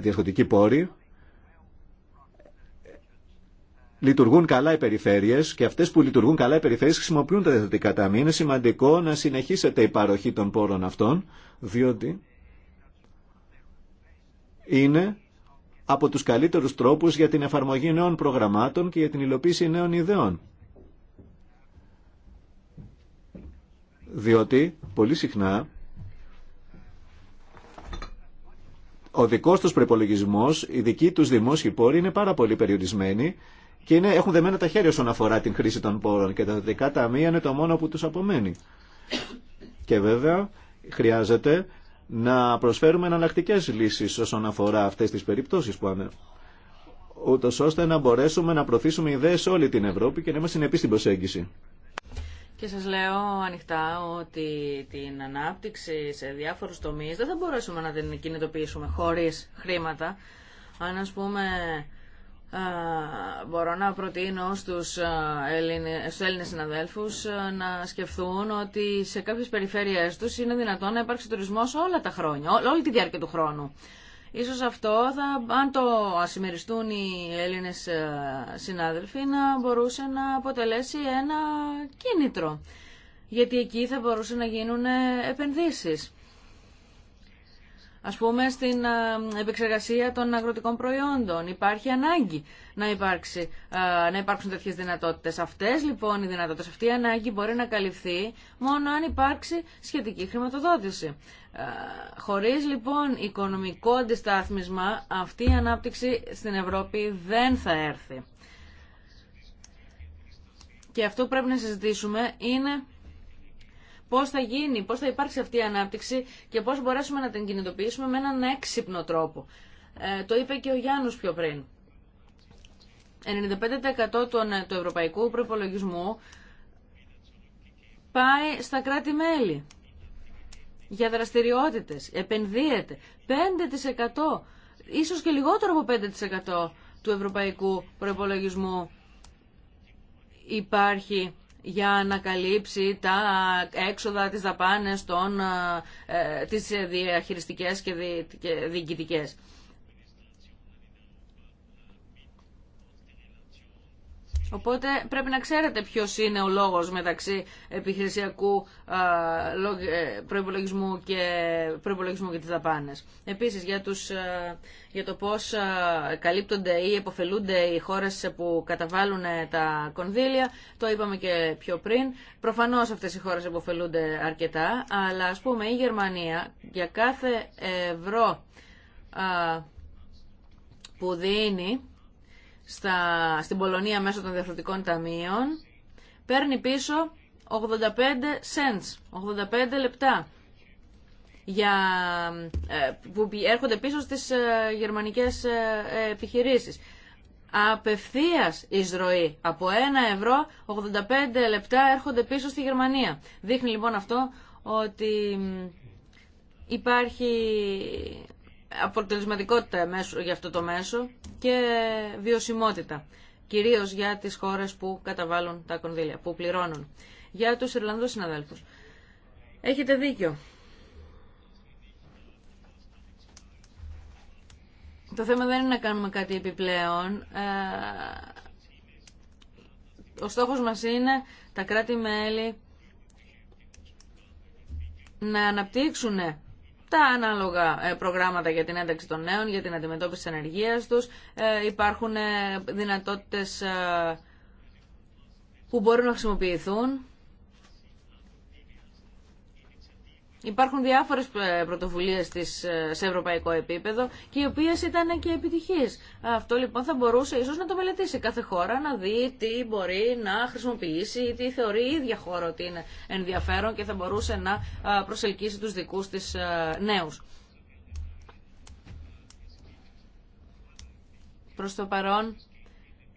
διαστοτικοί πόροι, λειτουργούν καλά οι περιφέρειε και αυτέ που λειτουργούν καλά οι περιφέρειε χρησιμοποιούν τα διαστοτικά ταμεία. Είναι σημαντικό να συνεχίσετε η παροχή των πόρων αυτών, διότι είναι από τους καλύτερους τρόπους για την εφαρμογή νέων προγραμμάτων και για την υλοποίηση νέων ιδεών. Διότι πολύ συχνά ο δικός τους προπολογισμό, οι δικοί τους δημόσιοι πόροι είναι πάρα πολύ περιορισμένοι και είναι, έχουν δεμένα τα χέρια όσον αφορά την χρήση των πόρων και τα δικά ταμεία είναι το μόνο που τους απομένει. Και βέβαια χρειάζεται να προσφέρουμε εναλλακτικέ λύσεις όσον αφορά αυτές τις περιπτώσεις που άνε ούτως ώστε να μπορέσουμε να προωθήσουμε ιδέες σε όλη την Ευρώπη και να είμαστε συνεπείς στην προσέγγιση. Και σας λέω ανοιχτά ότι την ανάπτυξη σε διάφορους τομείς δεν θα μπορέσουμε να την κινητοποιήσουμε χωρίς χρήματα. Αν ας πούμε μπορώ να προτείνω στους, Έλληνες, στους Έλληνες συναδέλφους να σκεφτούν ότι σε κάποιες περιφέρειές τους είναι δυνατόν να υπάρξει τουρισμός όλα τα χρόνια, όλη τη διάρκεια του χρόνου. Ίσως αυτό, θα, αν το ασημεριστούν οι Έλληνες ε, συνάδελφοι, να μπορούσε να αποτελέσει ένα κίνητρο. Γιατί εκεί θα μπορούσαν να γίνουν ε, επενδύσεις. Ας πούμε στην επεξεργασία των αγροτικών προϊόντων υπάρχει ανάγκη να, υπάρξει, να υπάρξουν τέτοιες δυνατότητες. Αυτές λοιπόν οι δυνατότητες, αυτή η ανάγκη μπορεί να καλυφθεί μόνο αν υπάρξει σχετική χρηματοδότηση. Χωρίς λοιπόν οικονομικό αντιστάθμισμα αυτή η ανάπτυξη στην Ευρώπη δεν θα έρθει. Και αυτό που πρέπει να συζητήσουμε είναι Πώ θα γίνει, πώ θα υπάρξει αυτή η ανάπτυξη και πώς μπορέσουμε να την κινητοποιήσουμε με έναν έξυπνο τρόπο. Ε, το είπε και ο Γιάννους πιο πριν. 95% ε, του ευρωπαϊκού προπολογισμού πάει στα κράτη-μέλη για δραστηριότητες, επενδύεται 5%, ίσως και λιγότερο από 5% του ευρωπαϊκού προπολογισμού υπάρχει για να καλύψει τα έξοδα, τις δαπάνες, των, ε, ε τις διαχειριστικές και διοικητικές. Οπότε πρέπει να ξέρετε ποιο είναι ο λόγος μεταξύ επιχειρησιακού ε, προπολογισμού και προϋπολογισμού για τι δαπάνε. Επίσης για, τους, για το πώς καλύπτονται ή εποφελούνται οι χώρες που καταβάλουν ε, τα κονδύλια, το είπαμε και πιο πριν. Προφανώς αυτές οι χώρες εποφελούνται αρκετά, αλλά ας πούμε η Γερμανία για κάθε ευρώ που δίνει στα, στην Πολωνία μέσω των διαφορετικών ταμείων παίρνει πίσω 85 cents, 85 λεπτά για, ε, που έρχονται πίσω στις ε, γερμανικές ε, επιχειρήσεις. Απευθείας εισρωή από 1 ευρώ 85 λεπτά έρχονται πίσω στη Γερμανία. Δείχνει λοιπόν αυτό ότι υπάρχει αποτελεσματικότητα για αυτό το μέσο και βιωσιμότητα, κυρίως για τις χώρες που καταβάλουν τα κονδύλια, που πληρώνουν. Για τους Ιρλανδούς συναδέλφους. Έχετε δίκιο. Το θέμα δεν είναι να κάνουμε κάτι επιπλέον. Ε, ο στόχος μας είναι τα κράτη-μέλη να αναπτύξουν τα ανάλογα ε, προγράμματα για την ένταξη των νέων, για την αντιμετώπιση της ενεργείας τους. Ε, υπάρχουν ε, δυνατότητες που μπορούν να χρησιμοποιηθούν Υπάρχουν διάφορε πρωτοβουλίε ε, σε ευρωπαϊκό επίπεδο και οι οποίε ήταν και επιτυχεί. Αυτό λοιπόν θα μπορούσε ίσω να το μελετήσει κάθε χώρα, να δει τι μπορεί να χρησιμοποιήσει ή τι θεωρεί η ίδια χώρα ότι είναι ενδιαφέρον και θα μπορούσε να ε, προσελκύσει του δικού τη ε, νέου. Προς το παρόν,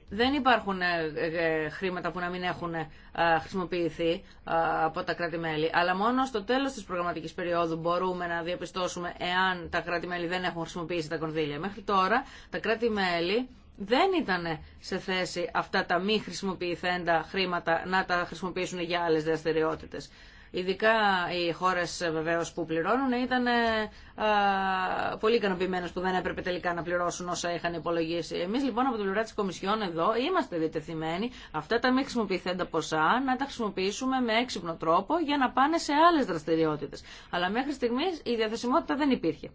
δεν υπάρχουν ε, ε, ε, χρήματα που να μην έχουν χρησιμοποιηθεί από τα κράτη-μέλη, αλλά μόνο στο τέλος της προγραμματικής περίοδου μπορούμε να διαπιστώσουμε εάν τα κράτη-μέλη δεν έχουν χρησιμοποιήσει τα κονδύλια. Μέχρι τώρα τα κράτη-μέλη δεν ήταν σε θέση αυτά τα μη χρησιμοποιηθέντα χρήματα να τα χρησιμοποιήσουν για άλλες δραστηριότητες. Ειδικά οι χώρε βεβαίω που πληρώνουν ήταν ε, πολύ ικανοποιημένε που δεν έπρεπε τελικά να πληρώσουν όσα είχαν υπολογίσει. Εμεί λοιπόν από την πλευρά τη Κομισιόν εδώ είμαστε διατεθειμένοι αυτά τα μη χρησιμοποιηθέντα ποσά να τα χρησιμοποιήσουμε με έξυπνο τρόπο για να πάνε σε άλλε δραστηριότητε. Αλλά μέχρι στιγμή η διαθεσιμότητα δεν υπήρχε.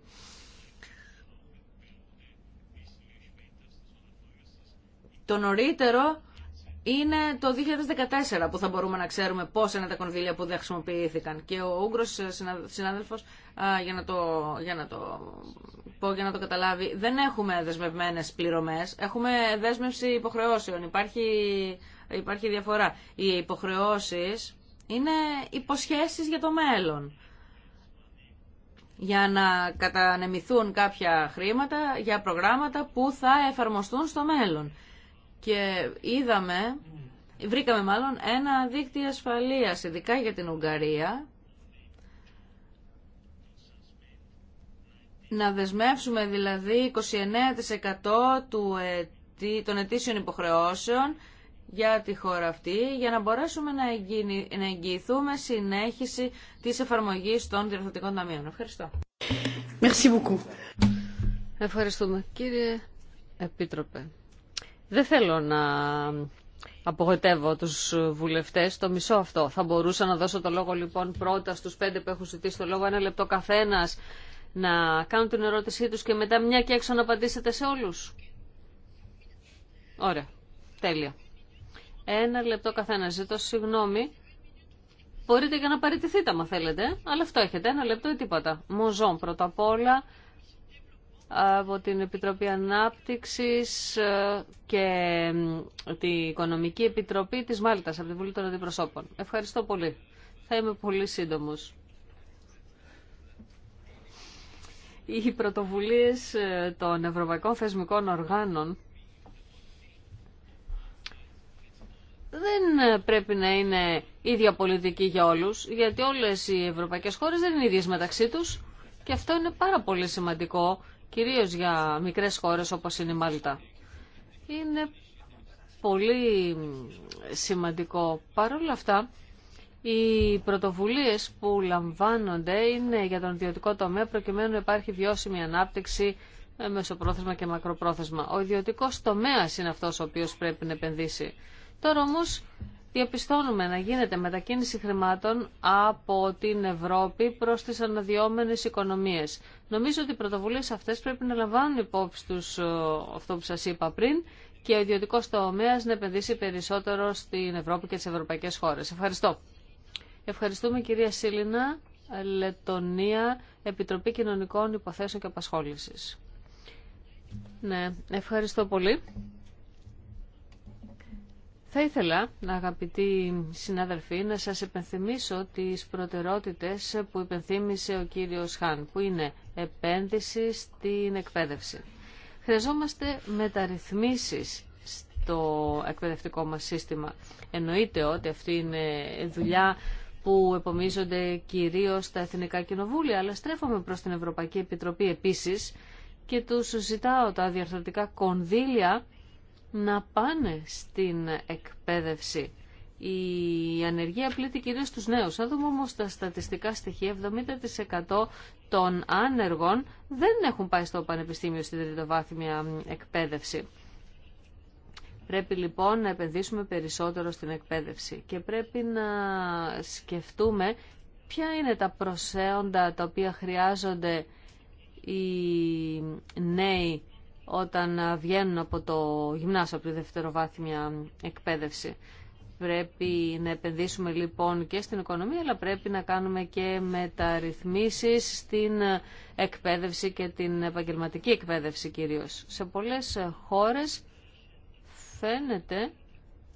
Το νωρίτερο είναι το 2014 που θα μπορούμε να ξέρουμε πόσα είναι τα κονδύλια που δεν χρησιμοποιήθηκαν. Και ο Ούγγρος συνάδελφος, για, να το, για να το πω, για να το καταλάβει, δεν έχουμε δεσμευμένες πληρωμές, έχουμε δέσμευση υποχρεώσεων. Υπάρχει, υπάρχει διαφορά. Οι υποχρεώσεις είναι υποσχέσεις για το μέλλον για να κατανεμηθούν κάποια χρήματα για προγράμματα που θα εφαρμοστούν στο μέλλον και είδαμε, βρήκαμε μάλλον ένα δίκτυο ασφαλείας, ειδικά για την Ουγγαρία, να δεσμεύσουμε δηλαδή 29% του, των ετήσιων υποχρεώσεων για τη χώρα αυτή, για να μπορέσουμε να εγγυηθούμε συνέχιση της εφαρμογής των διορθωτικών ταμείων. Ευχαριστώ. Merci Ευχαριστούμε. Κύριε Επίτροπε. Δεν θέλω να απογοητεύω τους βουλευτέ το μισό αυτό. Θα μπορούσα να δώσω το λόγο λοιπόν πρώτα στους πέντε που έχουν ζητήσει το λόγο, ένα λεπτό καθένα να κάνουν την ερώτησή τους και μετά μια και έξω να απαντήσετε σε όλους. Ωραία. Τέλεια. Ένα λεπτό καθένα. Ζητώ συγγνώμη. Μπορείτε και να παραιτηθείτε άμα θέλετε, αλλά αυτό έχετε. Ένα λεπτό ή τίποτα. Μοζόν πρώτα απ' όλα από την Επιτροπή Ανάπτυξης ε, και την Οικονομική Επιτροπή της Μάλτας, από την Βουλή των Αντιπροσώπων. Ευχαριστώ πολύ. Θα είμαι πολύ σύντομος. Οι πρωτοβουλίες ε, των Ευρωπαϊκών Θεσμικών Οργάνων δεν ε, πρέπει να είναι ίδια πολιτική για όλους, γιατί όλες οι ευρωπαϊκές χώρες δεν είναι ίδιες μεταξύ τους και αυτό είναι πάρα πολύ σημαντικό κυρίως για μικρές χώρες όπως είναι η Μάλτα. Είναι πολύ σημαντικό. Παρ' όλα αυτά, οι πρωτοβουλίες που λαμβάνονται είναι για τον ιδιωτικό τομέα προκειμένου να υπάρχει βιώσιμη ανάπτυξη ε, μεσοπρόθεσμα και μακροπρόθεσμα. Ο ιδιωτικός τομέας είναι αυτός ο οποίος πρέπει να επενδύσει. Τώρα όμως διαπιστώνουμε να γίνεται μετακίνηση χρημάτων από την Ευρώπη προς τις αναδυόμενες οικονομίες. Νομίζω ότι οι πρωτοβουλίες αυτές πρέπει να λαμβάνουν υπόψη τους ε, αυτό που σας είπα πριν και ο ιδιωτικό τομέα να επενδύσει περισσότερο στην Ευρώπη και τις ευρωπαϊκές χώρες. Ευχαριστώ. Ευχαριστούμε κυρία Σίλινα, Λετωνία, Επιτροπή Κοινωνικών Υποθέσεων και Απασχόλησης. Ναι, ευχαριστώ πολύ. Θα ήθελα, αγαπητοί συνάδελφοι, να σας επενθυμίσω τις προτερότητες που υπενθύμησε ο κύριος Χάν, που είναι επένδυση στην εκπαίδευση. Χρειαζόμαστε μεταρρυθμίσεις στο εκπαιδευτικό μας σύστημα. Εννοείται ότι αυτή είναι δουλειά που επομίζονται κυρίως τα Εθνικά Κοινοβούλια, αλλά στρέφομαι προς την Ευρωπαϊκή Επιτροπή επίσης και τους ζητάω τα διαρθρωτικά κονδύλια να πάνε στην εκπαίδευση. Η ανεργία πλήττει κυρίως τους νέους. Αν δούμε όμως τα στατιστικά στοιχεία, 70% των άνεργων δεν έχουν πάει στο πανεπιστήμιο στην τριτοβάθμια εκπαίδευση. Πρέπει λοιπόν να επενδύσουμε περισσότερο στην εκπαίδευση και πρέπει να σκεφτούμε ποια είναι τα προσέοντα τα οποία χρειάζονται οι νέοι όταν ε, βγαίνουν από το γυμνάσιο, από τη δευτεροβάθμια εκπαίδευση. Πρέπει να επενδύσουμε λοιπόν και στην οικονομία, αλλά πρέπει να κάνουμε και μεταρρυθμίσεις στην εκπαίδευση και την επαγγελματική εκπαίδευση κυρίως. Σε πολλές ε, χώρες φαίνεται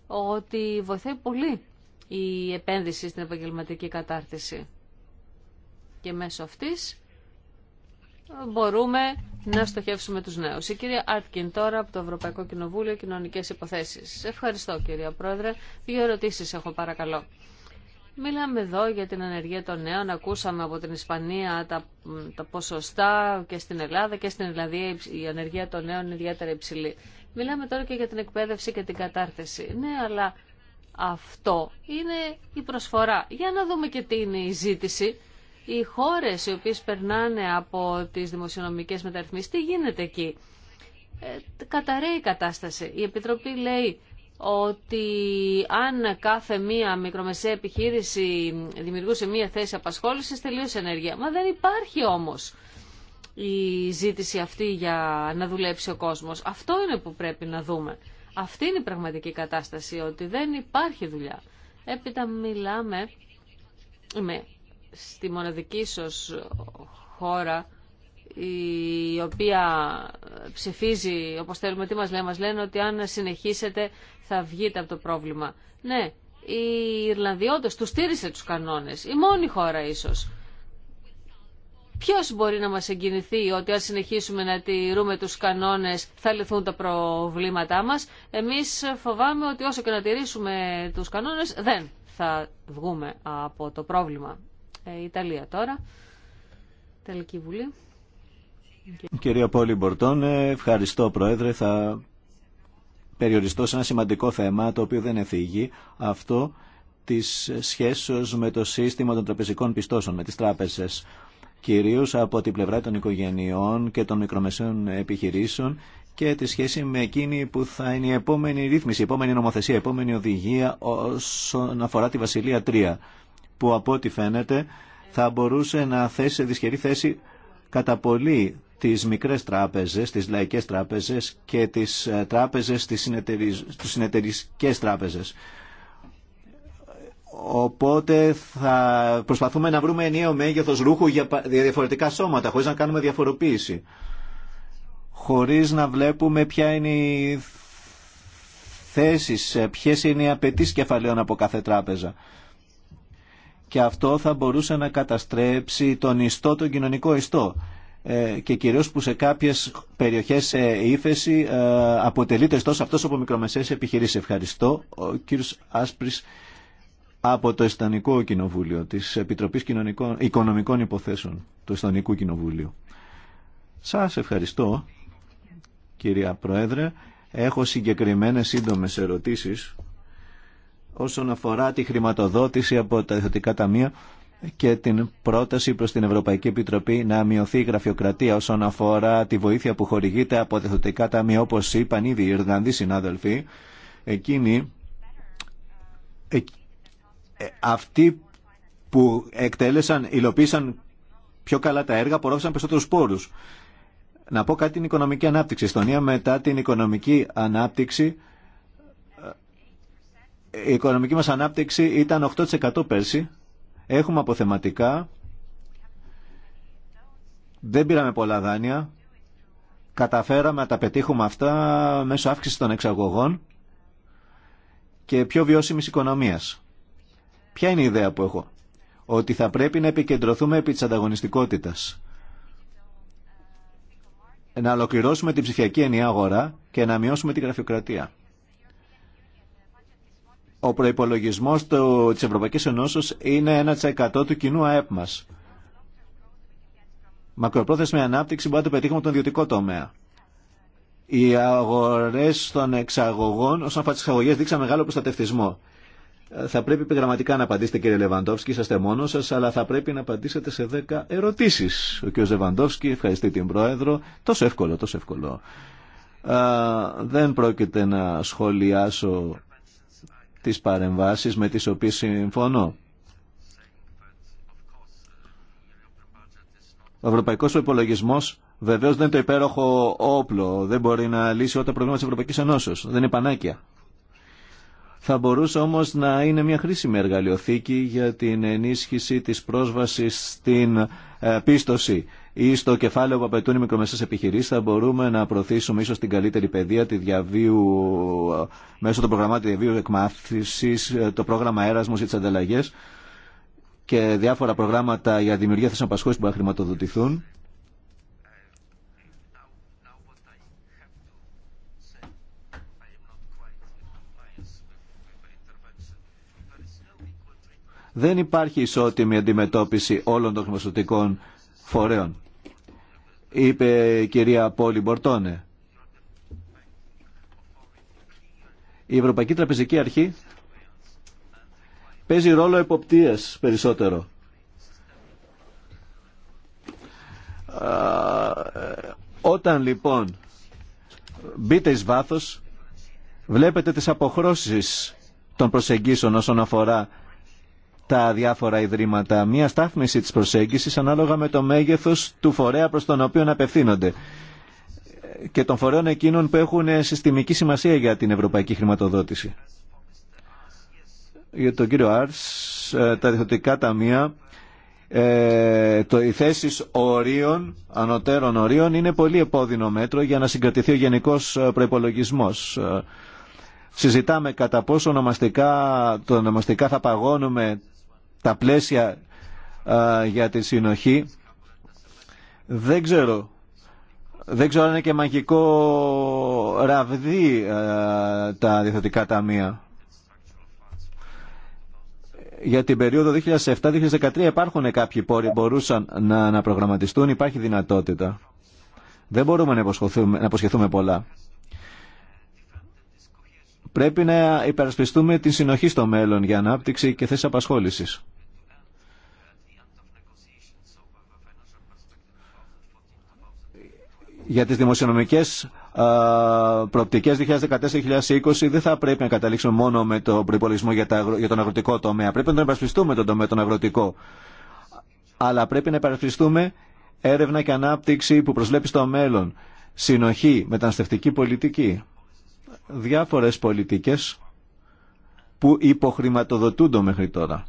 ότι βοηθάει πολύ η επένδυση στην επαγγελματική κατάρτιση. Και μέσω αυτής μπορούμε να στοχεύσουμε τους νέους. Η κυρία Άρτκιν τώρα από το Ευρωπαϊκό Κοινοβούλιο Κοινωνικές Υποθέσεις. Ευχαριστώ κυρία Πρόεδρε. Δύο ερωτήσεις έχω παρακαλώ. Μιλάμε εδώ για την ανεργία των νέων. Ακούσαμε από την Ισπανία τα, τα ποσοστά και στην Ελλάδα και στην Ελλάδα η ανεργία των νέων είναι ιδιαίτερα υψηλή. Μιλάμε τώρα και για την εκπαίδευση και την κατάρτιση. Ναι, αλλά αυτό είναι η προσφορά. Για να δούμε και τι είναι η ζήτηση οι χώρες οι οποίες περνάνε από τις δημοσιονομικές μεταρρυθμίσεις, τι γίνεται εκεί. Ε, καταραίει η κατάσταση. Η Επιτροπή λέει ότι αν κάθε μία μικρομεσαία επιχείρηση δημιουργούσε μία θέση απασχόλησης, τελείωσε ενέργεια. Μα δεν υπάρχει όμως η ζήτηση αυτή για να δουλέψει ο κόσμος. Αυτό είναι που πρέπει να δούμε. Αυτή είναι η πραγματική κατάσταση, ότι δεν υπάρχει δουλειά. Έπειτα μιλάμε με στη μοναδική ίσως χώρα η οποία ψηφίζει όπως θέλουμε, τι μας λένε, μας λένε ότι αν συνεχίσετε θα βγείτε από το πρόβλημα. Ναι, η Ιρλανδία τους στήρισε τους κανόνες, η μόνη χώρα ίσως. Ποιος μπορεί να μας εγκινηθεί ότι αν συνεχίσουμε να τηρούμε τους κανόνες θα λυθούν τα προβλήματά μας. Εμείς φοβάμαι ότι όσο και να τηρήσουμε τους κανόνες δεν θα βγούμε από το πρόβλημα η ε, Ιταλία τώρα. Τελική Βουλή. Κυρία Πόλη Μπορτών, ε, ευχαριστώ Πρόεδρε. Θα περιοριστώ σε ένα σημαντικό θέμα το οποίο δεν εφήγει. Αυτό της σχέσεως με το σύστημα των τραπεζικών πιστώσεων, με τις τράπεζες. Κυρίως από την πλευρά των οικογενειών και των μικρομεσαίων επιχειρήσεων και τη σχέση με εκείνη που θα είναι η επόμενη ρύθμιση, η επόμενη νομοθεσία, η επόμενη οδηγία όσον αφορά τη Βασιλεία 3 που από ό,τι φαίνεται θα μπορούσε να θέσει σε δυσχερή θέση κατά πολύ τις μικρές τράπεζες, τις λαϊκές τράπεζες και τις ε, τράπεζες, τις συνεταιριστικές τράπεζες. Οπότε θα προσπαθούμε να βρούμε ενιαίο μέγεθος ρούχου για διαφορετικά σώματα, χωρίς να κάνουμε διαφοροποίηση. Χωρίς να βλέπουμε ποια είναι η θέσεις, ποιες είναι οι απαιτήσει κεφαλαίων από κάθε τράπεζα και αυτό θα μπορούσε να καταστρέψει τον ιστό, τον κοινωνικό ιστό ε, και κυρίως που σε κάποιες περιοχές σε ύφεση ε, αποτελείται το ιστός αυτός από μικρομεσαίες επιχειρήσεις. Ευχαριστώ. Ο κύριος Άσπρης από το Ιστανικό Κοινοβούλιο της Επιτροπής Κοινωνικών, Οικονομικών Υποθέσεων του Ιστανικού Κοινοβουλίου. Σας ευχαριστώ κυρία Πρόεδρε. Έχω συγκεκριμένες σύντομες ερωτήσεις όσον αφορά τη χρηματοδότηση από τα ιδιωτικά ταμεία και την πρόταση προς την Ευρωπαϊκή Επιτροπή να μειωθεί η γραφειοκρατία όσον αφορά τη βοήθεια που χορηγείται από τα ιδιωτικά ταμεία όπως είπαν ήδη οι Ιρλανδοί συνάδελφοι εκείνοι ε, ε, αυτοί που εκτέλεσαν, υλοποίησαν πιο καλά τα έργα, απορρόφησαν περισσότερους πόρους. Να πω κάτι την οικονομική ανάπτυξη. Εστονία μετά την οικονομική ανάπτυξη η οικονομική μας ανάπτυξη ήταν 8% πέρσι. Έχουμε αποθεματικά. Δεν πήραμε πολλά δάνεια. Καταφέραμε να τα πετύχουμε αυτά μέσω αύξησης των εξαγωγών και πιο βιώσιμης οικονομίας. Ποια είναι η ιδέα που έχω. Ότι θα πρέπει να επικεντρωθούμε επί της ανταγωνιστικότητας. Να ολοκληρώσουμε την ψηφιακή ενιαία αγορά και να μειώσουμε την γραφειοκρατία. Ο προπολογισμό τη Ευρωπαϊκή Ενώσεω είναι 1% του κοινού ΑΕΠ μα. Μακροπρόθεσμη ανάπτυξη μπορεί να το πετύχουμε τον ιδιωτικό τομέα. Οι αγορέ των εξαγωγών, όσον αφορά τι εξαγωγέ, δείξαν μεγάλο προστατευτισμό. Θα πρέπει επιγραμματικά να απαντήσετε, κύριε Λεβαντόφσκι, είσαστε μόνο σα, αλλά θα πρέπει να απαντήσετε σε 10 ερωτήσει. Ο κ. Λεβαντόφσκι, ευχαριστεί την Πρόεδρο. Τόσο εύκολο, τόσο εύκολο. Α, δεν πρόκειται να σχολιάσω τις παρεμβάσεις με τις οποίες συμφωνώ. Ο ευρωπαϊκός υπολογισμός βεβαίως δεν είναι το υπέροχο όπλο. Δεν μπορεί να λύσει όλα τα προβλήματα τη Ευρωπαϊκή Ενώσεω. Δεν είναι πανάκια. Θα μπορούσε όμως να είναι μια χρήσιμη εργαλειοθήκη για την ενίσχυση της πρόσβασης στην ε, πίστοση ή στο κεφάλαιο που απαιτούν οι μικρομεσαίες επιχειρήσεις θα μπορούμε να προωθήσουμε ίσω την καλύτερη παιδεία, τη διαβίου, ε, μέσω των προγραμμάτων διαβίου εκμάθησης, ε, το πρόγραμμα έρασμο ή τι ανταλλαγέ και διάφορα προγράμματα για δημιουργία θέσεων που που θα χρηματοδοτηθούν. Δεν υπάρχει ισότιμη αντιμετώπιση όλων των χρηματοδοτικών φορέων είπε η κυρία Πόλη Μπορτόνε. Η Ευρωπαϊκή Τραπεζική Αρχή παίζει ρόλο εποπτείας περισσότερο. Όταν λοιπόν μπείτε εις βάθος, βλέπετε τις αποχρώσεις των προσεγγίσεων όσον αφορά τα διάφορα ιδρύματα μια στάθμιση της προσέγγισης ανάλογα με το μέγεθος του φορέα προς τον οποίο απευθύνονται και των φορέων εκείνων που έχουν συστημική σημασία για την ευρωπαϊκή χρηματοδότηση. Για τον κύριο Άρς, ε, τα διεθντικά ταμεία, ε, το, οι θέσει ορίων, ανωτέρων ορίων, είναι πολύ επώδυνο μέτρο για να συγκρατηθεί ο γενικό ε, προπολογισμό. Ε, συζητάμε κατά πόσο ονομαστικά, το ονομαστικά θα παγώνουμε τα πλαίσια για τη συνοχή. Δεν ξέρω. Δεν ξέρω αν είναι και μαγικό ραβδί τα διεθντικά ταμεία. Για την περίοδο 2007-2013 υπάρχουν κάποιοι πόροι που μπορούσαν να, να προγραμματιστούν. Υπάρχει δυνατότητα. Δεν μπορούμε να υποσχεθούμε, να υποσχεθούμε πολλά. Πρέπει να υπερασπιστούμε την συνοχή στο μέλλον για ανάπτυξη και θέσεις απασχόληση. Για τις δημοσιονομικές προοπτικές 2014-2020 δεν θα πρέπει να καταλήξουμε μόνο με τον προϋπολογισμό για τον αγροτικό τομέα. Πρέπει να τον υπερασπιστούμε τον τομέα τον αγροτικό. Αλλά πρέπει να υπερασπιστούμε έρευνα και ανάπτυξη που προσβλέπει στο μέλλον. Συνοχή, μεταναστευτική πολιτική διάφορες πολιτικές που υποχρηματοδοτούνται μέχρι τώρα.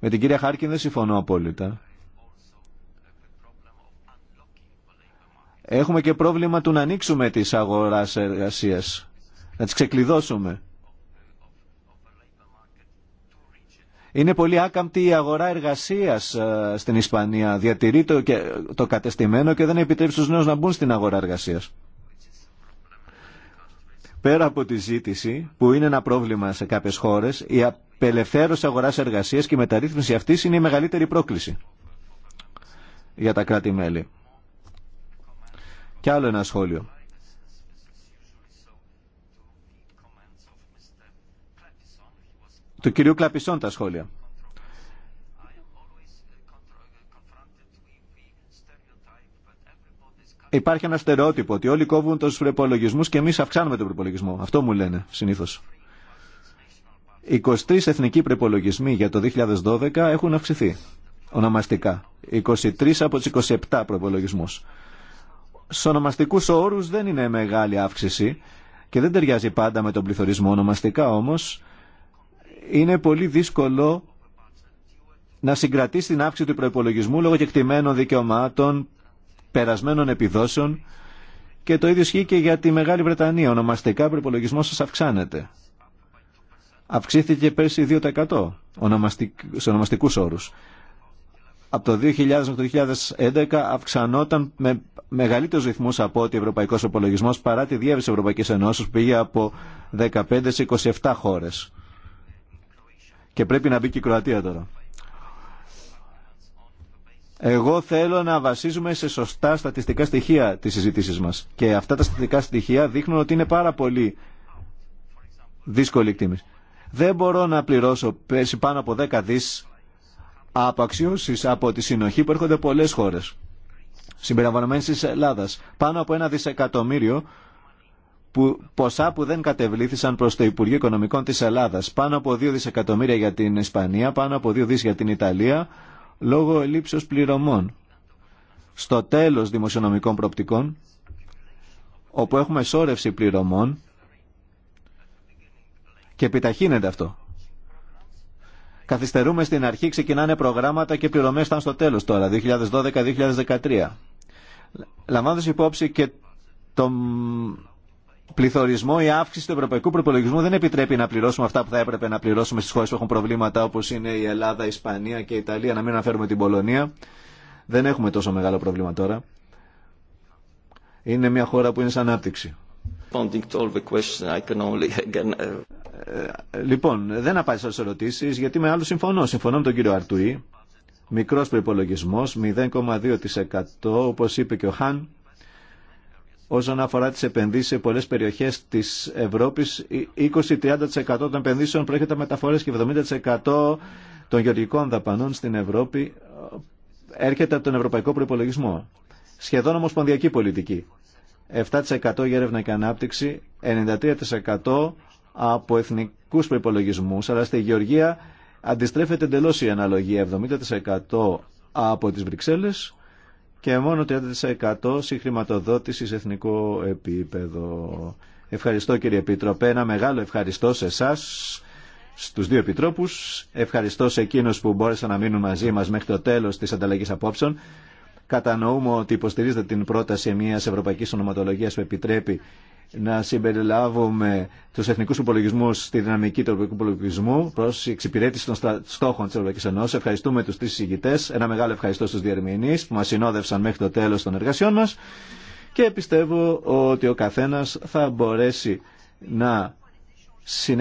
Με την κυρία Χάρκιν δεν συμφωνώ απόλυτα. Έχουμε και πρόβλημα του να ανοίξουμε τις αγοράς εργασίας, να τις ξεκλειδώσουμε. Είναι πολύ άκαμπτη η αγορά εργασίας ε, στην Ισπανία. Διατηρεί το, το κατεστημένο και δεν επιτρέπει στου νέους να μπουν στην αγορά εργασίας. Πέρα από τη ζήτηση, που είναι ένα πρόβλημα σε κάποιε χώρες, η απελευθέρωση αγοράς εργασία και η μεταρρύθμιση αυτή είναι η μεγαλύτερη πρόκληση για τα κράτη-μέλη. Και άλλο ένα σχόλιο. του κυρίου Κλαπισόν τα σχόλια. Υπάρχει ένα στερεότυπο ότι όλοι κόβουν του προπολογισμού και εμείς αυξάνουμε τον προπολογισμό. Αυτό μου λένε συνήθω. 23 εθνικοί προπολογισμοί για το 2012 έχουν αυξηθεί ονομαστικά. 23 από του 27 προπολογισμού. Στου ονομαστικού όρου δεν είναι μεγάλη αύξηση και δεν ταιριάζει πάντα με τον πληθωρισμό. Ονομαστικά όμω είναι πολύ δύσκολο να συγκρατήσει την αύξηση του προπολογισμού λόγω κεκτημένων δικαιωμάτων, περασμένων επιδόσεων και το ίδιο ισχύει και για τη Μεγάλη Βρετανία. Ονομαστικά ο προπολογισμό σα αυξάνεται. Αυξήθηκε πέρσι 2% σε ονομαστικού όρου. Από το 2000 μέχρι το 2011 αυξανόταν με μεγαλύτερου ρυθμού από ότι ο Ευρωπαϊκό Προπολογισμό παρά τη διεύρυνση Ευρωπαϊκή Ενώση που πήγε από 15 σε 27 χώρε. Και πρέπει να μπει και η Κροατία τώρα. Εγώ θέλω να βασίζουμε σε σωστά στατιστικά στοιχεία τις συζητήσεις μας. Και αυτά τα στατιστικά στοιχεία δείχνουν ότι είναι πάρα πολύ δύσκολη εκτίμηση. Δεν μπορώ να πληρώσω πέρσι πάνω από 10 δις από αξιώσεις από τη συνοχή που έρχονται πολλές χώρες. Συμπεριλαμβανομένης της Ελλάδας. Πάνω από ένα δισεκατομμύριο που, ποσά που δεν κατεβλήθησαν προς το Υπουργείο Οικονομικών της Ελλάδας. Πάνω από 2 δισεκατομμύρια για την Ισπανία, πάνω από 2 δις για την Ιταλία, λόγω ελλείψεως πληρωμών. Στο τέλος δημοσιονομικών προπτικών, όπου έχουμε σώρευση πληρωμών και επιταχύνεται αυτό. Καθυστερούμε στην αρχή, ξεκινάνε προγράμματα και πληρωμές ήταν στο τέλος τώρα, 2012-2013. Λαμβάνοντας υπόψη και το πληθωρισμό, η αύξηση του ευρωπαϊκού προπολογισμού δεν επιτρέπει να πληρώσουμε αυτά που θα έπρεπε να πληρώσουμε στι χώρε που έχουν προβλήματα όπω είναι η Ελλάδα, η Ισπανία και η Ιταλία, να μην αναφέρουμε την Πολωνία. Δεν έχουμε τόσο μεγάλο πρόβλημα τώρα. Είναι μια χώρα που είναι σαν ανάπτυξη. Λοιπόν, δεν απάντησα στι ερωτήσει γιατί με άλλου συμφωνώ. Συμφωνώ με τον κύριο Αρτουή. Μικρό προπολογισμό, 0,2% όπω είπε και ο Χαν όσον αφορά τις επενδύσεις σε πολλές περιοχές της Ευρώπης. 20-30% των επενδύσεων προέρχεται μεταφορές και 70% των γεωργικών δαπανών στην Ευρώπη έρχεται από τον Ευρωπαϊκό Προϋπολογισμό. Σχεδόν ομοσπονδιακή πολιτική. 7% για έρευνα και ανάπτυξη, 93% από εθνικούς προϋπολογισμούς, αλλά στη Γεωργία αντιστρέφεται εντελώ η αναλογία. 70% από τις Βρυξέλλες και μόνο 30% συγχρηματοδότηση σε εθνικό επίπεδο. Ευχαριστώ κύριε Επίτροπε, ένα μεγάλο ευχαριστώ σε εσά, στους δύο επιτρόπους, ευχαριστώ σε εκείνους που μπόρεσαν να μείνουν μαζί μας μέχρι το τέλος της ανταλλαγής απόψεων. Κατανοούμε ότι υποστηρίζετε την πρόταση μιας ευρωπαϊκής ονοματολογίας που επιτρέπει να συμπεριλάβουμε του εθνικού υπολογισμού στη δυναμική του ευρωπαϊκού υπολογισμού προ εξυπηρέτηση των στόχων τη Ευρωπαϊκή Ενώση. Ευχαριστούμε του τρει συζητητέ. Ένα μεγάλο ευχαριστώ στου διερμηνεί που μα συνόδευσαν μέχρι το τέλο των εργασιών μα. Και πιστεύω ότι ο καθένα θα μπορέσει να συνεχίσει.